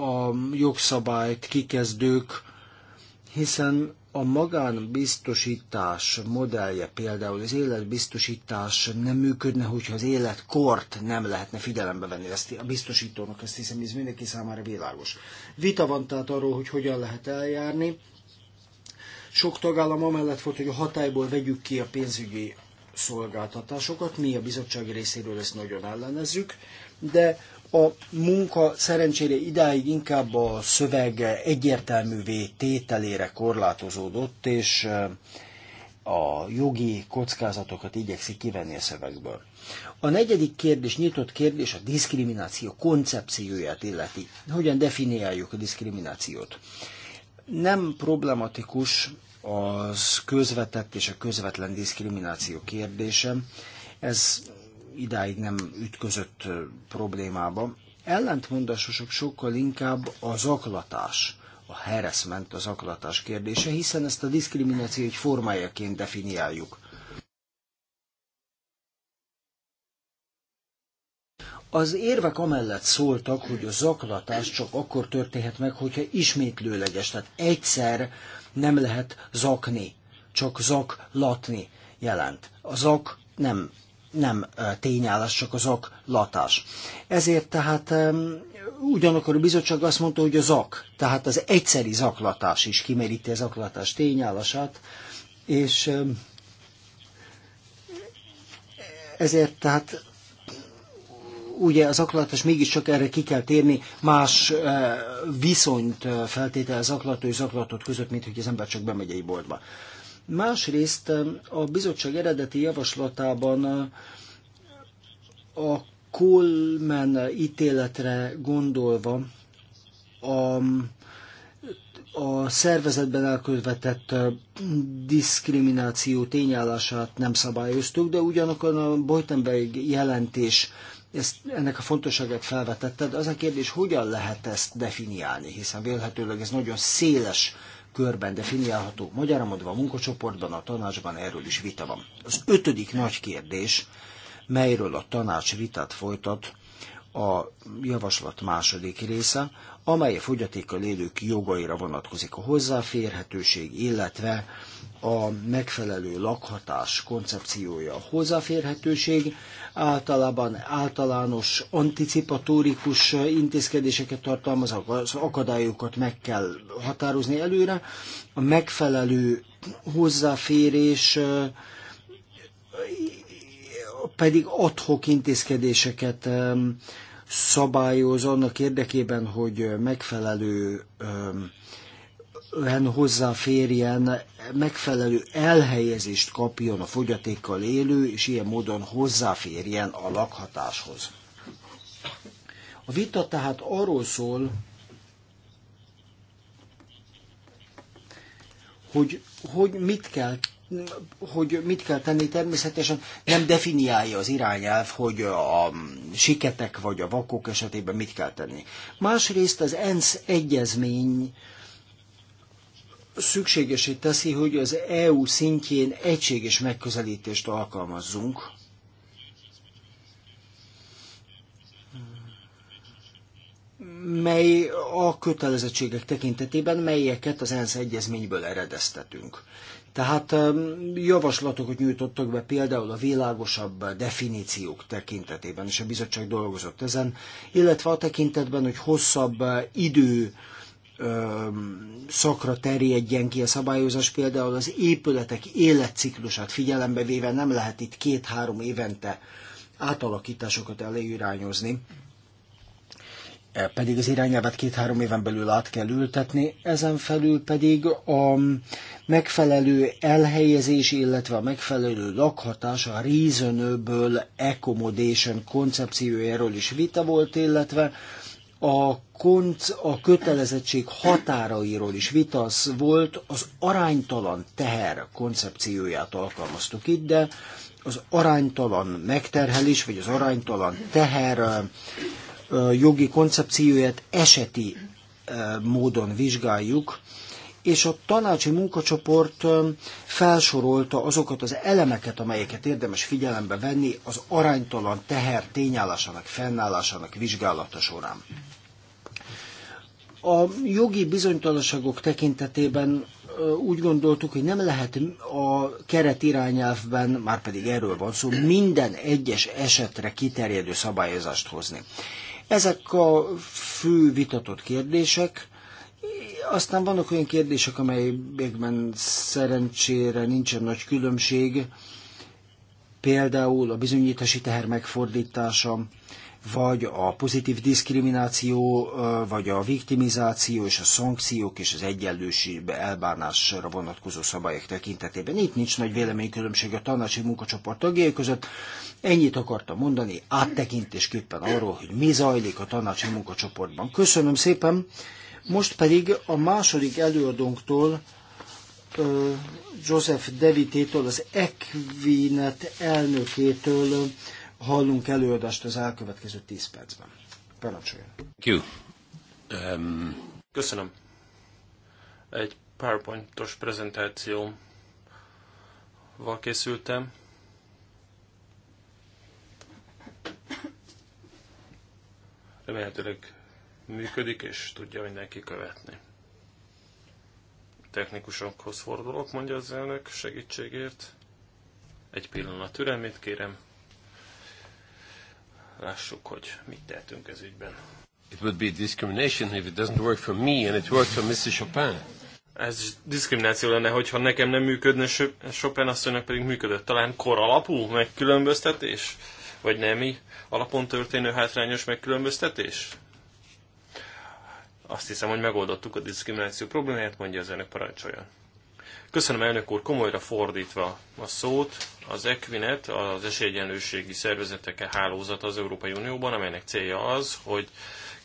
a jogszabályt kikezdők, hiszen a magánbiztosítás modellje például az életbiztosítás nem működne, hogyha az életkort nem lehetne figyelembe venni. Ezt a biztosítónak ezt hiszem, ez mindenki számára világos. Vita van tehát arról, hogy hogyan lehet eljárni. Sok tagállam amellett volt, hogy a hatályból vegyük ki a pénzügyi szolgáltatásokat. Mi a bizottság részéről ezt nagyon ellenezzük, de a munka szerencsére idáig inkább a szöveg egyértelművé tételére korlátozódott, és eh, a jogi kockázatokat igyekszik kivenni a szövegből. A negyedik kérdés, nyitott kérdés a diszkrimináció koncepcióját illeti. Hogyan definiáljuk a diszkriminációt? Nem problematikus az közvetett és a közvetlen diszkrimináció kérdése. Ez idáig nem ütközött problémába. Ellentmondásosok sokkal inkább a zaklatás, a harassment, a zaklatás kérdése, hiszen ezt a diszkrimináció egy formájaként definiáljuk. Az érvek amellett szóltak, hogy a zaklatás csak akkor történhet meg, hogyha ismétlőleges, tehát egyszer nem lehet zakni, csak zaklatni jelent. A zak nem nem tényállás, csak az aklatás. Ezért tehát ugyanakkor a bizottság azt mondta, hogy a zak, tehát az egyszeri zaklatás is kimeríti az aklatás tényállását, és ezért tehát ugye az aklatás mégiscsak erre ki kell térni, más viszonyt feltétel zaklató és zaklatott között, mint hogy az ember csak bemegy egy boltba. Másrészt a bizottság eredeti javaslatában a Coleman ítéletre gondolva a, a szervezetben elkövetett diszkrimináció tényállását nem szabályoztuk, de ugyanakkor a Beutenberg jelentés ezt, ennek a fontosságát felvetetted. Az a kérdés, hogyan lehet ezt definiálni, hiszen vélhetőleg ez nagyon széles körben definiálható. magyarra mondva a munkacsoportban, a tanácsban erről is vita van. Az ötödik nagy kérdés, melyről a tanács vitát folytat, a javaslat második része, amely a fogyatékkal élők jogaira vonatkozik a hozzáférhetőség, illetve a megfelelő lakhatás koncepciója. A hozzáférhetőség általában általános anticipatórikus intézkedéseket tartalmaz, az akadályokat meg kell határozni előre. A megfelelő hozzáférés pedig adhok intézkedéseket szabályoz annak érdekében, hogy megfelelő hozzáférjen, megfelelő elhelyezést kapjon a fogyatékkal élő, és ilyen módon hozzáférjen a lakhatáshoz. A vita tehát arról szól, hogy, hogy mit kell hogy mit kell tenni, természetesen nem definiálja az irányelv, hogy a siketek vagy a vakok esetében mit kell tenni. Másrészt az ENSZ egyezmény szükségesé teszi, hogy az EU szintjén egységes megközelítést alkalmazzunk. mely a kötelezettségek tekintetében, melyeket az ENSZ egyezményből eredeztetünk. Tehát javaslatokat nyújtottak be például a világosabb definíciók tekintetében, és a bizottság dolgozott ezen, illetve a tekintetben, hogy hosszabb eh, idő szakra terjedjen ki a szabályozás, például az épületek életciklusát figyelembe véve nem lehet itt két-három évente átalakításokat előirányozni, E pedig az irányelvet két-három éven belül át kell ültetni, ezen felül pedig a megfelelő elhelyezés, illetve a megfelelő lakhatás a reasonable accommodation koncepciójáról is vita volt, illetve a, konc, a kötelezettség határairól is vitasz volt, az aránytalan teher koncepcióját alkalmaztuk itt, de az aránytalan megterhelés, vagy az aránytalan teher jogi koncepcióját eseti módon vizsgáljuk, és a tanácsi munkacsoport felsorolta azokat az elemeket, amelyeket érdemes figyelembe venni az aránytalan teher tényállásának, fennállásának vizsgálata során. A jogi bizonytalanságok tekintetében úgy gondoltuk, hogy nem lehet a keret irányelvben, már pedig erről van szó, minden egyes esetre kiterjedő szabályozást hozni. Ezek a fő vitatott kérdések. Aztán vannak olyan kérdések, amelyekben szerencsére nincsen nagy különbség, például a bizonyítási teher megfordítása, vagy a pozitív diszkrimináció, vagy a viktimizáció és a szankciók és az egyenlőség elbánásra vonatkozó szabályok tekintetében. Itt nincs nagy véleménykülönbség a tanácsi munkacsoport tagjai között. Ennyit akartam mondani áttekintésképpen arról, hogy mi zajlik a tanácsi munkacsoportban. Köszönöm szépen! Most pedig a második előadónktól, Joseph Devitétől, az Equinet elnökétől hallunk előadást az elkövetkező 10 percben. Parancsoljon. Um... Köszönöm. Egy PowerPointos prezentációval készültem. Remélhetőleg működik, és tudja mindenki követni. Technikusokhoz fordulok, mondja az elnök segítségért. Egy pillanat türelmét kérem lássuk, hogy mit tehetünk ez ügyben. It would be discrimination if it doesn't work for me and it works for Mrs. Chopin. Ez diszkrimináció lenne, hogyha nekem nem működne, Chopin asszonynak pedig működött. Talán kor alapú megkülönböztetés? Vagy nemi alapon történő hátrányos megkülönböztetés? Azt hiszem, hogy megoldottuk a diszkrimináció problémáját, mondja az önök parancsoljon. Köszönöm elnök úr, komolyra fordítva a szót. Az Equinet, az esélyegyenlőségi szervezeteke hálózat az Európai Unióban, amelynek célja az, hogy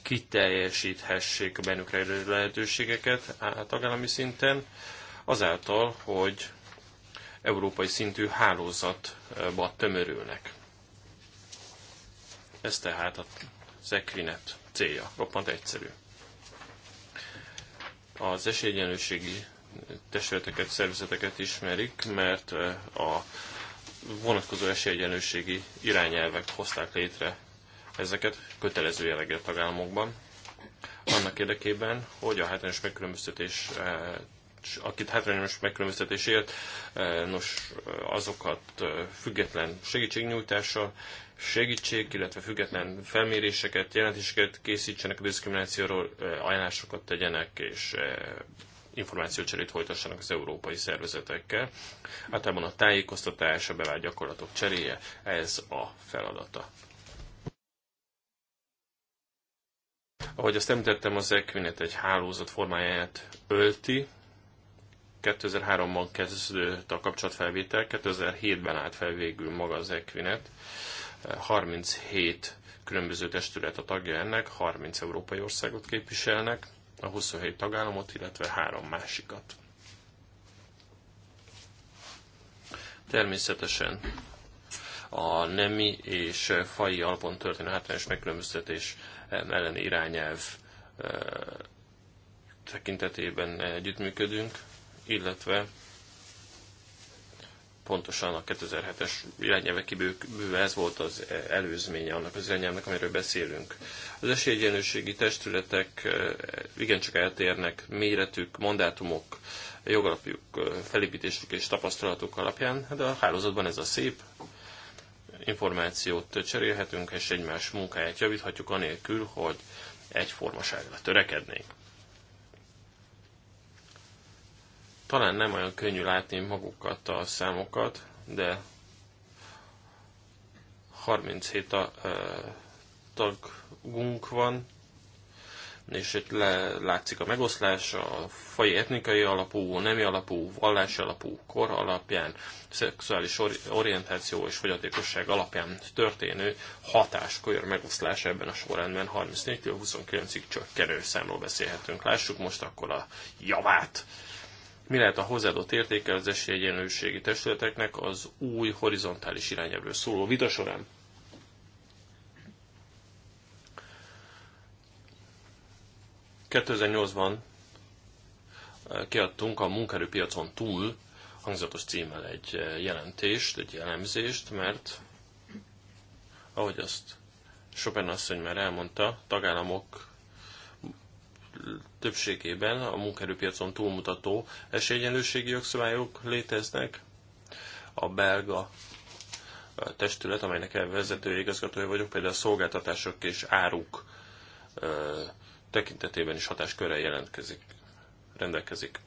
kiteljesíthessék a bennük rejlő lehetőségeket a tagállami szinten, azáltal, hogy európai szintű hálózatba tömörülnek. Ez tehát az Equinet célja, roppant egyszerű. Az esélyegyenlőségi testületeket, szervezeteket ismerik, mert eh, a vonatkozó esélyegyenlőségi irányelvek hozták létre ezeket kötelező jellegű a tagállamokban. Annak érdekében, hogy a hátrányos megkülönböztetés eh, akit hátrányos megkülönböztetésért, eh, nos, azokat független segítségnyújtással, segítség, illetve független felméréseket, jelentéseket készítsenek a diszkriminációról, ajánlásokat tegyenek, és információcserét folytassanak az európai szervezetekkel. Általában a tájékoztatás, a bevált gyakorlatok cseréje, ez a feladata. Ahogy azt említettem, az Equinet egy hálózat formáját ölti. 2003-ban kezdődött a kapcsolatfelvétel, 2007-ben állt fel végül maga az Equinet. 37 különböző testület a tagja ennek, 30 európai országot képviselnek a 27 tagállamot, illetve három másikat. Természetesen a nemi és fai alapon történő hátrányos megkülönböztetés elleni irányelv eh, tekintetében együttműködünk, illetve pontosan a 2007-es irányelve kibőve ez volt az előzménye annak az irányelvnek, amiről beszélünk. Az esélyegyenlőségi testületek eh, igencsak eltérnek méretük, mandátumok, jogalapjuk, eh, felépítésük és tapasztalatuk alapján, de a hálózatban ez a szép, információt cserélhetünk és egymás munkáját javíthatjuk anélkül, hogy egyformaságra törekednénk. Talán nem olyan könnyű látni magukat a számokat, de 37 a, e, tagunk van, és itt le, látszik a megoszlás a fai etnikai alapú, nemi alapú, vallási alapú, kor alapján, szexuális orientáció és fogyatékosság alapján történő hatáskör megoszlás ebben a sorrendben 34-29-ig csökkenő számról beszélhetünk. Lássuk most akkor a javát mi lehet a hozzáadott értéke az esélyegyenlőségi testületeknek az új horizontális irányelvről szóló vita során. ban eh, kiadtunk a munkaerőpiacon túl hangzatos címmel egy eh, jelentést, egy jellemzést, mert ahogy azt Chopin asszony már elmondta, tagállamok többségében a munkaerőpiacon túlmutató esélyegyenlőségi jogszabályok léteznek. A belga testület, amelynek elvezető igazgatója vagyok, például a szolgáltatások és áruk tekintetében is hatáskörrel jelentkezik, rendelkezik.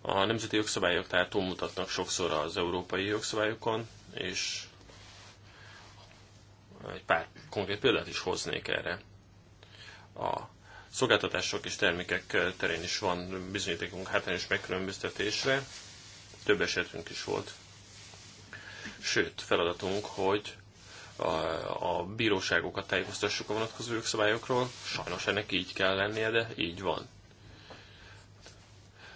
A nemzeti jogszabályok tehát túlmutatnak sokszor az európai jogszabályokon, és egy pár konkrét példát is hoznék erre. A szolgáltatások és termékek eh, terén is van bizonyítékunk hátrányos megkülönböztetésre, több esetünk is volt. Sőt, feladatunk, hogy a, a bíróságokat tájékoztassuk a vonatkozó jogszabályokról. Sajnos ennek így kell lennie, de így van.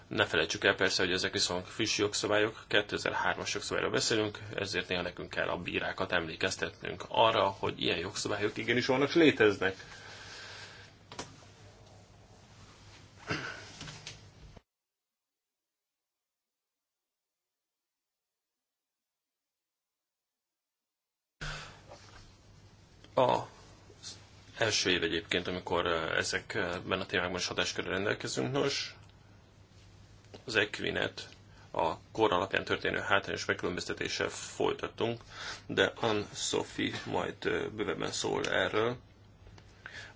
Ne felejtsük el persze, hogy ezek viszont friss jogszabályok, 2003-as jogszabályról beszélünk, ezért néha nekünk kell a bírákat emlékeztetnünk arra, hogy ilyen jogszabályok igenis vannak, léteznek. A első év egyébként, amikor ezekben a témákban is hatáskörre rendelkezünk, nos, az Equinet a kor alapján történő hátrányos megkülönböztetéssel folytatunk, de Ann Sophie majd bővebben szól erről,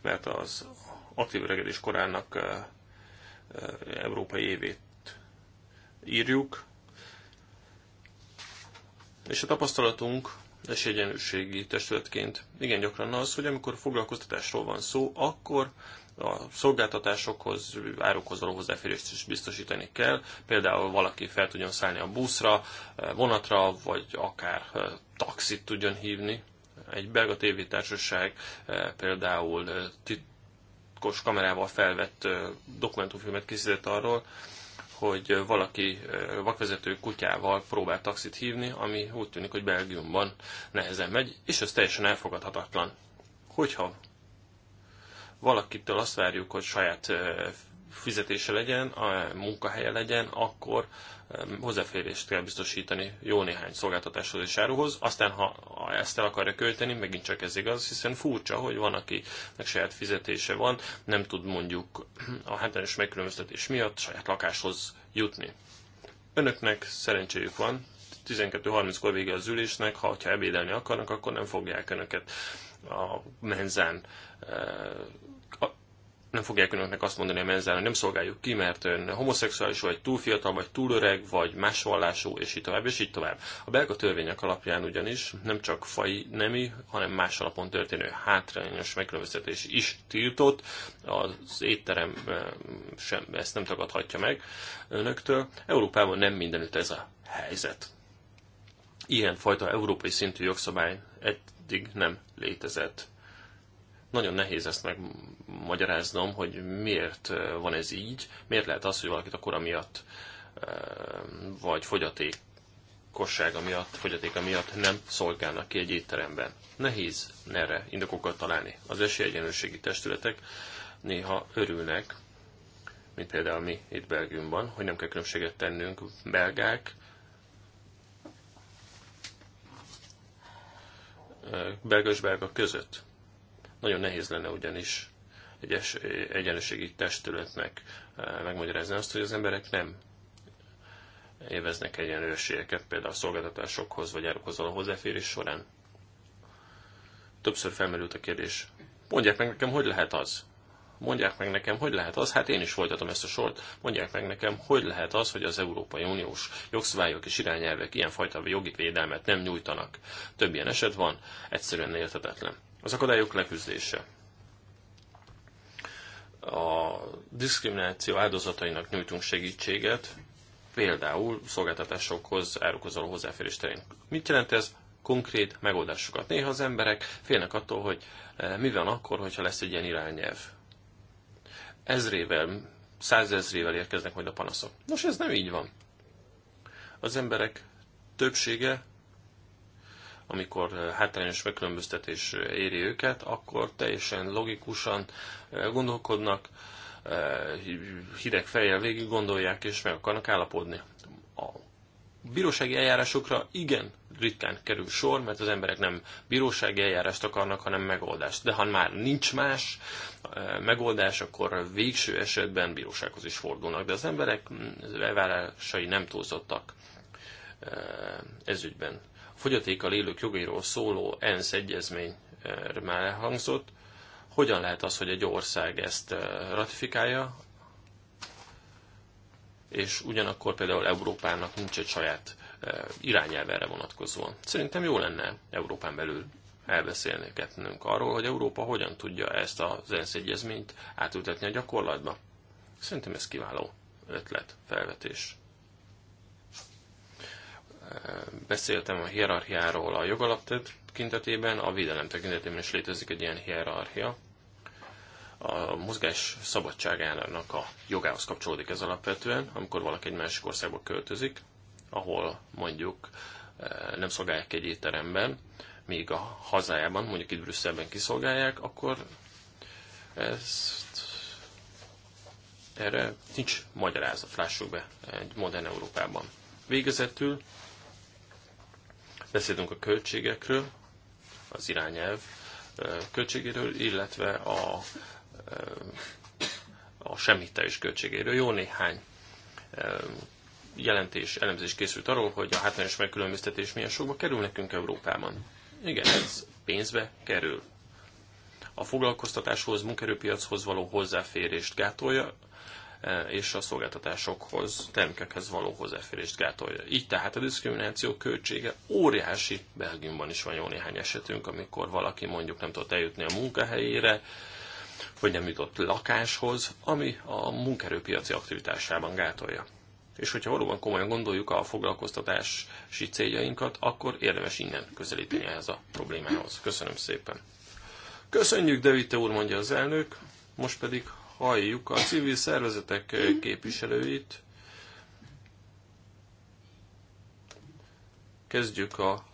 mert az aktív öregedés korának európai évét írjuk, és a tapasztalatunk esélyegyenlőségi testületként igen gyakran az, hogy amikor foglalkoztatásról van szó, akkor a szolgáltatásokhoz, árukhoz való hozzáférést is biztosítani kell. Például valaki fel tudjon szállni a buszra, vonatra, vagy akár taxit tudjon hívni. Egy belga tévétársaság például titkos kamerával felvett dokumentumfilmet készített arról, hogy valaki eh, vakvezető kutyával próbál taxit hívni, ami úgy tűnik, hogy Belgiumban nehezen megy, és ez teljesen elfogadhatatlan. Hogyha valakitől azt várjuk, hogy saját eh, fizetése legyen, a munkahelye legyen, akkor hozzáférést kell biztosítani jó néhány szolgáltatáshoz és áruhoz. Aztán, ha ezt el akarja költeni, megint csak ez igaz, hiszen furcsa, hogy van, akinek saját fizetése van, nem tud mondjuk a hátrányos megkülönböztetés miatt saját lakáshoz jutni. Önöknek szerencséjük van, 12.30-kor vége az ülésnek, ha hogyha ebédelni akarnak, akkor nem fogják önöket a menzán eh, nem fogják önöknek azt mondani a menzán, hogy nem szolgáljuk ki, mert ön homoszexuális, vagy túl fiatal, vagy túl öreg, vagy más vallású, és így tovább, és így tovább. A belga törvények alapján ugyanis nem csak fai, nemi, hanem más alapon történő hátrányos megkülönböztetés is tiltott. Az étterem eh, sem, ezt nem tagadhatja meg önöktől. Európában nem mindenütt ez a helyzet. Ilyen fajta európai szintű jogszabály eddig nem létezett nagyon nehéz ezt megmagyaráznom, hogy miért van ez így, miért lehet az, hogy valakit a kora miatt vagy fogyatékossága miatt, fogyatéka miatt nem szolgálnak ki egy étteremben. Nehéz erre indokokat találni. Az esélyegyenlőségi testületek néha örülnek, mint például mi itt Belgiumban, hogy nem kell különbséget tennünk belgák, belga belga között. Nagyon nehéz lenne ugyanis egy egyenlőségi testületnek eh, megmagyarázni azt, hogy az emberek nem élveznek egyenlőségeket, például a szolgáltatásokhoz vagy árukhoz való hozzáférés során. Többször felmerült a kérdés, mondják meg nekem, hogy lehet az? Mondják meg nekem, hogy lehet az, hát én is folytatom ezt a sort, mondják meg nekem, hogy lehet az, hogy az Európai Uniós jogszabályok és irányelvek ilyenfajta jogi védelmet nem nyújtanak. Több ilyen eset van, egyszerűen érthetetlen. Az akadályok leküzdése. A diszkrimináció áldozatainak nyújtunk segítséget, például szolgáltatásokhoz, árukozoló hozzáférés terén. Mit jelent ez? Konkrét megoldásokat. Néha az emberek félnek attól, hogy eh, mi van akkor, hogyha lesz egy ilyen irányelv. Ezrével, százezrével érkeznek majd a panaszok. Nos, ez nem így van. Az emberek többsége amikor eh, hátrányos megkülönböztetés eh, éri őket, akkor teljesen logikusan eh, gondolkodnak, hideg fejjel végig gondolják, és meg akarnak állapodni. A bírósági eljárásokra igen ritkán kerül sor, mert az emberek nem bírósági eljárást akarnak, hanem megoldást. De ha már nincs más megoldás, akkor végső esetben bírósághoz is fordulnak. De az emberek mm, elvárásai nem túlzottak ezügyben fogyatékkal élők jogairól szóló ENSZ egyezmény már elhangzott. Hogyan lehet az, hogy egy ország ezt eh, ratifikálja, és ugyanakkor például Európának nincs egy saját eh, irányelv erre vonatkozóan. Szerintem jó lenne Európán belül elbeszélni arról, hogy Európa hogyan tudja ezt az ENSZ egyezményt átültetni a gyakorlatba. Szerintem ez kiváló ötlet, felvetés beszéltem a hierarchiáról a jogalap tekintetében, a védelem tekintetében is létezik egy ilyen hierarchia. A mozgás szabadságának a jogához kapcsolódik ez alapvetően, amikor valaki egy másik országba költözik, ahol mondjuk eh, nem szolgálják egy étteremben, míg a hazájában, mondjuk itt Brüsszelben kiszolgálják, akkor ezt erre nincs magyarázat, lássuk be, egy modern Európában. Végezetül Beszélünk a költségekről, az irányelv költségéről, illetve a, a semmittelés költségéről. Jó néhány jelentés, elemzés készült arról, hogy a hátrányos megkülönböztetés milyen sokba kerül nekünk Európában. Igen, ez pénzbe kerül. A foglalkoztatáshoz, munkerőpiachoz való hozzáférést gátolja, E, és a szolgáltatásokhoz, termékekhez való hozzáférést gátolja. Így tehát a diszkrimináció költsége óriási. Belgiumban is van jó néhány esetünk, amikor valaki mondjuk nem tudott eljutni a munkahelyére, vagy nem jutott lakáshoz, ami a munkerőpiaci aktivitásában gátolja. És hogyha valóban komolyan gondoljuk a foglalkoztatási céljainkat, akkor érdemes innen közelíteni ehhez a problémához. Köszönöm szépen. Köszönjük, Devite úr, mondja az elnök. Most pedig halljuk a civil szervezetek eh, képviselőit. Kezdjük a,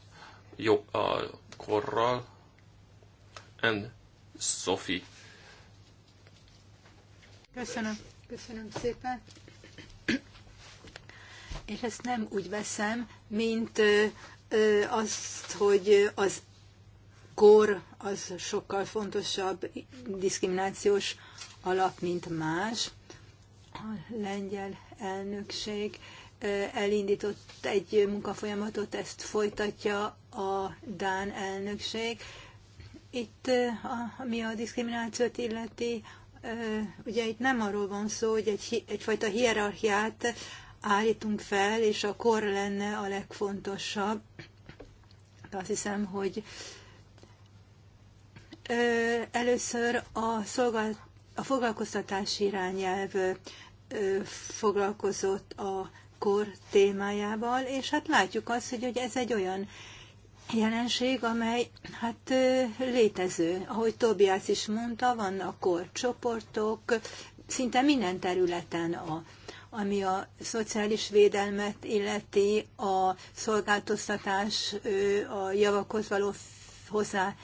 jó a korral. En Sofi. Köszönöm. Köszönöm szépen. És ezt nem úgy veszem, mint ö, ö, azt, hogy az kor az sokkal fontosabb diszkriminációs alap, mint más. A lengyel elnökség elindított egy munkafolyamatot, ezt folytatja a Dán elnökség. Itt, ami a diszkriminációt illeti, ugye itt nem arról van szó, hogy egy, egyfajta hierarchiát állítunk fel, és a kor lenne a legfontosabb. De azt hiszem, hogy először a szolgált a foglalkoztatási irányelv foglalkozott a kor témájával, és hát látjuk azt, hogy, hogy ez egy olyan jelenség, amely hát létező. Ahogy Tobias is mondta, vannak korcsoportok, szinte minden területen a ami a szociális védelmet illeti, a szolgáltatás, a javakhoz való hozzá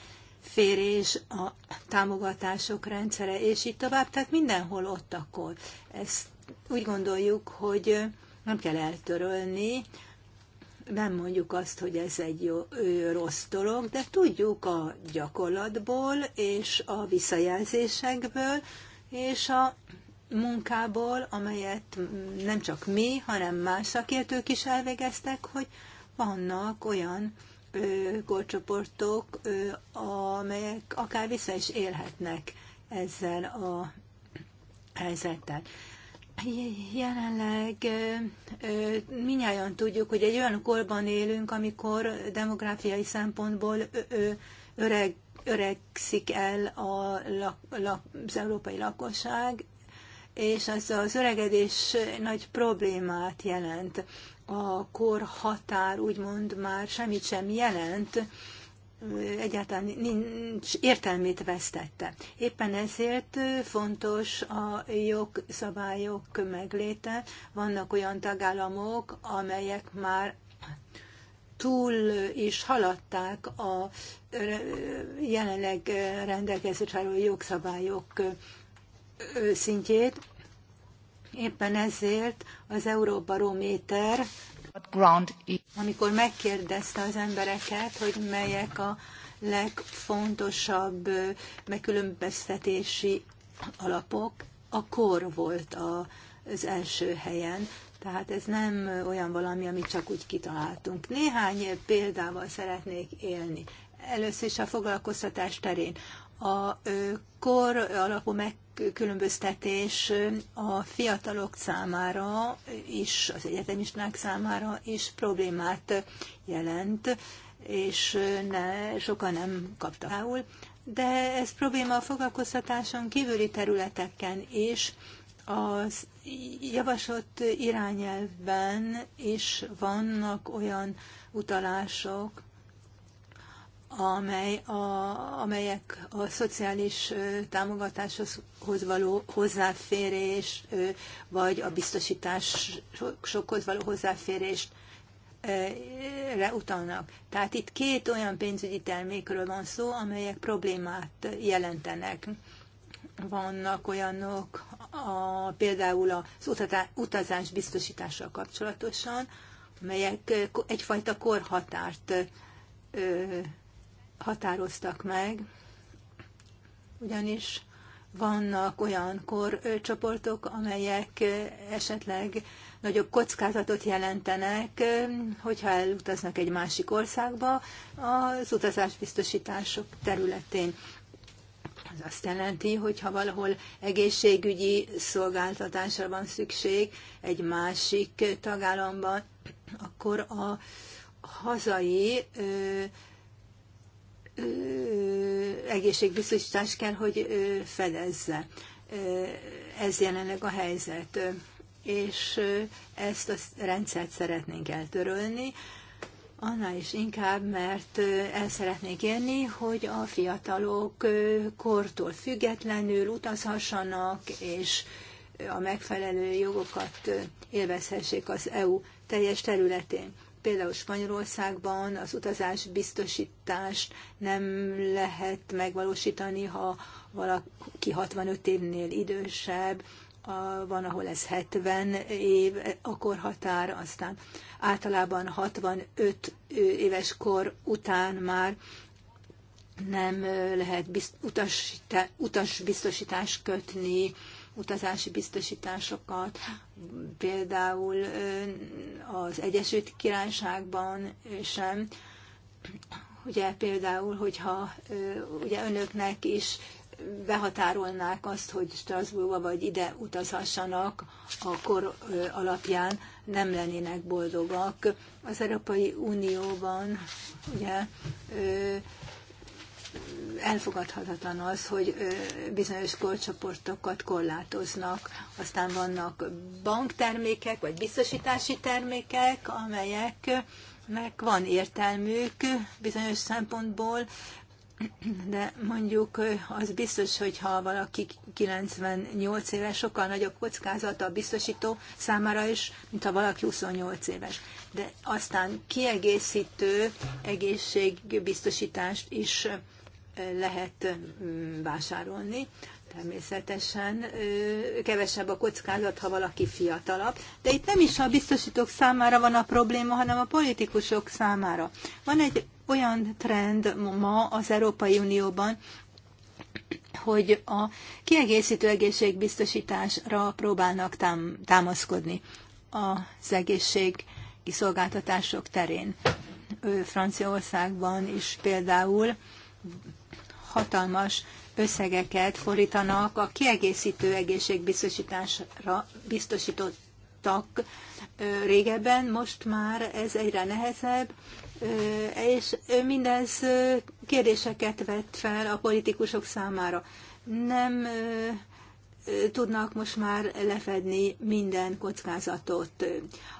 férés, a támogatások rendszere, és így tovább, tehát mindenhol ott akkor. Ezt úgy gondoljuk, hogy nem kell eltörölni, nem mondjuk azt, hogy ez egy jó, rossz dolog, de tudjuk a gyakorlatból és a visszajelzésekből és a munkából, amelyet nem csak mi, hanem más szakértők is elvégeztek, hogy vannak olyan korcsoportok, amelyek akár vissza is élhetnek ezzel a helyzettel. Jelenleg minnyáján tudjuk, hogy egy olyan korban élünk, amikor demográfiai szempontból öreg, öregszik el a lak, lak, az európai lakosság, és az az öregedés nagy problémát jelent a kor határ úgymond már semmit sem jelent, egyáltalán nincs értelmét vesztette. Éppen ezért fontos a jogszabályok megléte. Vannak olyan tagállamok, amelyek már túl is haladták a jelenleg rendelkezésre jogszabályok szintjét. Éppen ezért az Euróbarométer, amikor megkérdezte az embereket, hogy melyek a legfontosabb megkülönböztetési alapok, a kor volt az első helyen. Tehát ez nem olyan valami, amit csak úgy kitaláltunk. Néhány példával szeretnék élni. Először is a foglalkoztatás terén a kor alapú megkülönböztetés a fiatalok számára is, az egyetemisták számára is problémát jelent, és ne, sokan nem kaptak ául, de ez probléma a foglalkoztatáson kívüli területeken is, az javasolt irányelvben is vannak olyan utalások, amely a, amelyek a szociális támogatáshoz való hozzáférés, vagy a biztosításokhoz való hozzáférést utalnak. Tehát itt két olyan pénzügyi termékről van szó, amelyek problémát jelentenek. Vannak olyanok, a, például az utazás biztosítással kapcsolatosan, amelyek egyfajta korhatárt határoztak meg, ugyanis vannak olyan korcsoportok, amelyek esetleg nagyobb kockázatot jelentenek, hogyha elutaznak egy másik országba az utazásbiztosítások területén. Ez azt jelenti, hogy ha valahol egészségügyi szolgáltatásra van szükség egy másik tagállamban, akkor a hazai egészségbiztosítás kell, hogy fedezze. Ez jelenleg a helyzet. És ezt a rendszert szeretnénk eltörölni, annál is inkább, mert el szeretnék érni, hogy a fiatalok kortól függetlenül utazhassanak, és a megfelelő jogokat élvezhessék az EU teljes területén például Spanyolországban az utazás biztosítást nem lehet megvalósítani, ha valaki 65 évnél idősebb, van, ahol ez 70 év a korhatár, aztán általában 65 éves kor után már nem lehet utas biztosítást kötni, utazási biztosításokat, például az Egyesült Királyságban sem. Ugye például, hogyha ugye önöknek is behatárolnák azt, hogy Strasbourgba vagy ide utazhassanak a kor alapján, nem lennének boldogak. Az Európai Unióban ugye elfogadhatatlan az, hogy bizonyos korcsoportokat korlátoznak. Aztán vannak banktermékek, vagy biztosítási termékek, amelyeknek van értelmük bizonyos szempontból, de mondjuk az biztos, hogy ha valaki 98 éves, sokkal nagyobb kockázata a biztosító számára is, mint ha valaki 28 éves. De aztán kiegészítő egészségbiztosítást is lehet vásárolni. Természetesen kevesebb a kockázat, ha valaki fiatalabb. De itt nem is a biztosítók számára van a probléma, hanem a politikusok számára. Van egy olyan trend ma az Európai Unióban, hogy a kiegészítő egészségbiztosításra próbálnak tám- támaszkodni az egészség kiszolgáltatások terén. Franciaországban is például hatalmas összegeket fordítanak a kiegészítő egészségbiztosításra biztosítottak régebben, most már ez egyre nehezebb, és mindez kérdéseket vett fel a politikusok számára. Nem tudnak most már lefedni minden kockázatot.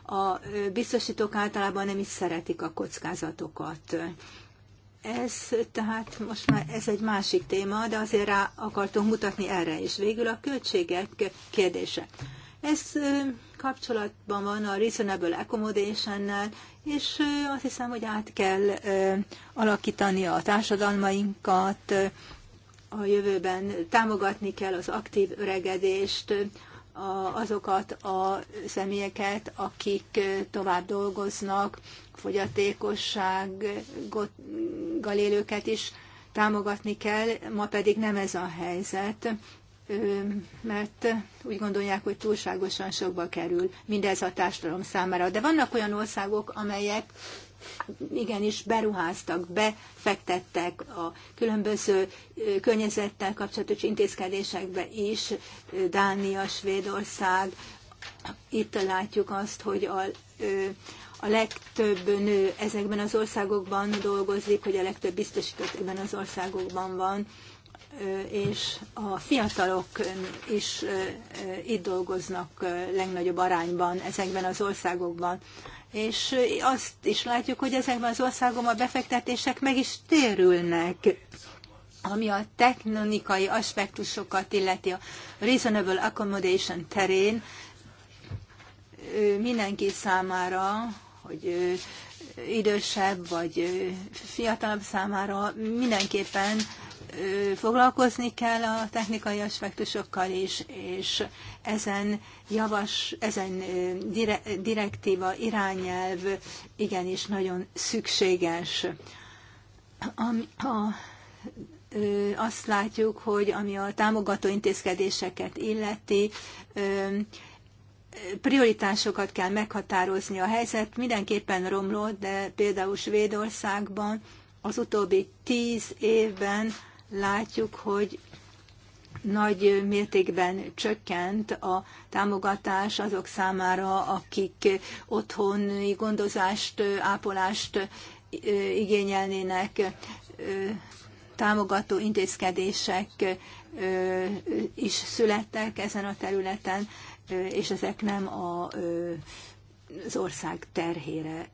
A biztosítók általában nem is szeretik a kockázatokat. Ez tehát most már ez egy másik téma, de azért rá akartunk mutatni erre is. Végül a költségek kérdése. Ez kapcsolatban van a reasonable accommodation és azt hiszem, hogy át kell alakítani a társadalmainkat, a jövőben támogatni kell az aktív öregedést, azokat a személyeket, akik tovább dolgoznak, fogyatékossággal élőket is támogatni kell, ma pedig nem ez a helyzet, mert úgy gondolják, hogy túlságosan sokba kerül mindez a társadalom számára. De vannak olyan országok, amelyek igenis beruháztak, befektettek a különböző környezettel kapcsolatos intézkedésekbe is, Dánia, Svédország. Itt látjuk azt, hogy a, a legtöbb nő ezekben az országokban dolgozik, hogy a legtöbb biztosított ebben az országokban van, és a fiatalok is itt dolgoznak legnagyobb arányban ezekben az országokban és azt is látjuk, hogy ezekben az országokban a befektetések meg is térülnek ami a technikai aspektusokat illeti a reasonable accommodation terén mindenki számára, hogy idősebb vagy fiatalabb számára mindenképpen foglalkozni kell a technikai aspektusokkal is, és ezen javas, ezen direktíva, irányelv igenis nagyon szükséges. Ami a azt látjuk, hogy ami a támogató intézkedéseket illeti, prioritásokat kell meghatározni. A helyzet mindenképpen romlott, de például Svédországban az utóbbi tíz évben látjuk, hogy nagy mértékben csökkent a támogatás azok számára, akik otthoni gondozást, ápolást igényelnének, támogató intézkedések is születtek ezen a területen, és ezek nem a, az ország terhére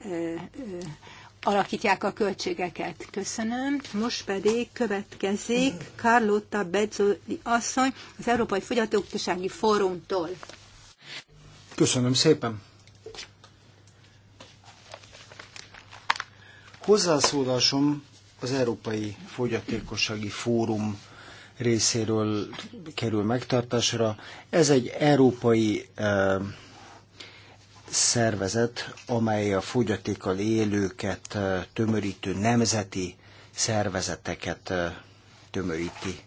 alakítják a költségeket. Köszönöm. Most pedig következik Carlotta Bezzoli asszony az Európai Fogyatékossági Fórumtól. Köszönöm szépen. Hozzászólásom az Európai Fogyatékossági Fórum részéről kerül megtartásra. Ez egy európai eh, szervezet, amely a fogyatékkal élőket tömörítő nemzeti szervezeteket tömöríti.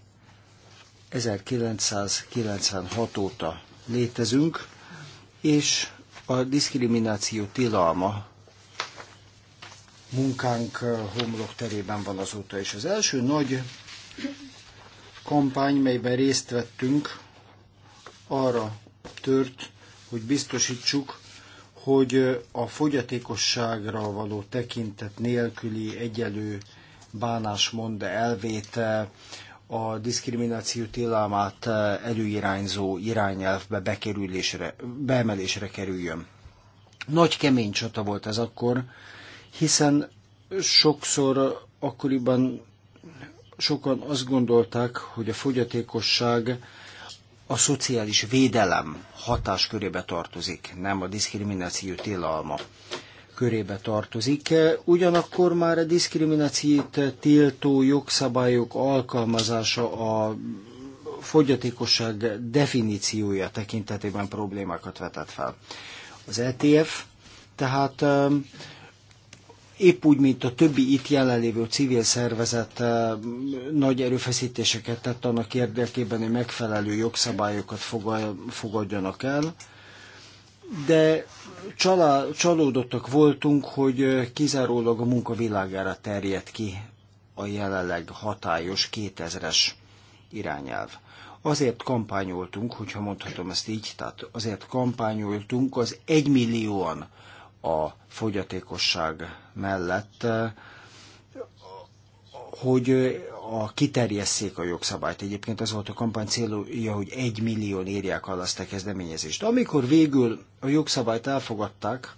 1996 óta létezünk, és a diszkrimináció tilalma munkánk homlok terében van azóta is. Az első nagy kampány, melyben részt vettünk, arra tört, hogy biztosítsuk, hogy a fogyatékosságra való tekintet nélküli egyelő bánásmond elvét a diszkrimináció tilalmát előirányzó irányelvbe bekerülésre, beemelésre kerüljön. Nagy kemény csata volt ez akkor, hiszen sokszor akkoriban sokan azt gondolták, hogy a fogyatékosság a szociális védelem hatáskörébe tartozik, nem a diszkrimináció tilalma körébe tartozik. Ugyanakkor már a diszkriminációt tiltó jogszabályok alkalmazása a fogyatékosság definíciója tekintetében problémákat vetett fel. Az ETF tehát um, épp úgy, mint a többi itt jelenlévő civil szervezet eh, nagy erőfeszítéseket tett annak érdekében, hogy megfelelő jogszabályokat fogadjanak el. De csalá, csalódottak voltunk, hogy eh, kizárólag a munkavilágára terjed ki a jelenleg hatályos 2000-es irányelv. Azért kampányoltunk, hogyha mondhatom ezt így, tehát azért kampányoltunk az egymillióan a fogyatékosság mellett, hogy a kiterjesszék a jogszabályt. Egyébként az volt a kampány célja, hogy egy millión írják alá ezt a kezdeményezést. Amikor végül a jogszabályt elfogadták,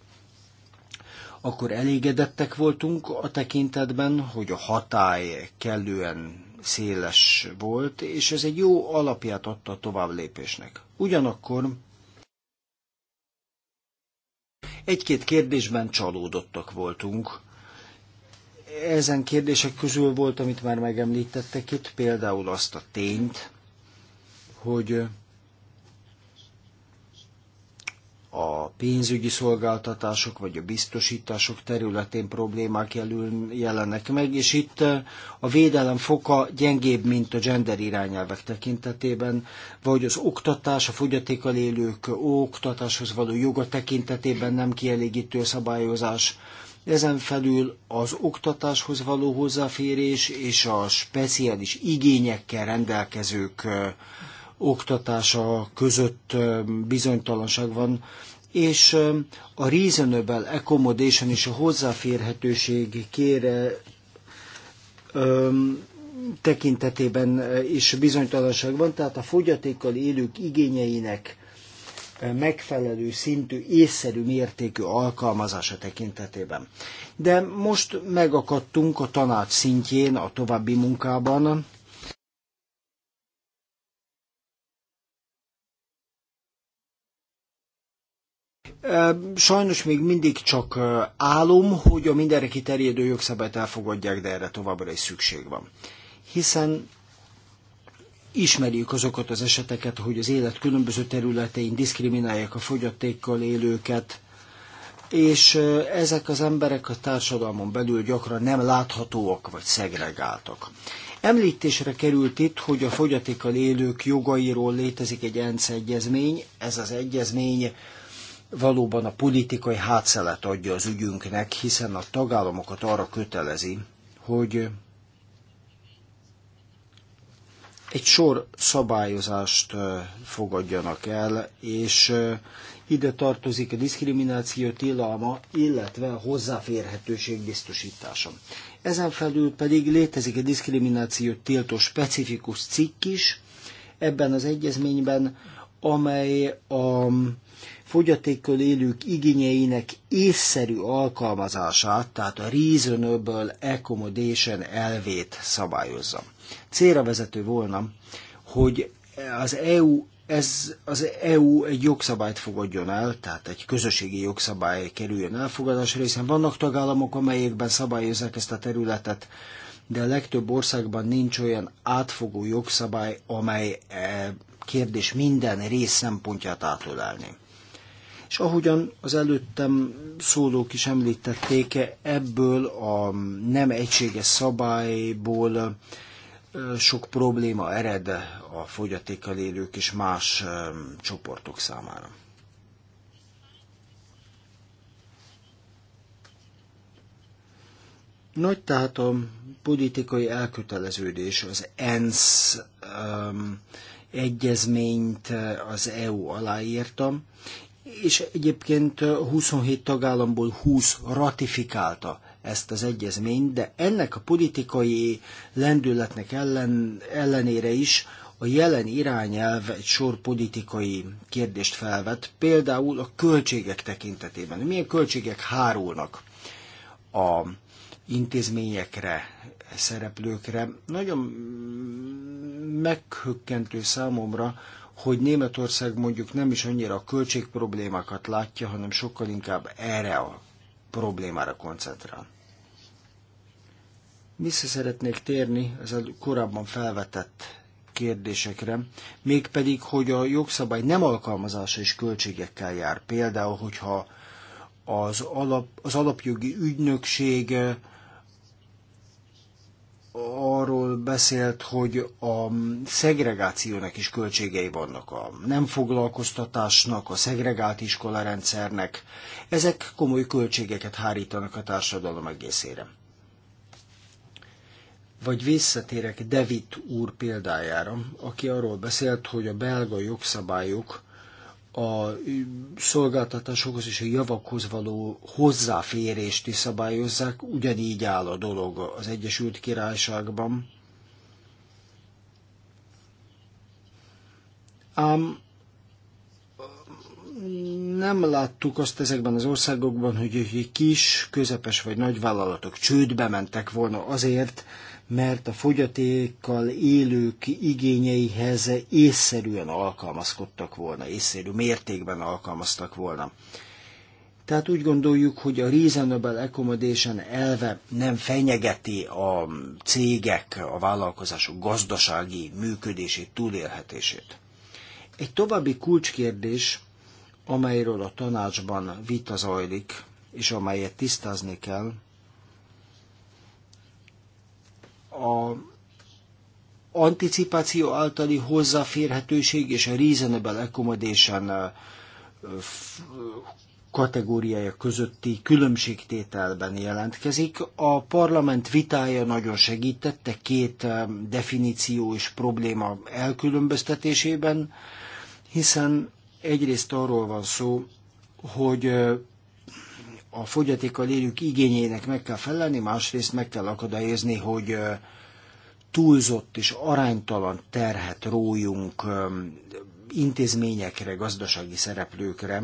akkor elégedettek voltunk a tekintetben, hogy a hatály kellően széles volt, és ez egy jó alapját adta a tovább lépésnek. Ugyanakkor egy-két kérdésben csalódottak voltunk. Ezen kérdések közül volt, amit már megemlítettek itt, például azt a tényt, hogy a pénzügyi szolgáltatások vagy a biztosítások területén problémák jelül, jelennek meg, és itt eh, a védelem foka gyengébb, mint a gender irányelvek tekintetében, vagy az oktatás, a fogyatékkal élők oktatáshoz való joga tekintetében nem kielégítő szabályozás. Ezen felül az oktatáshoz való hozzáférés és a speciális igényekkel rendelkezők eh, oktatása között bizonytalanság van, és a reasonable accommodation és a hozzáférhetőség kére tekintetében is bizonytalanság van, tehát a fogyatékkal élők igényeinek megfelelő szintű, észszerű mértékű alkalmazása tekintetében. De most megakadtunk a tanács szintjén a további munkában, Sajnos még mindig csak álom, hogy a mindenre kiterjedő jogszabályt elfogadják, de erre továbbra is szükség van. Hiszen ismerjük azokat az eseteket, hogy az élet különböző területein diszkriminálják a fogyatékkal élőket, és ezek az emberek a társadalmon belül gyakran nem láthatóak vagy szegregáltak. Említésre került itt, hogy a fogyatékkal élők jogairól létezik egy ENSZ egyezmény. Ez az egyezmény valóban a politikai hátszelet adja az ügyünknek, hiszen a tagállamokat arra kötelezi, hogy egy sor szabályozást fogadjanak el, és ide tartozik a diszkrimináció tilalma, illetve a hozzáférhetőség biztosítása. Ezen felül pedig létezik a diszkrimináció tiltó specifikus cikk is, ebben az egyezményben, amely a fogyatékkal élők igényeinek észszerű alkalmazását, tehát a reasonable accommodation elvét szabályozza. Célra vezető volna, hogy az EU ez az EU egy jogszabályt fogadjon el, tehát egy közösségi jogszabály kerüljön Elfogadás részén vannak tagállamok, amelyekben szabályozzák ezt a területet, de a legtöbb országban nincs olyan átfogó jogszabály, amely eh, kérdés minden rész szempontját átölelni. És ahogyan az előttem szólók is említették, ebből a nem egységes szabályból sok probléma ered a fogyatékkal élők és más csoportok számára. Nagy tehát a politikai elköteleződés az ENSZ um, egyezményt eh, az EU aláírtam, és egyébként 27 eh, tagállamból 20 ratifikálta ezt az egyezményt, de ennek a politikai lendületnek ellen, ellenére is a jelen irányelv egy sor politikai kérdést felvet, például a költségek tekintetében. Milyen költségek hárulnak a intézményekre szereplőkre. Nagyon meghökkentő számomra, hogy Németország mondjuk nem is annyira a költségproblémákat látja, hanem sokkal inkább erre a problémára koncentrál. Vissza szeretnék térni az korábban felvetett kérdésekre, mégpedig, hogy a jogszabály nem alkalmazása is költségekkel jár. Például, hogyha az, alap, az alapjogi ügynökség arról beszélt, hogy a szegregációnak is költségei vannak, a nem foglalkoztatásnak, a szegregált iskolarendszernek. Ezek komoly költségeket hárítanak a társadalom egészére. Vagy visszatérek David úr példájára, aki arról beszélt, hogy a belga jogszabályok a szolgáltatásokhoz és a javakhoz való hozzáférést is szabályozzák, ugyanígy áll a dolog az Egyesült Királyságban. Ám hm, nem láttuk azt ezekben az országokban, hogy kis, közepes vagy nagy vállalatok csődbe mentek volna azért, mert a fogyatékkal élők igényeihez észszerűen alkalmazkodtak volna, észszerű mértékben alkalmaztak volna. Tehát úgy gondoljuk, hogy a reasonable accommodation elve nem fenyegeti a cégek, a vállalkozások gazdasági működését, túlélhetését. Egy további kulcskérdés, amelyről a tanácsban vita zajlik, és amelyet tisztázni kell, a anticipáció általi hozzáférhetőség és a reasonable accommodation kategóriája közötti különbségtételben jelentkezik. A parlament vitája nagyon segítette két definíció és probléma elkülönböztetésében, hiszen egyrészt arról van szó, hogy a fogyatékkal élők igényének meg kell felelni, másrészt meg kell akadályozni, hogy túlzott és aránytalan terhet rójunk intézményekre, gazdasági szereplőkre.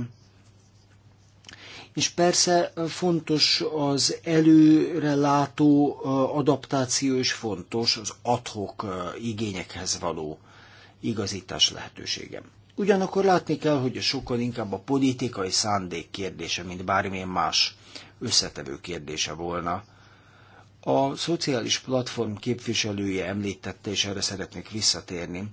És persze fontos az előre látó adaptáció, és fontos az adhok igényekhez való igazítás lehetőségem. Ugyanakkor látni kell, hogy sokkal inkább a politikai szándék kérdése, mint bármilyen más összetevő kérdése volna. A szociális platform képviselője említette, és erre szeretnék visszatérni,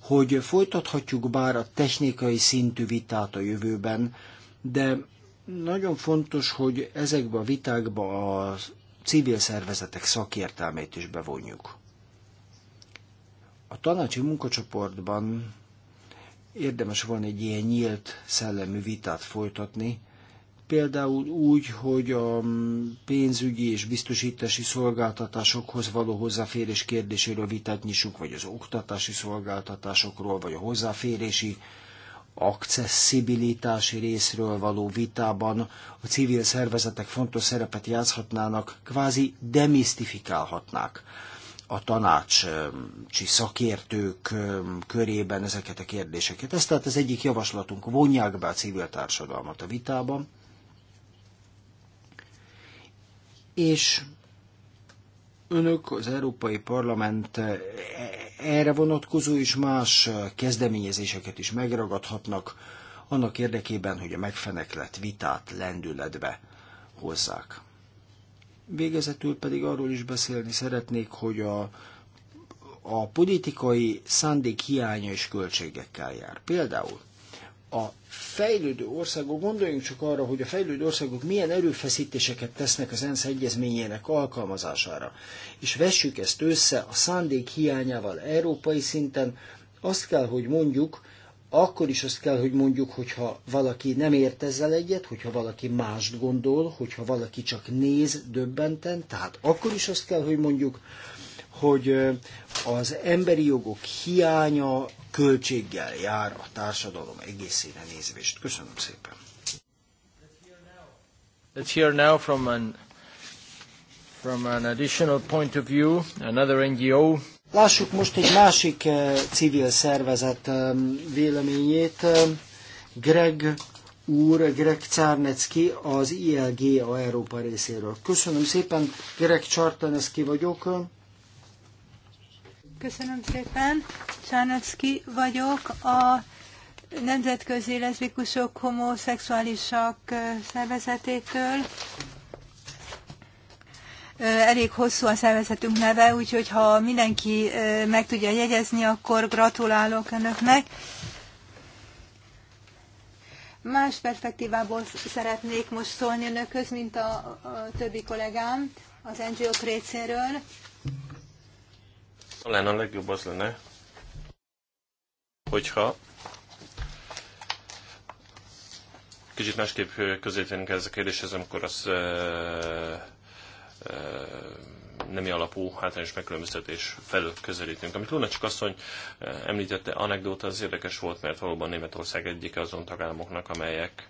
hogy folytathatjuk bár a technikai szintű vitát a jövőben, de nagyon fontos, hogy ezekbe a vitákba a civil szervezetek szakértelmét is bevonjuk. A tanácsi munkacsoportban érdemes volna egy ilyen nyílt szellemű vitát folytatni, például úgy, hogy a pénzügyi és biztosítási szolgáltatásokhoz való hozzáférés kérdéséről vitát nyissunk, vagy az oktatási szolgáltatásokról, vagy a hozzáférési accessibilitási részről való vitában a civil szervezetek fontos szerepet játszhatnának, kvázi demisztifikálhatnák a tanácsi szakértők körében ezeket a kérdéseket. Ez tehát az egyik javaslatunk, vonják be a civil társadalmat a vitában, és önök az Európai Parlament e, erre vonatkozó és más kezdeményezéseket is megragadhatnak, annak érdekében, hogy a megfeneklett vitát lendületbe hozzák. Végezetül pedig arról is beszélni szeretnék, hogy a, a politikai szándék hiánya és költségekkel jár. Például a fejlődő országok, gondoljunk csak arra, hogy a fejlődő országok milyen erőfeszítéseket tesznek az ENSZ egyezményének alkalmazására, és vessük ezt össze a szándék hiányával európai szinten, azt kell, hogy mondjuk, akkor is azt kell, hogy mondjuk, hogyha valaki nem ért ezzel egyet, hogyha valaki mást gondol, hogyha valaki csak néz döbbenten, tehát akkor is azt kell, hogy mondjuk, hogy az emberi jogok hiánya költséggel jár a társadalom egészére nézvést. Köszönöm szépen. Let's hear now from an, from an additional point of view, another NGO. Lássuk most egy másik eh, civil szervezet eh, véleményét. Eh, Greg úr, Greg Czárnecki az ILG a Európa részéről. Köszönöm szépen, Greg Csartaneszki vagyok. Köszönöm szépen, Csárnecki vagyok. A Nemzetközi Leszbikusok Homoszexuálisak Szervezetétől elég hosszú a szervezetünk neve, úgyhogy ha mindenki meg tudja jegyezni, akkor gratulálok önöknek. Más perspektívából szeretnék most szólni önökhöz, mint a, a többi kollégám az ngo részéről. Talán a legjobb az lenne, hogyha kicsit másképp közé tennünk ez a kérdéshez, amikor az nemi alapú hátrányos megkülönböztetés felől közelítünk. Amit Luna csak asszony említette, anekdóta az érdekes volt, mert valóban Németország egyik azon tagállamoknak, amelyek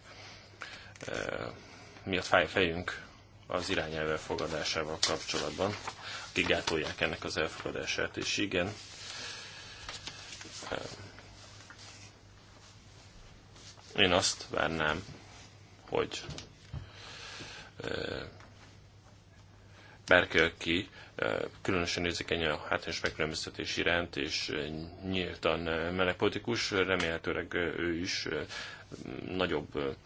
miatt fáj fejünk az irányelve elfogadásával kapcsolatban, akik gátolják ennek az elfogadását, és igen, én azt várnám, hogy Merkel ki különösen érzékeny a hátrányos megkülönböztetés iránt, és nyíltan meleg politikus, remélhetőleg ő is nagyobb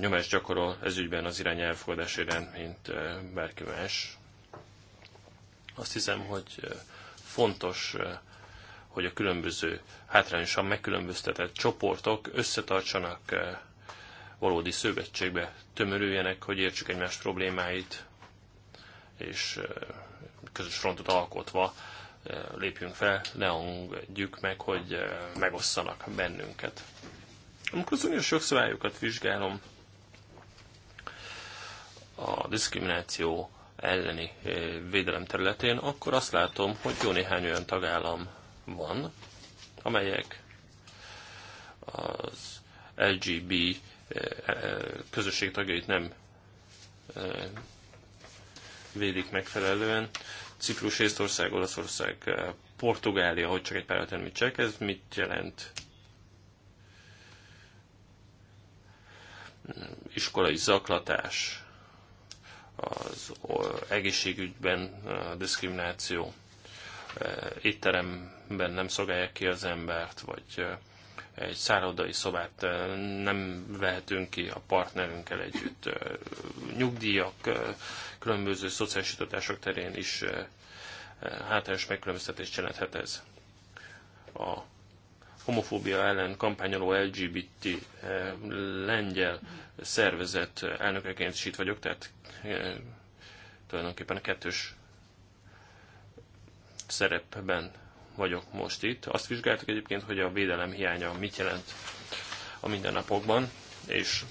nyomást gyakorol ezügyben az irány elfogadásére, iránt, mint bárki más. Azt hiszem, hogy fontos, hogy a különböző hátrányosan megkülönböztetett csoportok összetartsanak, valódi szövetségbe tömörüljenek, hogy értsük egymás problémáit, és közös frontot alkotva lépjünk fel, ne engedjük meg, hogy megosszanak bennünket. Amikor az uniós jogszabályokat vizsgálom, a diszkrimináció elleni védelem területén, akkor azt látom, hogy jó néhány olyan tagállam van, amelyek az LGB közösség tagjait nem védik megfelelően. Ciprus, Észtország, Olaszország, eh, Portugália, hogy csak egy mit csak ez mit jelent? Iskolai zaklatás, az egészségügyben a eh, diszkrimináció, eh, étteremben nem szolgálják ki az embert, vagy egy szállodai szobát nem vehetünk ki a partnerünkkel együtt. Nyugdíjak, különböző szociális jutatások terén is eh, eh, hátrányos megkülönböztetést jelenthet ez. A homofóbia ellen kampányoló LGBT eh, lengyel szervezet elnökeként is itt vagyok, tehát tulajdonképpen a kettős szerepben vagyok most itt. Azt vizsgáltuk egyébként, hogy a védelem hiánya mit jelent a mindennapokban, és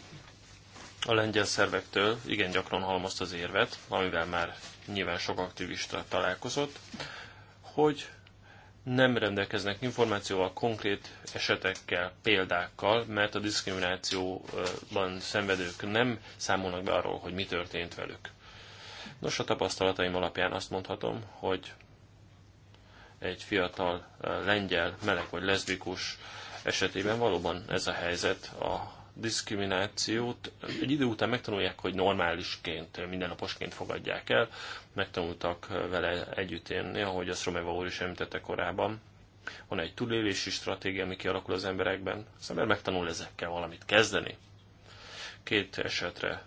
a lengyel szervektől igen gyakran halmozta az érvet, amivel már nyilván sok aktivista találkozott, hogy nem rendelkeznek információval, konkrét esetekkel, példákkal, mert a diszkriminációban szenvedők nem számolnak be arról, hogy mi történt velük. Nos, a tapasztalataim alapján azt mondhatom, hogy egy fiatal lengyel, meleg vagy leszbikus esetében valóban ez a helyzet a diszkriminációt egy idő után megtanulják, hogy normálisként, mindennaposként fogadják el. Megtanultak vele együtt élni, ahogy azt Romeva úr is említette korábban. Van egy túlélési stratégia, ami kialakul az emberekben. Az ember megtanul ezekkel valamit kezdeni. Két esetre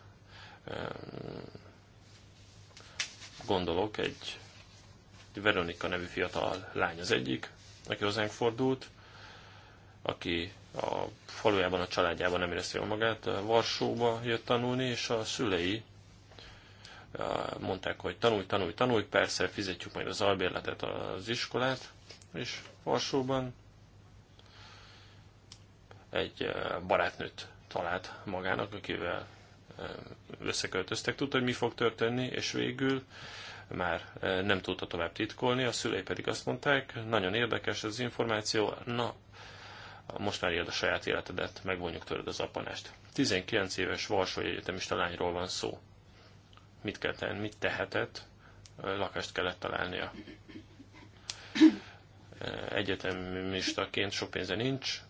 gondolok, egy, Veronika nevű fiatal lány az egyik, aki hozzánk fordult, aki a falujában, a családjában nem érezte jól magát. Varsóba jött tanulni, és a szülei mondták, hogy tanulj, tanulj, tanulj, persze fizetjük majd az albérletet, az iskolát, és Varsóban egy e, barátnőt talált magának, akivel e, összeköltöztek, tudta, hogy mi fog történni, és végül már e, nem tudta tovább titkolni, a szülei pedig azt mondták, nagyon érdekes az információ, na most már éld a saját életedet, megvonjuk tőled az apanást. 19 éves Varsói egyetemista lányról van szó. Mit kell tenni, mit tehetett, lakást kellett találnia. Egyetemistaként sok pénze nincs,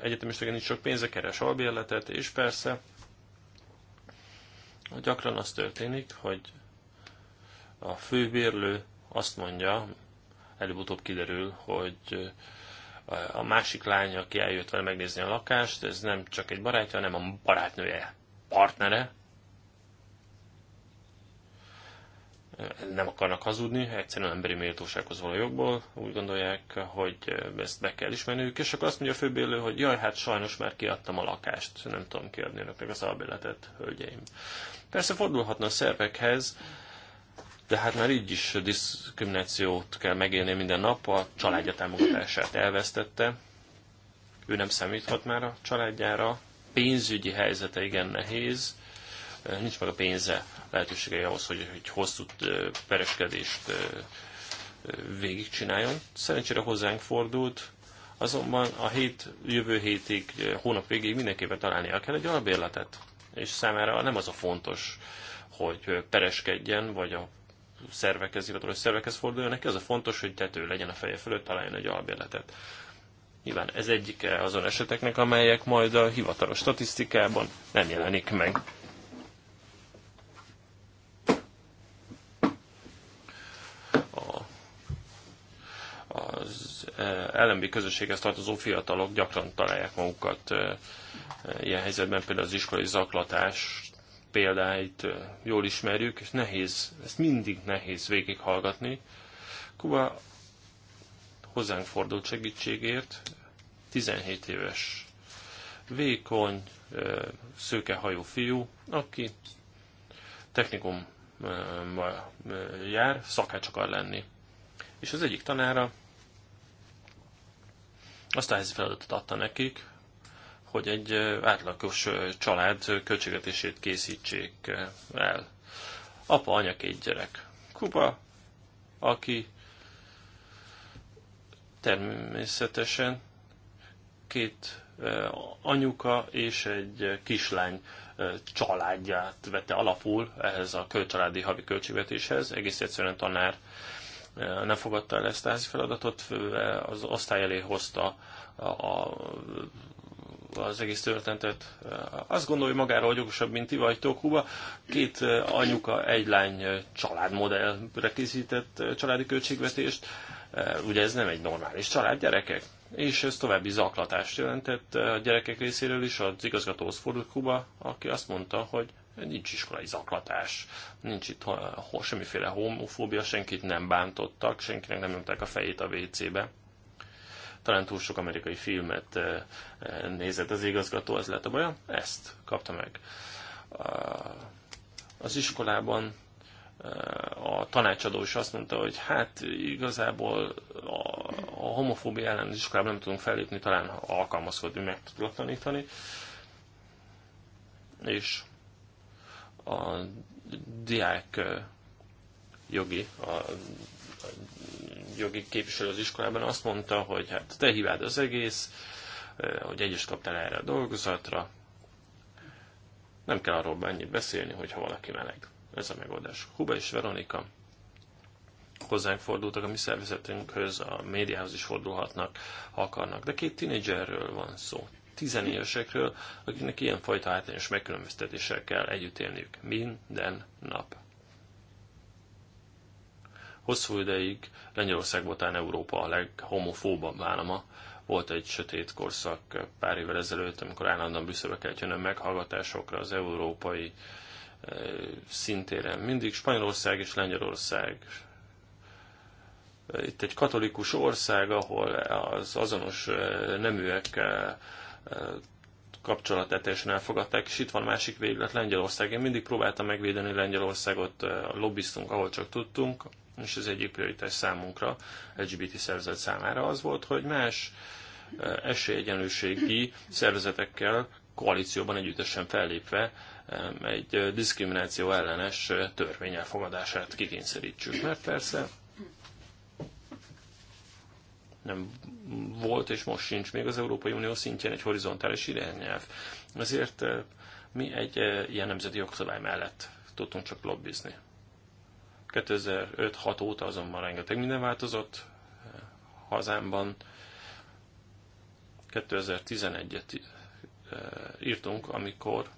egyetemistaként nincs sok pénze, keres albérletet, és persze gyakran az történik, hogy a főbérlő azt mondja, előbb-utóbb kiderül, hogy a másik lány, aki eljött vele megnézni a lakást, ez nem csak egy barátja, hanem a barátnője, partnere. Nem akarnak hazudni, egyszerűen emberi méltósághoz való jogból. Úgy gondolják, hogy ezt be kell ismerniük, és akkor azt mondja a főbélő, hogy jaj, hát sajnos már kiadtam a lakást, nem tudom kiadni önöknek az albéletet, hölgyeim. Persze fordulhatna a szervekhez, de hát már így is diszkriminációt kell megélni minden nap, a családja támogatását elvesztette, ő nem számíthat már a családjára, pénzügyi helyzete igen nehéz, nincs meg a pénze lehetőségei ahhoz, hogy egy hosszú pereskedést végigcsináljon. Szerencsére hozzánk fordult, azonban a hét, jövő hétig, hónap végéig mindenképpen találnia kell egy albérletet, és számára nem az a fontos, hogy pereskedjen, vagy a szervekhez, hivatalos szervekhez neki, ez a fontos, hogy tető legyen a feje fölött, találjon egy albérletet. Nyilván ez egyik azon eseteknek, amelyek majd a hivatalos statisztikában nem jelenik meg. az e, ellenbi közösséghez tartozó fiatalok gyakran találják magukat e, e, ilyen helyzetben, például az iskolai zaklatás példáit jól ismerjük, és nehéz, ezt mindig nehéz végighallgatni. Kuba hozzánk fordult segítségért, 17 éves vékony, szőkehajú fiú, aki technikum jár, szakács akar lenni. És az egyik tanára azt a házi feladatot adta nekik, hogy egy átlagos család költségvetését készítsék el. Apa, anya, két gyerek. Kuba, aki természetesen két anyuka és egy kislány családját vette alapul ehhez a családi havi költségvetéshez. Egész egyszerűen tanár nem fogadta el ezt a házi feladatot, az osztály elé hozta a az egész történetet. Azt gondolja magára, hogy okosabb, mint ti vagytok, Kuba. Két anyuka, egy lány családmodellre készített családi költségvetést. Ugye ez nem egy normális család, gyerekek? És ez további zaklatást jelentett a gyerekek részéről is. Az igazgatóhoz fordult Kuba, aki azt mondta, hogy nincs iskolai zaklatás, nincs itt semmiféle homofóbia, senkit nem bántottak, senkinek nem nyomták a fejét a WC-be talán túl sok amerikai filmet eh, eh, nézett az igazgató, ez lett a baja, ezt kapta meg. Az iskolában eh, a tanácsadó is azt mondta, hogy hát igazából a, homofóbia ellen az iskolában nem tudunk fellépni, talán alkalmazkodni, meg tudok tanítani. És a diák jogi, a jogi képviselő az iskolában azt mondta, hogy hát te hibád az egész, eh, hogy egyes kaptál erre a dolgozatra. Nem kell arról ennyit beszélni, hogyha valaki meleg. Ez a megoldás. Huba és Veronika hozzánk fordultak a mi szervezetünkhöz, a médiához is fordulhatnak, ha akarnak. De két tínédzserről van szó. Tizenévesekről, akiknek ilyenfajta általános megkülönböztetéssel kell együtt élniük minden nap. Hosszú ideig Lengyelország után Európa a leghomofóbabb állama. Volt egy sötét korszak pár évvel ezelőtt, amikor állandóan Brüsszelbe kellett jönnöm meghallgatásokra az európai eh, szintéren. Mindig Spanyolország és Lengyelország eh, itt egy katolikus ország, ahol az azonos eh, neműek kapcsolatát teljesen elfogadták, és itt van másik véglet Lengyelország. Én mindig próbáltam megvédeni Lengyelországot, lobbiztunk, ahol csak tudtunk, és az egyik prioritás számunkra, LGBT szervezet számára az volt, hogy más esélyegyenlőségi szervezetekkel koalícióban együttesen fellépve egy diszkrimináció ellenes törvény elfogadását kikényszerítsük. Mert persze nem volt és most sincs még az Európai Unió szintjén egy horizontális irányelv. Ezért eh, mi egy eh, ilyen nemzeti jogszabály mellett tudtunk csak lobbizni. 2005-6 óta azonban rengeteg minden változott eh, hazámban. 2011-et írtunk, amikor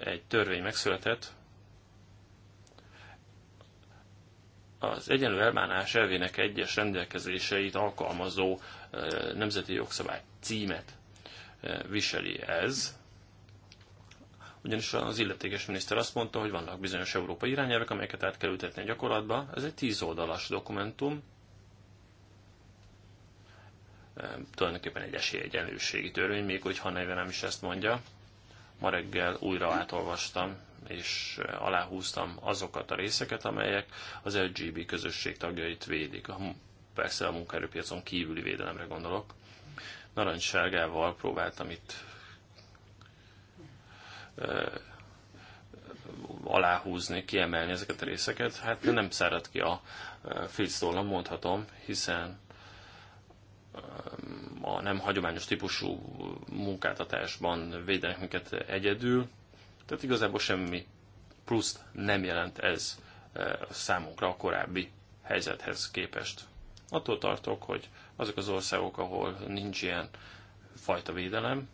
egy törvény megszületett, az egyenlő elbánás elvének egyes rendelkezéseit alkalmazó nemzeti jogszabály címet viseli ez, ugyanis az illetékes miniszter azt mondta, hogy vannak bizonyos európai irányelvek, amelyeket át kell ültetni a gyakorlatba. Ez egy tíz oldalas dokumentum, tulajdonképpen egy esélyegyenlőségi törvény, még hogyha neve nem is ezt mondja. Ma reggel újra átolvastam és aláhúztam azokat a részeket, amelyek az LGB közösség tagjait védik. Persze a munkaerőpiacon kívüli védelemre gondolok. Narancssárgával próbáltam itt aláhúzni, kiemelni ezeket a részeket, hát nem szárad ki a filctollam, mondhatom, hiszen a nem hagyományos típusú munkáltatásban védenek minket egyedül, tehát igazából semmi pluszt nem jelent ez eh, számunkra a korábbi helyzethez képest. Attól tartok, hogy azok az országok, ahol nincs ilyen fajta védelem,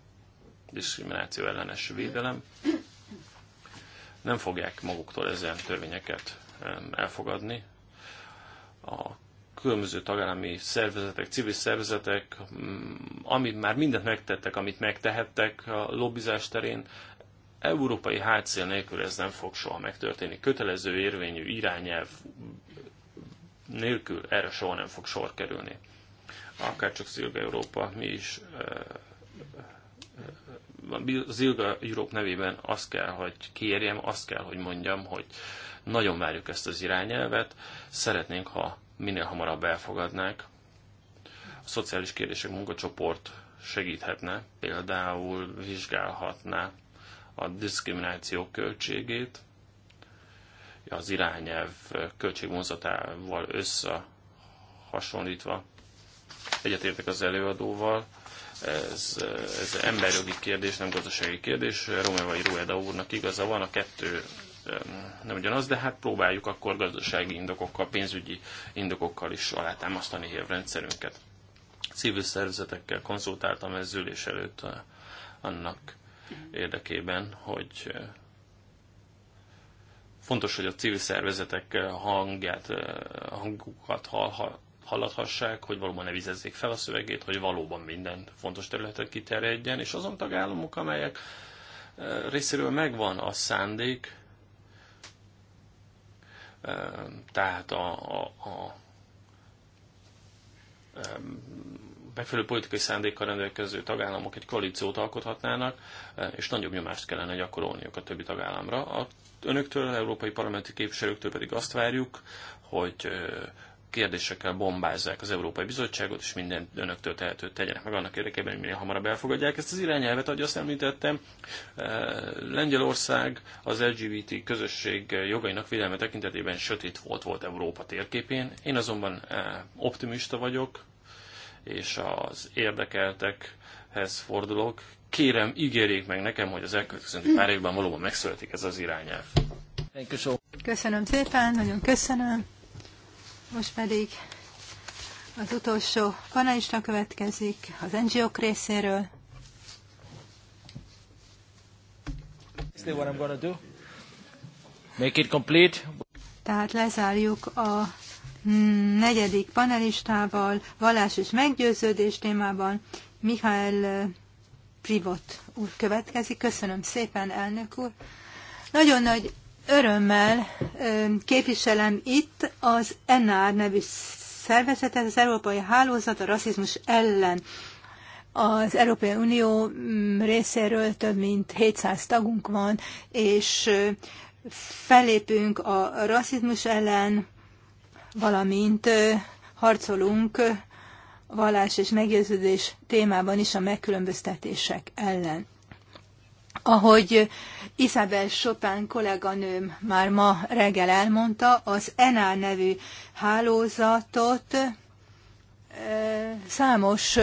diszkrimináció ellenes védelem, nem fogják maguktól ezen törvényeket elfogadni. A különböző tagállami szervezetek, civil szervezetek, mm, amit már mindent megtettek, amit megtehettek a lobbizás terén, Európai hátszél nélkül ez nem fog soha megtörténni. Kötelező érvényű irányelv nélkül erre soha nem fog sor kerülni. Akárcsak Zilga Európa, mi is Zilga Európa nevében azt kell, hogy kérjem, azt kell, hogy mondjam, hogy nagyon várjuk ezt az irányelvet, szeretnénk, ha minél hamarabb elfogadnák. A Szociális Kérdések Munkacsoport segíthetne, például vizsgálhatná a diszkrimináció költségét, az irányelv költségvonzatával összehasonlítva. Egyetértek az előadóval, ez, ez emberjogi kérdés, nem gazdasági kérdés. Romevai Rueda úrnak igaza van, a kettő nem ugyanaz, de hát próbáljuk akkor gazdasági indokokkal, pénzügyi indokokkal is alátámasztani rendszerünket. Civil szervezetekkel konzultáltam ez ülés előtt annak érdekében, hogy fontos, hogy a civil szervezetek hangját, hangukat hall, hallathassák, hogy valóban ne vizezzék fel a szövegét, hogy valóban minden fontos területen kiterjedjen, és azon tagállamok, amelyek részéről megvan a szándék, tehát a, a, a megfelelő politikai szándékkal rendelkező tagállamok egy koalíciót alkothatnának, és nagyobb nyomást kellene gyakorolniuk a többi tagállamra. A önöktől, az európai parlamenti képviselőktől pedig azt várjuk, hogy kérdésekkel bombázzák az Európai Bizottságot, és minden önöktől tehetőt tegyenek meg annak érdekében, hogy minél hamarabb elfogadják ezt az irányelvet, ahogy azt említettem. Lengyelország az LGBT közösség jogainak védelme tekintetében sötét volt volt Európa térképén. Én azonban optimista vagyok, és az érdekeltekhez fordulok. Kérem, ígérjék meg nekem, hogy az elkövetkező pár évben valóban megszületik ez az irányelv. Köszönöm szépen, nagyon köszönöm. Most pedig az utolsó panelista következik az ngo részéről. What I'm gonna do. Make it complete. Tehát lezárjuk a negyedik panelistával, vallás és meggyőződés témában, Mihály Privot úr következik. Köszönöm szépen, elnök úr. Nagyon nagy örömmel képviselem itt az NR nevű szervezetet, az Európai Hálózat a rasszizmus ellen. Az Európai Unió mm, részéről több mint 700 tagunk van, és fellépünk a rasszizmus ellen, valamint harcolunk vallás és meggyőződés témában is a megkülönböztetések ellen. Ahogy Isabel Chopin kolléganőm már ma reggel elmondta, az ENA nevű hálózatot számos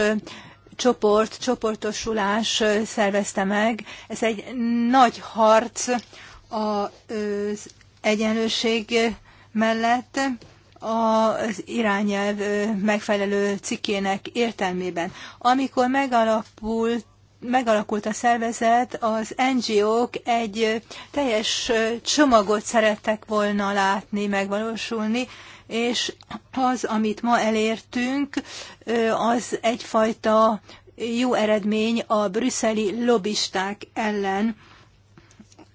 csoport, csoportosulás szervezte meg. Ez egy nagy harc az egyenlőség mellett, az irányelv megfelelő cikkének értelmében. Amikor megalapult megalakult a szervezet, az NGO-k egy teljes csomagot szerettek volna látni, megvalósulni, és az, amit ma elértünk, az egyfajta jó eredmény a brüsszeli lobisták ellen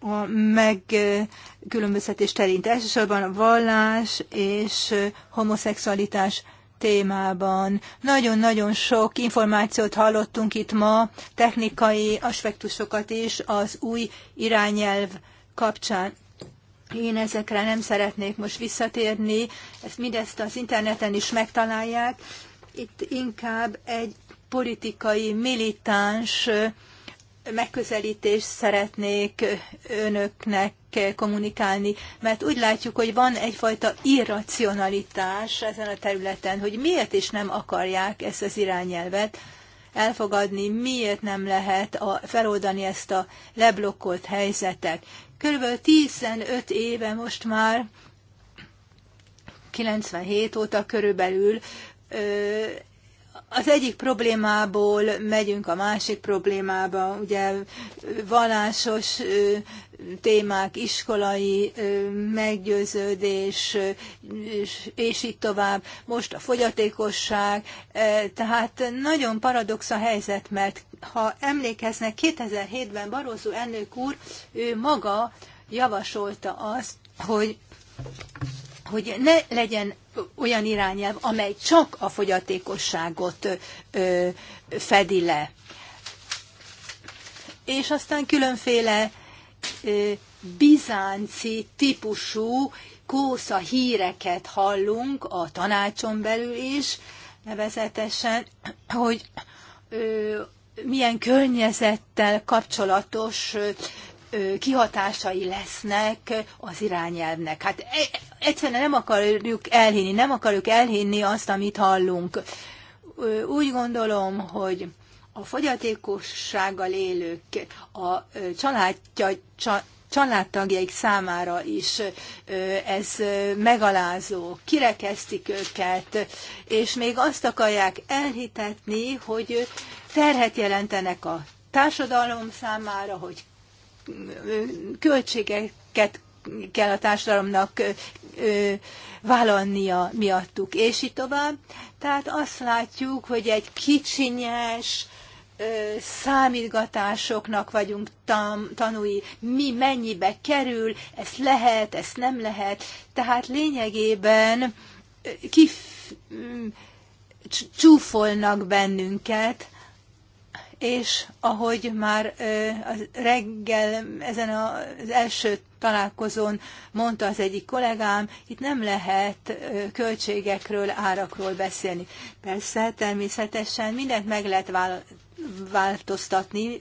a megkülönböztetés terén. Elsősorban a vallás és homoszexualitás témában. Nagyon-nagyon sok információt hallottunk itt ma, technikai aspektusokat is az új irányelv kapcsán. Én ezekre nem szeretnék most visszatérni, ezt mindezt az interneten is megtalálják. Itt inkább egy politikai, militáns megközelítést szeretnék önöknek kommunikálni, mert úgy látjuk, hogy van egyfajta irracionalitás ezen a területen, hogy miért is nem akarják ezt az irányelvet elfogadni, miért nem lehet a, feloldani ezt a leblokkolt helyzetet. Körülbelül 15 éve most már, 97 óta körülbelül az egyik problémából megyünk a másik problémába, ugye vallásos témák, iskolai meggyőződés, és így tovább. Most a fogyatékosság, tehát nagyon paradox a helyzet, mert ha emlékeznek, 2007-ben Barózó elnök úr, ő maga javasolta azt, hogy hogy ne legyen olyan irányelv, amely csak a fogyatékosságot fedi le. És aztán különféle bizánci típusú kósza híreket hallunk a tanácson belül is, nevezetesen, hogy ö, milyen környezettel kapcsolatos kihatásai lesznek az irányelvnek. Hát e, egyszerűen nem akarjuk elhinni, nem akarjuk elhinni azt, amit hallunk. Úgy gondolom, hogy a fogyatékossággal élők, a családja, családtagjaik számára is ez megalázó, kirekesztik őket, és még azt akarják elhitetni, hogy terhet jelentenek a társadalom számára, hogy költségeket kell a társadalomnak vállalnia miattuk, és így tovább. Tehát azt látjuk, hogy egy kicsinyes számítgatásoknak vagyunk tam, tanúi, mi mennyibe kerül, ezt lehet, ezt nem lehet. Tehát lényegében kif, mm, csúfolnak bennünket, és ahogy már reggel ezen az első találkozón mondta az egyik kollégám, itt nem lehet költségekről, árakról beszélni. Persze, természetesen mindent meg lehet változtatni,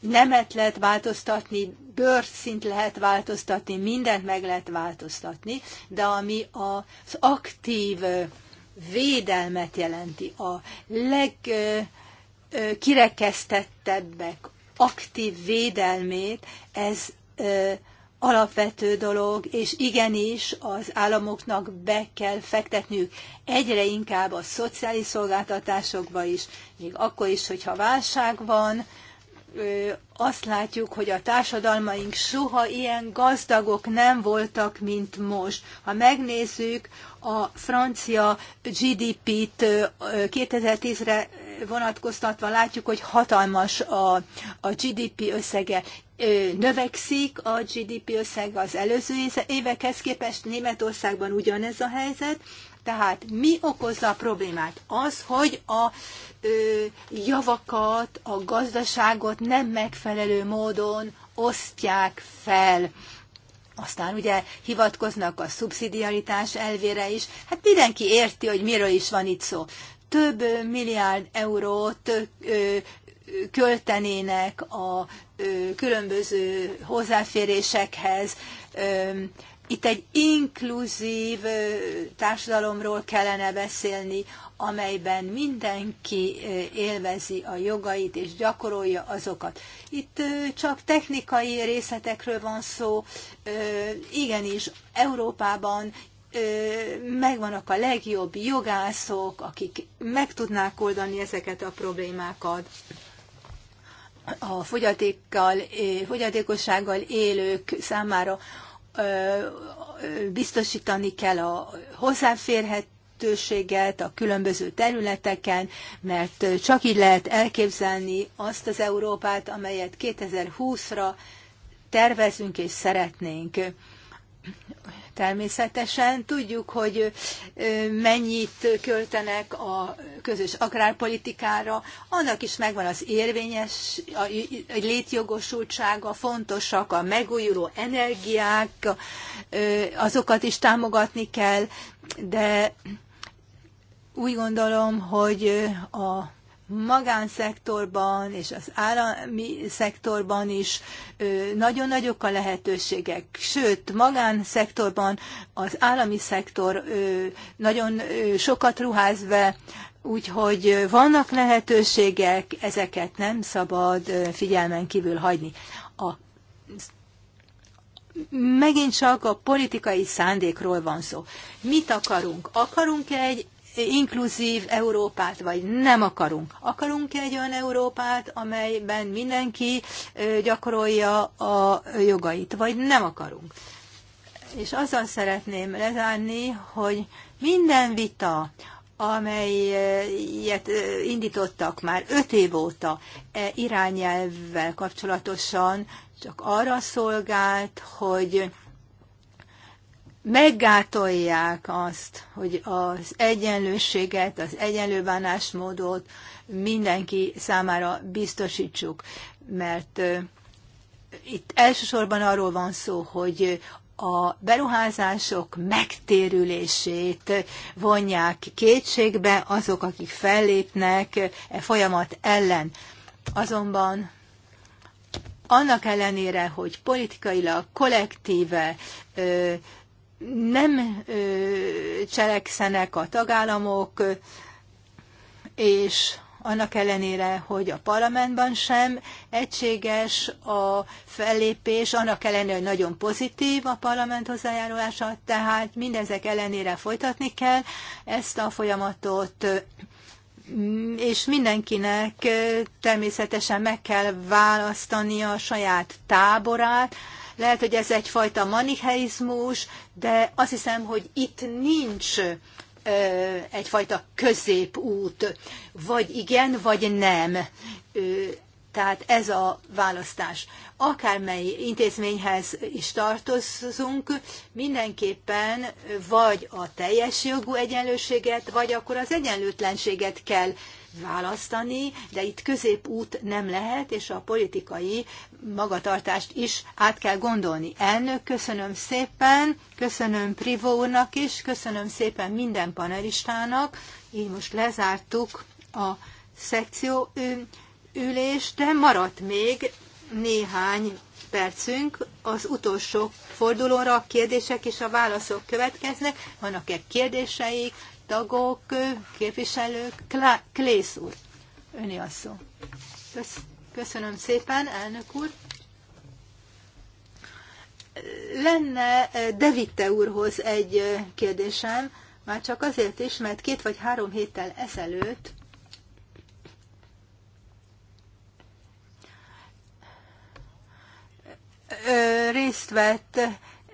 nemet lehet változtatni, bőrszint lehet változtatni, mindent meg lehet változtatni, de ami az aktív védelmet jelenti, a leg kirekesztettebbek aktív védelmét, ez alapvető dolog, és igenis az államoknak be kell fektetniük egyre inkább a szociális szolgáltatásokba is, még akkor is, hogyha válság van, azt látjuk, hogy a társadalmaink soha ilyen gazdagok nem voltak, mint most. Ha megnézzük a francia GDP-t 2010-re vonatkoztatva látjuk, hogy hatalmas a, a GDP összege. Növekszik a GDP összege az előző évekhez képest, Németországban ugyanez a helyzet, tehát mi okozza a problémát? Az, hogy a ö, javakat, a gazdaságot nem megfelelő módon osztják fel. Aztán ugye hivatkoznak a szubszidiaritás elvére is. Hát mindenki érti, hogy miről is van itt szó több milliárd eurót költenének a különböző hozzáférésekhez. Itt egy inkluzív társadalomról kellene beszélni, amelyben mindenki élvezi a jogait és gyakorolja azokat. Itt csak technikai részletekről van szó. Igenis, Európában megvannak a legjobb jogászok, akik meg tudnák oldani ezeket a problémákat. A fogyatékkal, fogyatékossággal élők számára biztosítani kell a hozzáférhetőséget a különböző területeken, mert csak így lehet elképzelni azt az Európát, amelyet 2020-ra tervezünk és szeretnénk természetesen. Tudjuk, hogy mennyit költenek a közös agrárpolitikára. Annak is megvan az érvényes, a létjogosultsága, fontosak a megújuló energiák, azokat is támogatni kell, de úgy gondolom, hogy a magánszektorban és az állami szektorban is nagyon nagyok a lehetőségek. Sőt, magánszektorban az állami szektor nagyon sokat ruház be, úgyhogy vannak lehetőségek, ezeket nem szabad figyelmen kívül hagyni. A megint csak a politikai szándékról van szó. Mit akarunk? Akarunk egy inkluzív Európát, vagy nem akarunk. Akarunk egy olyan Európát, amelyben mindenki gyakorolja a jogait, vagy nem akarunk. És azzal szeretném lezárni, hogy minden vita, amelyet indítottak már öt év óta e irányelvvel kapcsolatosan, csak arra szolgált, hogy meggátolják azt, hogy az egyenlőséget, az egyenlő bánásmódot mindenki számára biztosítsuk, mert itt elsősorban arról van szó, hogy a beruházások megtérülését vonják kétségbe azok, akik fellépnek e folyamat ellen. Azonban annak ellenére, hogy politikailag, kollektíve nem cselekszenek a tagállamok, és annak ellenére, hogy a parlamentben sem egységes a fellépés, annak ellenére, hogy nagyon pozitív a parlament hozzájárulása, tehát mindezek ellenére folytatni kell ezt a folyamatot, és mindenkinek természetesen meg kell választania a saját táborát, lehet, hogy ez egyfajta manicheizmus, de azt hiszem, hogy itt nincs egyfajta középút, vagy igen, vagy nem. Tehát ez a választás. Akármely intézményhez is tartozunk, mindenképpen vagy a teljes jogú egyenlőséget, vagy akkor az egyenlőtlenséget kell választani, de itt középút nem lehet, és a politikai magatartást is át kell gondolni. Elnök, köszönöm szépen, köszönöm Privó úrnak is, köszönöm szépen minden panelistának. Így most lezártuk a szekció ülést, de maradt még néhány percünk. Az utolsó fordulóra a kérdések és a válaszok következnek. Vannak-e kérdéseik? tagok, képviselők. Klész úr, öni a szó. Köszönöm szépen, elnök úr. Lenne eh, Devitte úrhoz egy eh, kérdésem, már csak azért is, mert két vagy három héttel ezelőtt részt vett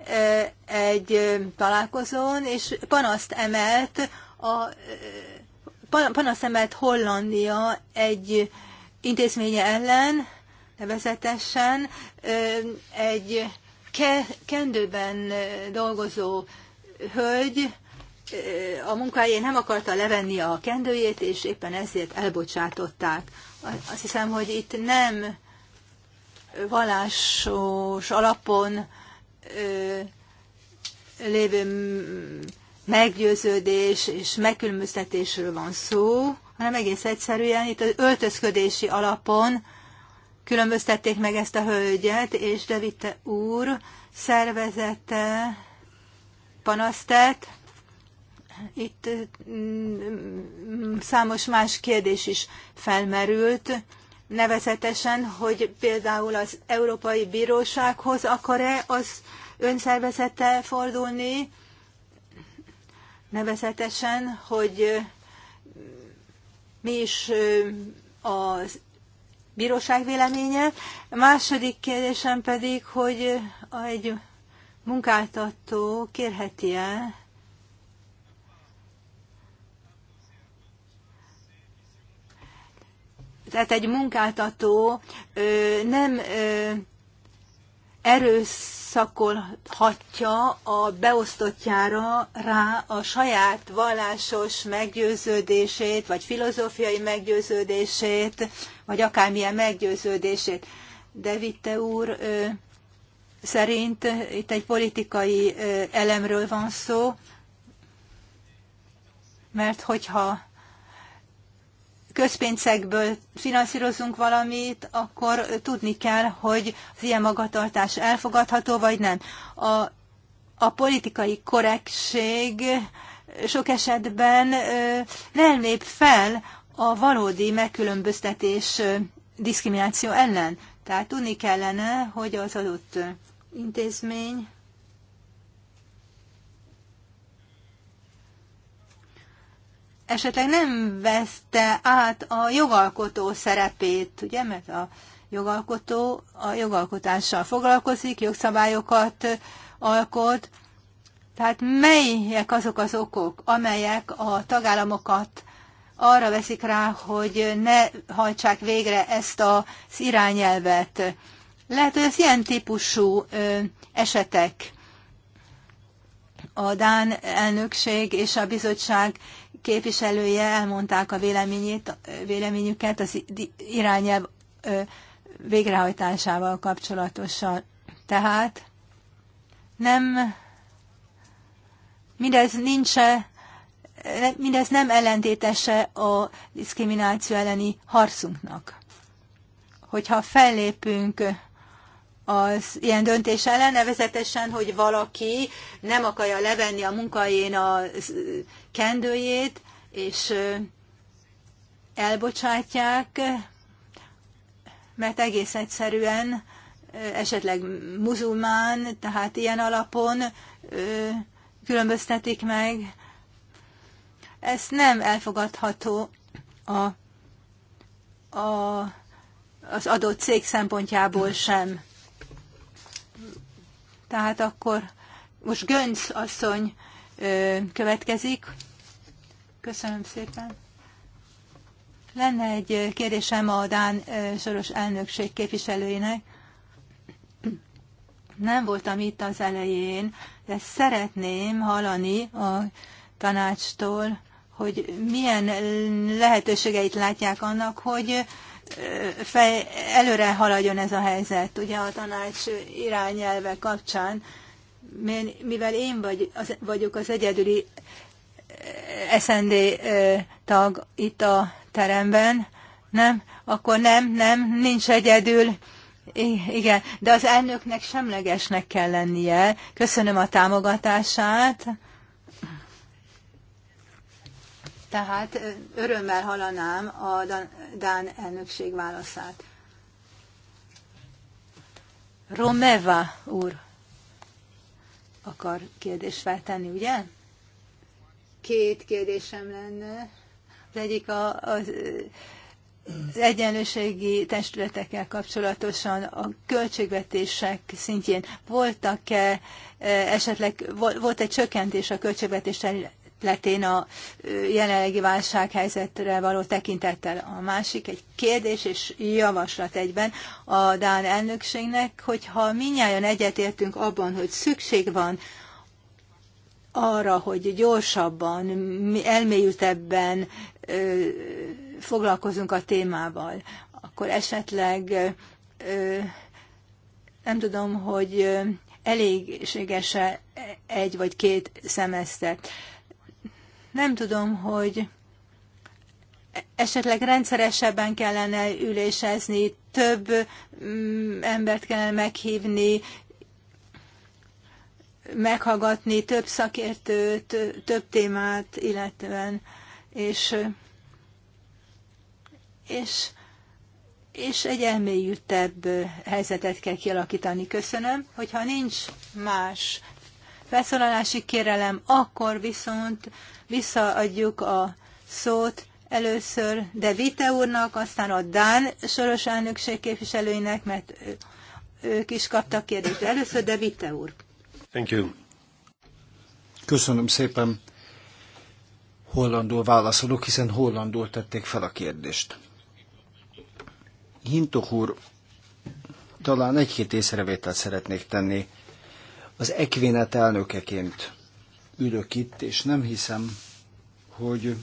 eh, egy találkozón, és panaszt emelt a panaszemelt Hollandia egy intézménye ellen, nevezetesen egy kendőben dolgozó hölgy a munkájén nem akarta levenni a kendőjét, és éppen ezért elbocsátották. Azt hiszem, hogy itt nem vallásos alapon lévő meggyőződés és megkülönböztetésről van szó, hanem egész egyszerűen itt az öltözködési alapon különböztették meg ezt a hölgyet, és Devitte úr szervezette panasztet. Itt mm, számos más kérdés is felmerült, nevezetesen, hogy például az Európai Bírósághoz akar-e az önszervezete fordulni, nevezetesen, hogy mi is a bíróság véleménye. A második kérdésem pedig, hogy egy munkáltató kérheti-e tehát egy munkáltató nem erőszakolhatja a beosztottjára rá a saját vallásos meggyőződését, vagy filozófiai meggyőződését, vagy akármilyen meggyőződését. De Vitte úr szerint itt egy politikai elemről van szó, mert hogyha közpénzekből finanszírozunk valamit, akkor tudni kell, hogy az ilyen magatartás elfogadható vagy nem. A, a politikai korrektség sok esetben nem lép fel a valódi megkülönböztetés diszkrimináció ellen. Tehát tudni kellene, hogy az adott intézmény esetleg nem veszte át a jogalkotó szerepét, ugye, mert a jogalkotó a jogalkotással foglalkozik, jogszabályokat alkot, tehát melyek azok az okok, amelyek a tagállamokat arra veszik rá, hogy ne hajtsák végre ezt az irányelvet. Lehet, hogy ez ilyen típusú esetek a Dán elnökség és a bizottság képviselője elmondták a véleményét, véleményüket az irányelv végrehajtásával kapcsolatosan. Tehát nem mindez nincs mindez nem ellentétese a diszkrimináció elleni harcunknak. Hogyha fellépünk az ilyen döntés ellen, nevezetesen, hogy valaki nem akarja levenni a munkahelyén a kendőjét, és elbocsátják, mert egész egyszerűen esetleg muzulmán, tehát ilyen alapon különböztetik meg. Ez nem elfogadható a, a, az adott cég szempontjából sem. Tehát akkor most Gönc asszony következik. Köszönöm szépen. Lenne egy kérdésem a Dán soros elnökség képviselőinek. Nem voltam itt az elején, de szeretném hallani a tanácstól, hogy milyen lehetőségeit látják annak, hogy fej, előre haladjon ez a helyzet, ugye a tanács irányelve kapcsán, mivel én vagy, az, vagyok az egyedüli eh, SND eh, tag itt a teremben, nem? Akkor nem, nem, nincs egyedül. I igen, de az elnöknek semlegesnek kell lennie. Köszönöm a támogatását. Tehát örömmel hallanám a Dán elnökség válaszát. Romeva úr akar kérdést feltenni, ugye? Két kérdésem lenne. Az egyik a, az, az egyenlőségi testületekkel kapcsolatosan a költségvetések szintjén voltak-e esetleg, volt egy csökkentés a költségvetés területén a jelenlegi válsághelyzetre való tekintettel. A másik egy kérdés és javaslat egyben a Dán elnökségnek, hogyha minnyáján egyetértünk abban, hogy szükség van arra, hogy gyorsabban, elmélyültebben foglalkozunk a témával, akkor esetleg nem tudom, hogy elégséges -e egy vagy két szemeszter. Nem tudom, hogy esetleg rendszeresebben kellene ülésezni, több mm, embert kellene meghívni, meghallgatni több szakértőt, több témát, illetően, és, és, és egy elmélyültebb helyzetet kell kialakítani. Köszönöm, hogyha nincs más felszólalási kérelem, akkor viszont visszaadjuk a szót először De Vite úrnak, aztán a Dán soros elnökség képviselőinek, mert ők is kaptak kérdést. Először De Vite úr. Thank you. Köszönöm szépen. Hollandul válaszolok, hiszen hollandul tették fel a kérdést. Hintok úr, talán egy-két észrevételt szeretnék tenni az Equinet elnökeként ülök itt, és nem hiszem, hogy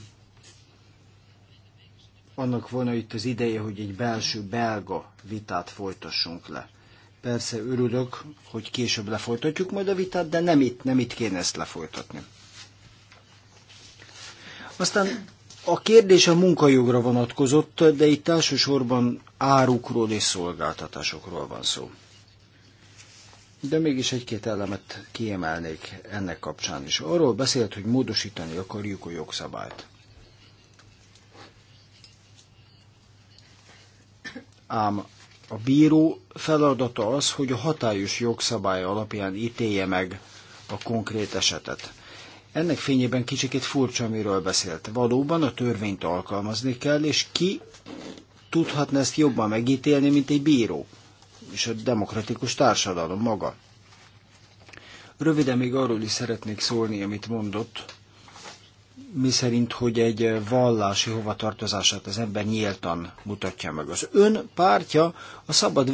annak volna itt az ideje, hogy egy belső belga vitát folytassunk le. Persze örülök, hogy később lefolytatjuk majd a vitát, de nem itt, nem itt kéne ezt lefolytatni. Aztán a kérdés a munkajogra vonatkozott, de itt elsősorban árukról és szolgáltatásokról van szó de mégis egy-két elemet kiemelnék ennek kapcsán is. Arról beszélt, hogy módosítani akarjuk a jogszabályt. Ám a bíró feladata az, hogy a hatályos jogszabály alapján ítélje meg a konkrét esetet. Ennek fényében kicsikét furcsa, amiről beszélt. Valóban a törvényt alkalmazni kell, és ki tudhatna ezt jobban megítélni, mint egy bíró és a demokratikus társadalom maga. Röviden még arról is szeretnék szólni, amit mondott, mi szerint, hogy egy vallási hovatartozását az ember nyíltan mutatja meg. Az ön pártja a szabad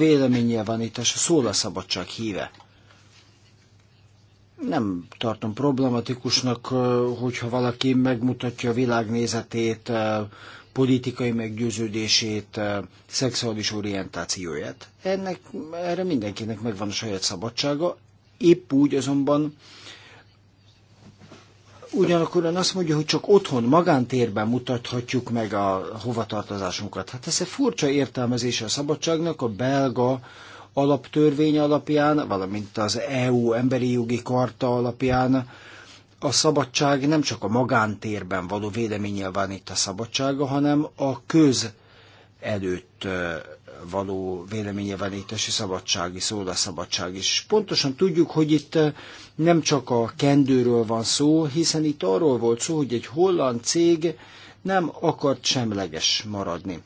van itt, és a szabadság híve. Nem tartom problematikusnak, hogyha valaki megmutatja a világnézetét, politikai meggyőződését, eh, szexuális orientációját. Ennek, erre mindenkinek megvan a saját szabadsága, épp úgy azonban ugyanakkor ön azt mondja, hogy csak otthon, magántérben mutathatjuk meg a hovatartozásunkat. Hát ez egy furcsa értelmezése a szabadságnak, a belga alaptörvény alapján, valamint az EU emberi jogi karta alapján a szabadság nem csak a magántérben való véleménynyilván itt a szabadsága, hanem a köz előtt való véleménynyilvánítási szabadság is, szólásszabadság is. Pontosan tudjuk, hogy itt nem csak a kendőről van szó, hiszen itt arról volt szó, hogy egy holland cég nem akart semleges maradni.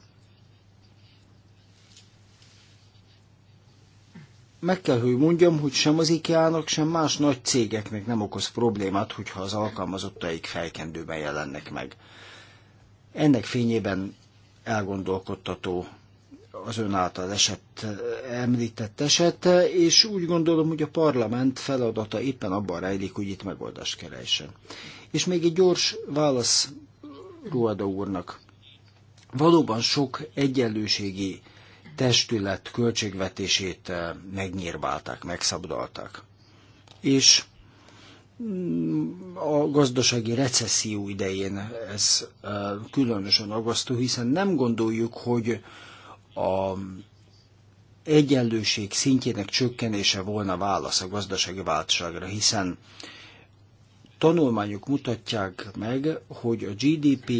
meg kell, hogy mondjam, hogy sem az IKEA-nak, sem más nagy cégeknek nem okoz problémát, hogyha az alkalmazottaik fejkendőben jelennek meg. Ennek fényében elgondolkodtató az ön által esett, említett eset, és úgy gondolom, hogy a parlament feladata éppen abban rejlik, hogy itt megoldást keresen. És még egy gyors válasz Ruada úrnak. Valóban sok egyenlőségi testület költségvetését eh, megnyírválták, megszabdalták. És mm, a gazdasági recesszió idején ez eh, különösen agasztó, hiszen nem gondoljuk, hogy a egyenlőség szintjének csökkenése volna válasz a gazdasági válságra, hiszen tanulmányok mutatják meg, hogy a GDP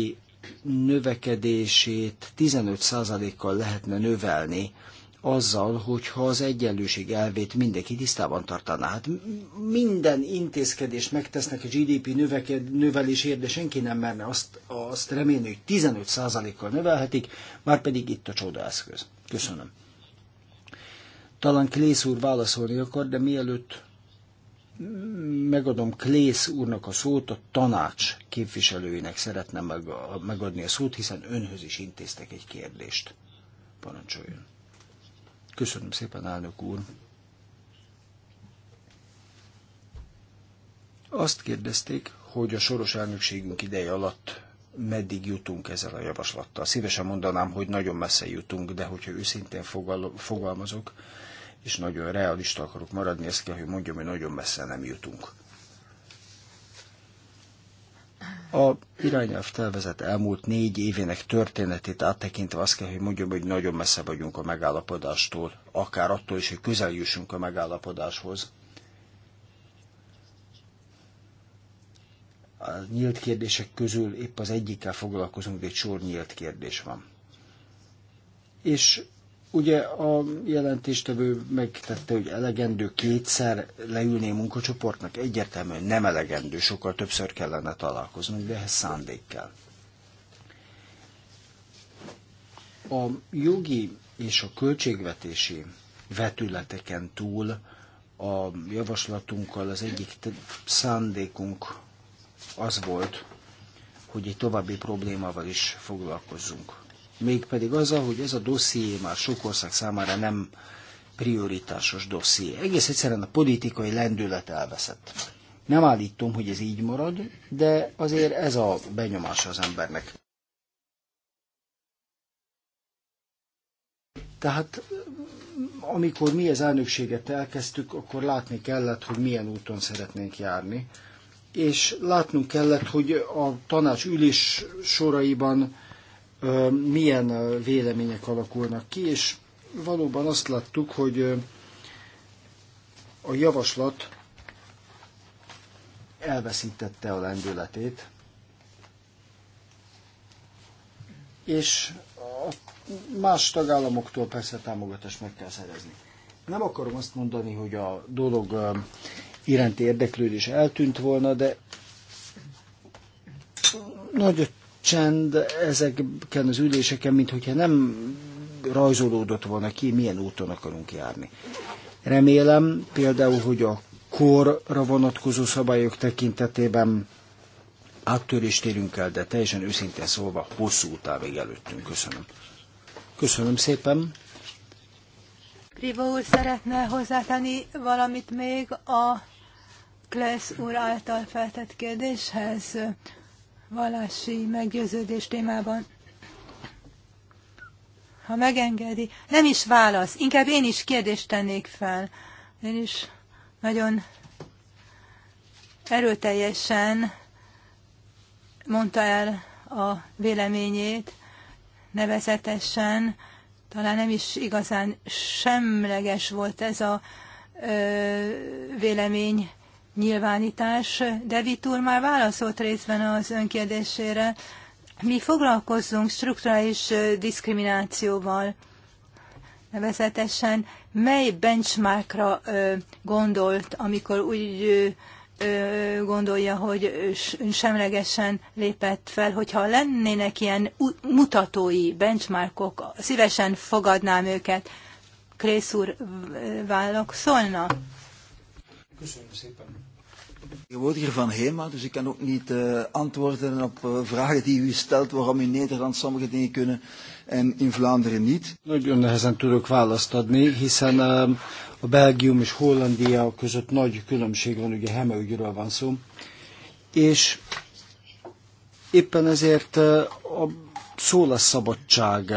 növekedését 15%-kal lehetne növelni, azzal, hogyha az egyenlőség elvét mindenki tisztában tartaná. Hát minden intézkedést megtesznek a GDP növeked, növelésért, de senki nem merne azt, azt remélni, hogy 15%-kal növelhetik, már pedig itt a csodaeszköz. Köszönöm. Talán Klész úr válaszolni akar, de mielőtt megadom Klész úrnak a szót, a tanács képviselőinek szeretném meg, megadni a szót, hiszen önhöz is intéztek egy kérdést. Parancsoljon. Köszönöm szépen, elnök úr. Azt kérdezték, hogy a soros elnökségünk ideje alatt meddig jutunk ezzel a javaslattal. Szívesen mondanám, hogy nagyon messze jutunk, de hogyha őszintén fogal- fogalmazok, és nagyon realista akarok maradni, ezt kell, hogy mondjam, hogy nagyon messze nem jutunk. A irányelv tervezet elmúlt négy évének történetét áttekintve azt kell, hogy mondjam, hogy nagyon messze vagyunk a megállapodástól, akár attól is, hogy közel jussunk a megállapodáshoz. A nyílt kérdések közül épp az egyikkel foglalkozunk, de egy sor nyílt kérdés van. És Ugye a jelentéstevő megtette, hogy elegendő kétszer leülni a munkacsoportnak, egyértelműen nem elegendő, sokkal többször kellene találkoznunk, de ehhez szándék kell. A jogi és a költségvetési vetületeken túl a javaslatunkkal az egyik szándékunk az volt, hogy egy további problémával is foglalkozzunk mégpedig azzal, hogy ez a dosszié már sok ország számára nem prioritásos dosszié. Egész egyszerűen a politikai lendület elveszett. Nem állítom, hogy ez így marad, de azért ez a benyomás az embernek. Tehát amikor mi az elnökséget elkezdtük, akkor látni kellett, hogy milyen úton szeretnénk járni. És látnunk kellett, hogy a tanács ülés soraiban milyen vélemények alakulnak ki, és valóban azt láttuk, hogy a javaslat elveszítette a lendületét, és a más tagállamoktól persze támogatást meg kell szerezni. Nem akarom azt mondani, hogy a dolog iránti érdeklődés eltűnt volna, de nagy csend ezeken az üléseken, mint hogyha nem rajzolódott volna ki, milyen úton akarunk járni. Remélem például, hogy a korra vonatkozó szabályok tekintetében áttörést érünk el, de teljesen őszintén szólva hosszú utávig előttünk. Köszönöm. Köszönöm szépen. Kriva úr szeretne hozzátenni valamit még a Klesz úr által feltett kérdéshez vallási meggyőződés témában. Ha megengedi, nem is válasz, inkább én is kérdést tennék fel. Én is nagyon erőteljesen mondta el a véleményét, nevezetesen, talán nem is igazán semleges volt ez a ö, vélemény nyilvánítás. David úr már válaszolt részben az önkérdésére. Mi foglalkozzunk strukturális diszkriminációval, nevezetesen mely benchmarkra gondolt, amikor úgy gondolja, hogy semlegesen lépett fel, hogyha lennének ilyen mutatói, benchmarkok, szívesen fogadnám őket. Krész úr szólna? Köszönöm szépen. Tegenwoordiger van HEMA, dus ik kan ook niet uh, antwoorden op uh, vragen die u stelt waarom in Nederland sommige dingen kunnen en in Vlaanderen niet. Nagyon nehezen tudok választ adni, hiszen uh, a Belgium és Hollandia között nagy különbség van, ugye HEMA ügyről van szó. És éppen ezért uh, a szólásszabadság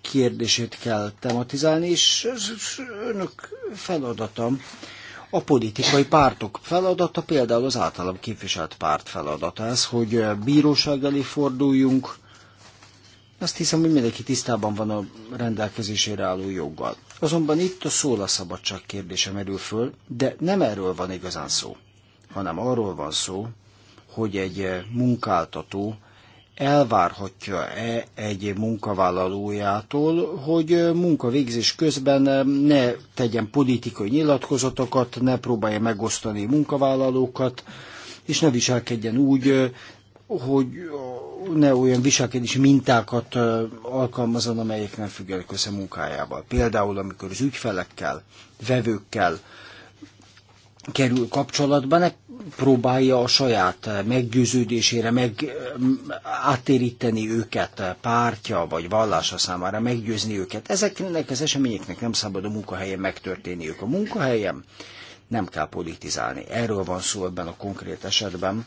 kérdését kell tematizálni, és ez önök feladatom a politikai pártok feladata, például az általam képviselt párt feladata ez, hogy eh, bíróság elé forduljunk, azt hiszem, hogy mindenki tisztában van a rendelkezésére álló joggal. Azonban itt a szólaszabadság kérdése merül föl, de nem erről van igazán szó, hanem arról van szó, hogy egy eh, munkáltató elvárhatja-e egy munkavállalójától, hogy munkavégzés közben ne tegyen politikai nyilatkozatokat, ne próbálja megosztani munkavállalókat, és ne viselkedjen úgy, hogy ne olyan viselkedési mintákat alkalmazzon, amelyek nem függenek össze munkájával. Például, amikor az ügyfelekkel, vevőkkel kerül kapcsolatba, ne próbálja a saját meggyőződésére meg, átéríteni őket pártja vagy vallása számára, meggyőzni őket. Ezeknek az eseményeknek nem szabad a munkahelyen ők A munkahelyen nem kell politizálni. Erről van szó ebben a konkrét esetben.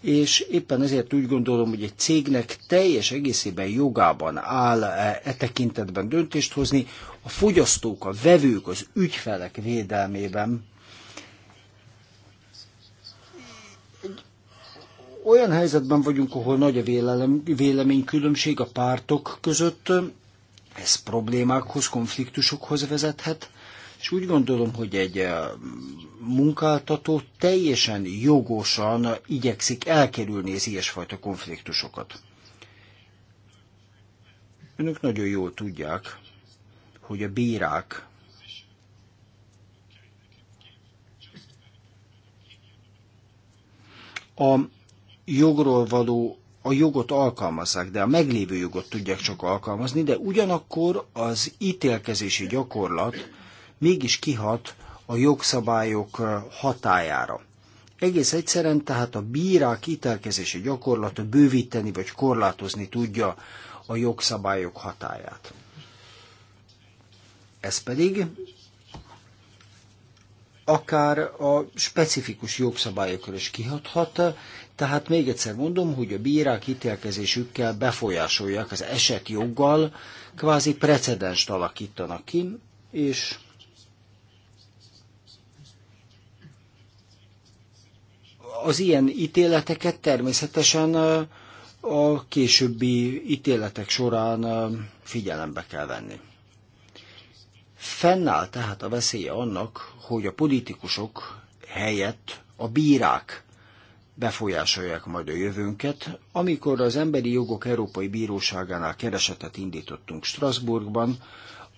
És éppen ezért úgy gondolom, hogy egy cégnek teljes egészében jogában áll e, e tekintetben döntést hozni, a fogyasztók, a vevők, az ügyfelek védelmében olyan helyzetben vagyunk, ahol nagy a véleménykülönbség a pártok között, ez problémákhoz, konfliktusokhoz vezethet, és úgy gondolom, hogy egy eh, munkáltató teljesen jogosan igyekszik elkerülni az ilyesfajta konfliktusokat. Önök nagyon jól tudják, hogy a bírák a jogról való a jogot alkalmazzák, de a meglévő jogot tudják csak alkalmazni, de ugyanakkor az ítélkezési gyakorlat mégis kihat a jogszabályok hatájára. Egész egyszerűen tehát a bírák ítélkezési gyakorlata bővíteni vagy korlátozni tudja a jogszabályok hatáját. Ez pedig akár a specifikus jogszabályokra is kihathat, tehát még egyszer mondom, hogy a bírák ítélkezésükkel befolyásolják az eset joggal, kvázi precedenst alakítanak ki, és az ilyen ítéleteket természetesen a későbbi ítéletek során figyelembe kell venni. Fennáll tehát a veszélye annak, hogy a politikusok helyett a bírák befolyásolják majd a jövőnket. Amikor az Emberi Jogok Európai Bíróságánál keresetet indítottunk Strasbourgban,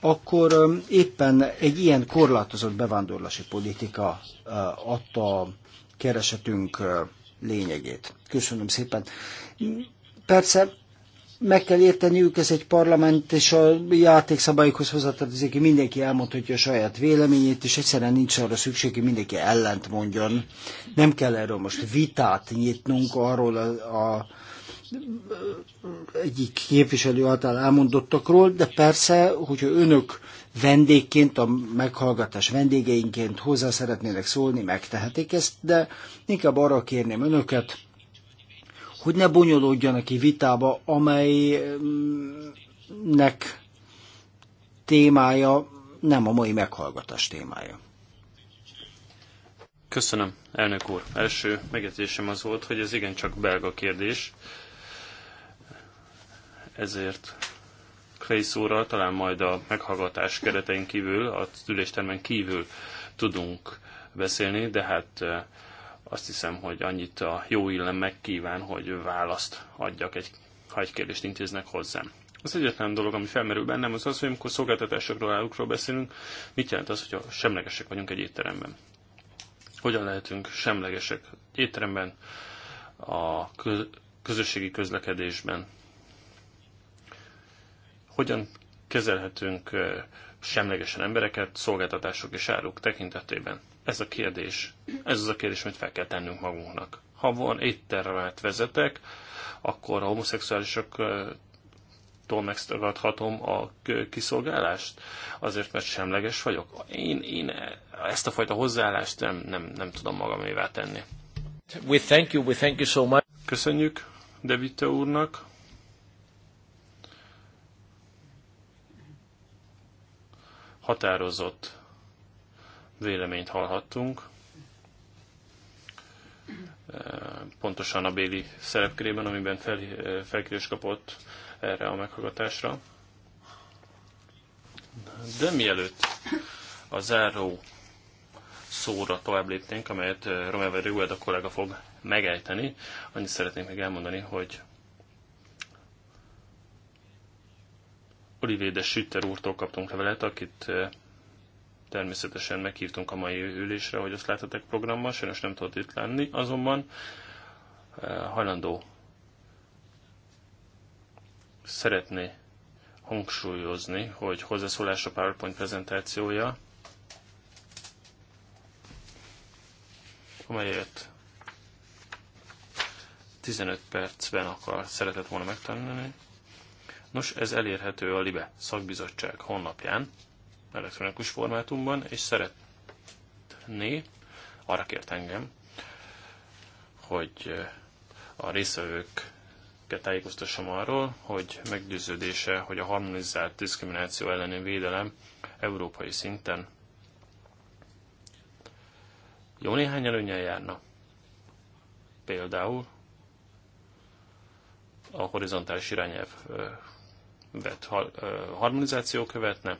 akkor um, éppen egy ilyen korlátozott bevándorlási politika uh, adta keresetünk uh, lényegét. Köszönöm szépen. Persze meg kell érteniük, ez egy parlament és a játékszabályokhoz hozzátartozik, mindenki elmondhatja a saját véleményét, és egyszerűen nincs arra szükség, hogy mindenki ellent mondjon. Nem kell erről most vitát nyitnunk arról a, a egyik képviselő által elmondottakról, de persze, hogyha önök vendégként, a meghallgatás vendégeinként hozzá szeretnének szólni, megtehetik ezt, de inkább arra kérném önöket, hogy ne bonyolódjanak ki vitába, amelynek témája nem a mai meghallgatás témája. Köszönöm, elnök úr. Első megjegyzésem az volt, hogy ez igencsak belga kérdés, ezért Clay úrral talán majd a meghallgatás keretein kívül, a tüléstermen kívül tudunk beszélni, de hát eh, azt hiszem, hogy annyit a jó illem megkíván, hogy választ adjak, egy, ha egy kérdést intéznek hozzám. Az egyetlen dolog, ami felmerül bennem, az az, hogy amikor szolgáltatásokról, állukról beszélünk, mit jelent az, hogyha semlegesek vagyunk egy étteremben? Hogyan lehetünk semlegesek étteremben, a közösségi közlekedésben? Hogyan kezelhetünk semlegesen embereket szolgáltatások és áruk tekintetében? Ez a kérdés. Ez az a kérdés, amit fel kell tennünk magunknak. Ha van étteremet vezetek, akkor a homoszexuálisoktól megtagadhatom a kiszolgálást, azért mert semleges vagyok. Én, én ezt a fajta hozzáállást nem, nem, nem tudom magamévá tenni. We thank you, we thank you so much. Köszönjük Devita úrnak. Határozott véleményt hallhattunk. Pontosan a Béli szerepkörében, amiben fel, felkérés kapott erre a meghallgatásra. De mielőtt a záró szóra tovább lépnénk, amelyet Romeva Rueda kollega fog megejteni, annyit szeretnék még elmondani, hogy Olivier de Sütter úrtól kaptunk levelet, akit természetesen meghívtunk a mai ülésre, hogy azt láthatok programban, sajnos nem tudott itt lenni, azonban eh, hajlandó szeretné hangsúlyozni, hogy hozzászólás a PowerPoint prezentációja, amelyet 15 percben akar, szeretett volna megtanulni. Nos, ez elérhető a LIBE szakbizottság honlapján elektronikus formátumban, és szeretné, arra kért engem, hogy eh, a részvevők tájékoztassam arról, hogy meggyőződése, hogy a harmonizált diszkrimináció elleni védelem európai szinten jó néhány előnyel járna. Például a horizontális irányelv eh, eh, harmonizáció követne,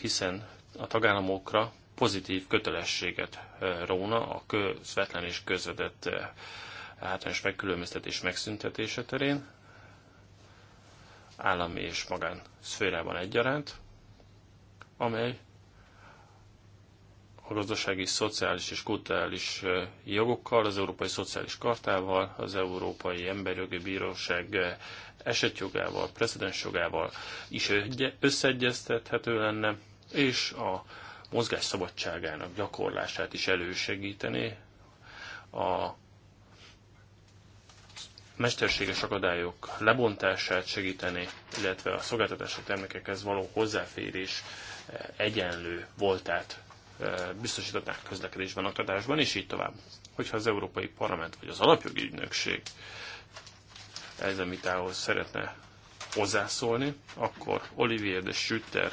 hiszen a tagállamokra pozitív kötelességet eh, róna a közvetlen és közvetett eh, általános megkülönböztetés megszüntetése terén, állami és magán szférában egyaránt, amely a gazdasági, szociális és kulturális eh, jogokkal, az Európai Szociális Kartával, az Európai Emberjogi Bíróság esetjogával, precedensjogával is összeegyeztethető lenne, és a mozgás szabadságának gyakorlását is elősegítené a mesterséges akadályok lebontását segíteni, illetve a szolgáltatási termékekhez való hozzáférés eh, egyenlő voltát eh, biztosítatnák közlekedésben, akadásban, és így tovább. Hogyha az Európai Parlament vagy az Alapjogi Ügynökség ez amit ahhoz szeretne hozzászólni, akkor Olivier de Schütter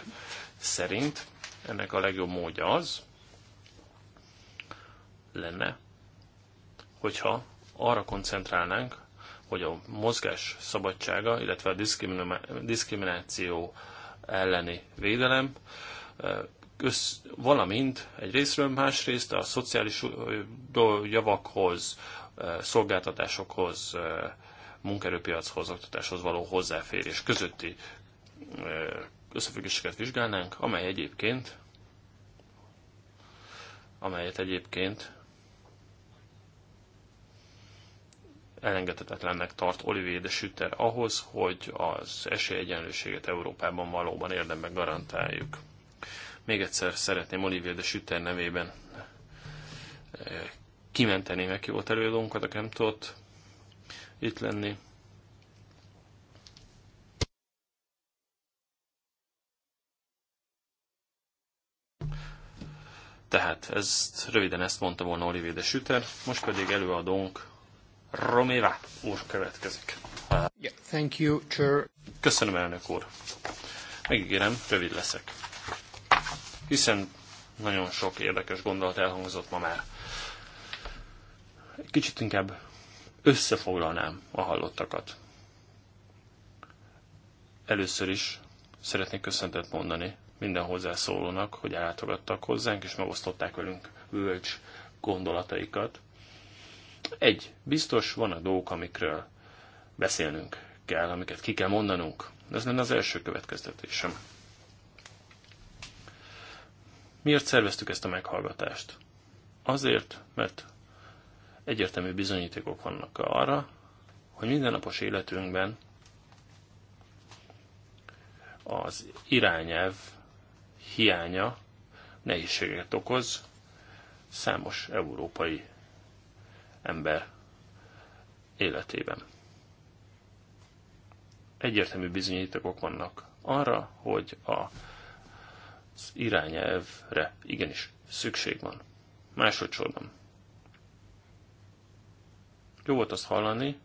szerint ennek a legjobb módja az lenne, hogyha arra koncentrálnánk, hogy a mozgás szabadsága, illetve a diszkrimináció elleni védelem, eh, össz, valamint egy részről másrészt a szociális javakhoz, eh, szolgáltatásokhoz, eh, munkaerőpiachoz, oktatáshoz való hozzáférés közötti összefüggéseket vizsgálnánk, amely egyébként amelyet egyébként elengedhetetlennek tart Olivier de Schütter ahhoz, hogy az esélyegyenlőséget Európában valóban érdemben garantáljuk. Még egyszer szeretném Olivier de Schütter nevében kimenteni meg jó előadónkat, a nem itt lenni. Tehát ezt, röviden ezt mondta volna Olivier de Schütter, most pedig előadónk Romeva úr következik. Yeah, thank you, chair. Köszönöm, elnök úr. Megígérem, rövid leszek. Hiszen nagyon sok érdekes gondolat elhangzott ma már. Kicsit inkább Összefoglalnám a hallottakat. Először is szeretnék köszöntet mondani minden hozzászólónak, hogy elátogattak hozzánk, és megosztották velünk bölcs gondolataikat. Egy, biztos van a dolgok, amikről beszélnünk kell, amiket ki kell mondanunk. Ez lenne az első következtetésem. Miért szerveztük ezt a meghallgatást? Azért, mert egyértelmű bizonyítékok vannak arra, hogy mindennapos életünkben az irányelv hiánya nehézséget okoz számos európai ember életében. Egyértelmű bizonyítékok vannak arra, hogy a az irányelvre igenis szükség van. Másodszorban jó volt azt hallani,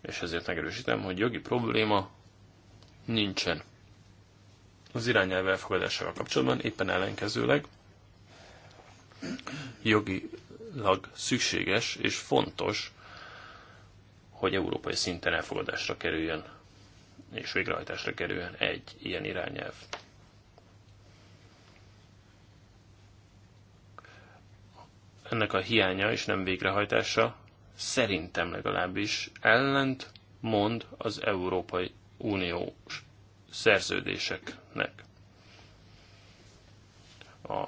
és ezért megerősítem, hogy jogi probléma nincsen. Az irányelv elfogadásával kapcsolatban éppen ellenkezőleg jogilag szükséges és fontos, hogy európai szinten elfogadásra kerüljön és végrehajtásra kerüljön egy ilyen irányelv. Ennek a hiánya és nem végrehajtása szerintem legalábbis ellent mond az Európai Uniós szerződéseknek. A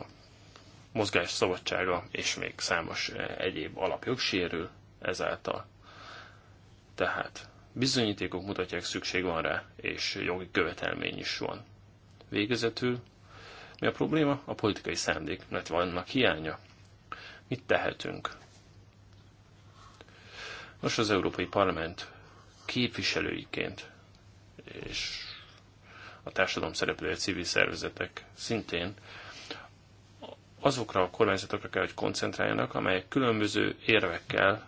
mozgás szabadsága és még számos eh, egyéb alapjog sérül ezáltal. Tehát bizonyítékok mutatják, szükség van rá, és jogi követelmény is van. Végezetül, mi a probléma? A politikai szándék, mert vannak hiánya. Mit tehetünk? Nos, az Európai Parlament képviselőiként és a társadalom szereplő civil szervezetek szintén azokra a kormányzatokra kell, hogy koncentráljanak, amelyek különböző érvekkel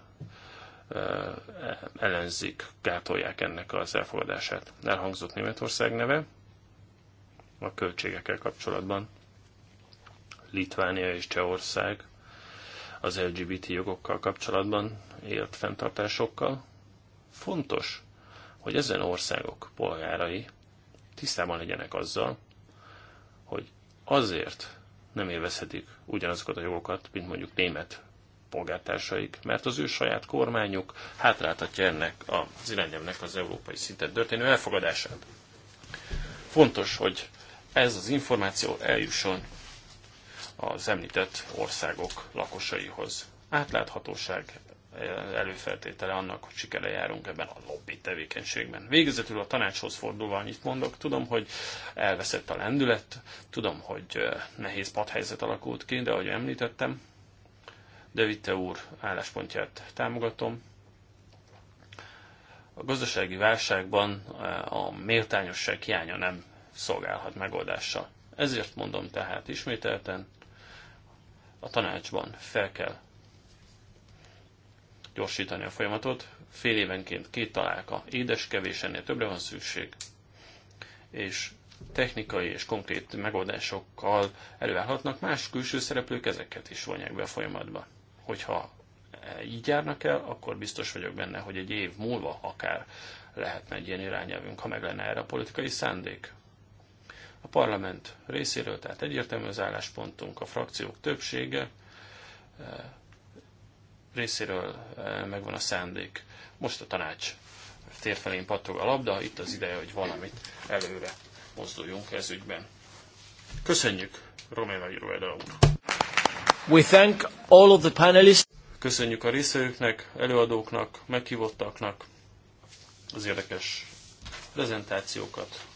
ellenzik, gátolják ennek az elfogadását. Elhangzott Németország neve a költségekkel kapcsolatban. Litvánia és Csehország az LGBT jogokkal kapcsolatban élt fenntartásokkal. Fontos, hogy ezen országok polgárai tisztában legyenek azzal, hogy azért nem élvezhetik ugyanazokat a jogokat, mint mondjuk német polgártársaik, mert az ő saját kormányuk hátráltatja ennek az irányelvnek az európai szinten történő elfogadását. Fontos, hogy ez az információ eljusson az említett országok lakosaihoz. Átláthatóság eh, előfeltétele annak, hogy sikere járunk ebben a lobby tevékenységben. Végezetül a tanácshoz fordulva annyit mondok, tudom, hogy elveszett a lendület, tudom, hogy eh, nehéz padhelyzet alakult ki, de ahogy említettem, De Vitte úr álláspontját támogatom. A gazdasági válságban eh, a méltányosság hiánya nem szolgálhat megoldással. Ezért mondom tehát ismételten, a tanácsban fel kell gyorsítani a folyamatot. Fél évenként két találka, édes kevés, ennél többre van szükség, és technikai és konkrét megoldásokkal előállhatnak, más külső szereplők ezeket is vonják be a folyamatba. Hogyha így járnak el, akkor biztos vagyok benne, hogy egy év múlva akár lehetne egy ilyen irányelvünk, ha meg lenne erre a politikai szándék. A parlament részéről, tehát egyértelmű az álláspontunk, a frakciók többsége eh, részéről eh, megvan a szándék. Most a tanács térfelén pattog a labda, itt az ideje, hogy valamit előre mozduljunk ez ügyben. Köszönjük, Romeva Irueda úr! We thank all of the panelists. Köszönjük a részvevőknek, előadóknak, meghívottaknak az érdekes prezentációkat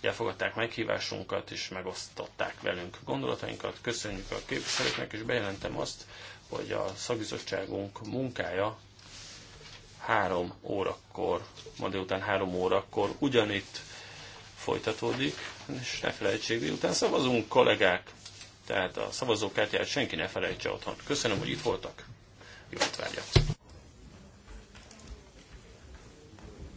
elfogadták meghívásunkat és megosztották velünk gondolatainkat. Köszönjük a képviselőknek, és bejelentem azt, hogy a szakbizottságunk munkája három órakor, ma délután három órakor ugyanitt folytatódik, és ne felejtsék, délután szavazunk kollégák, tehát a szavazókártyát senki ne felejtse otthon. Köszönöm, hogy itt voltak. Jó étvágyat!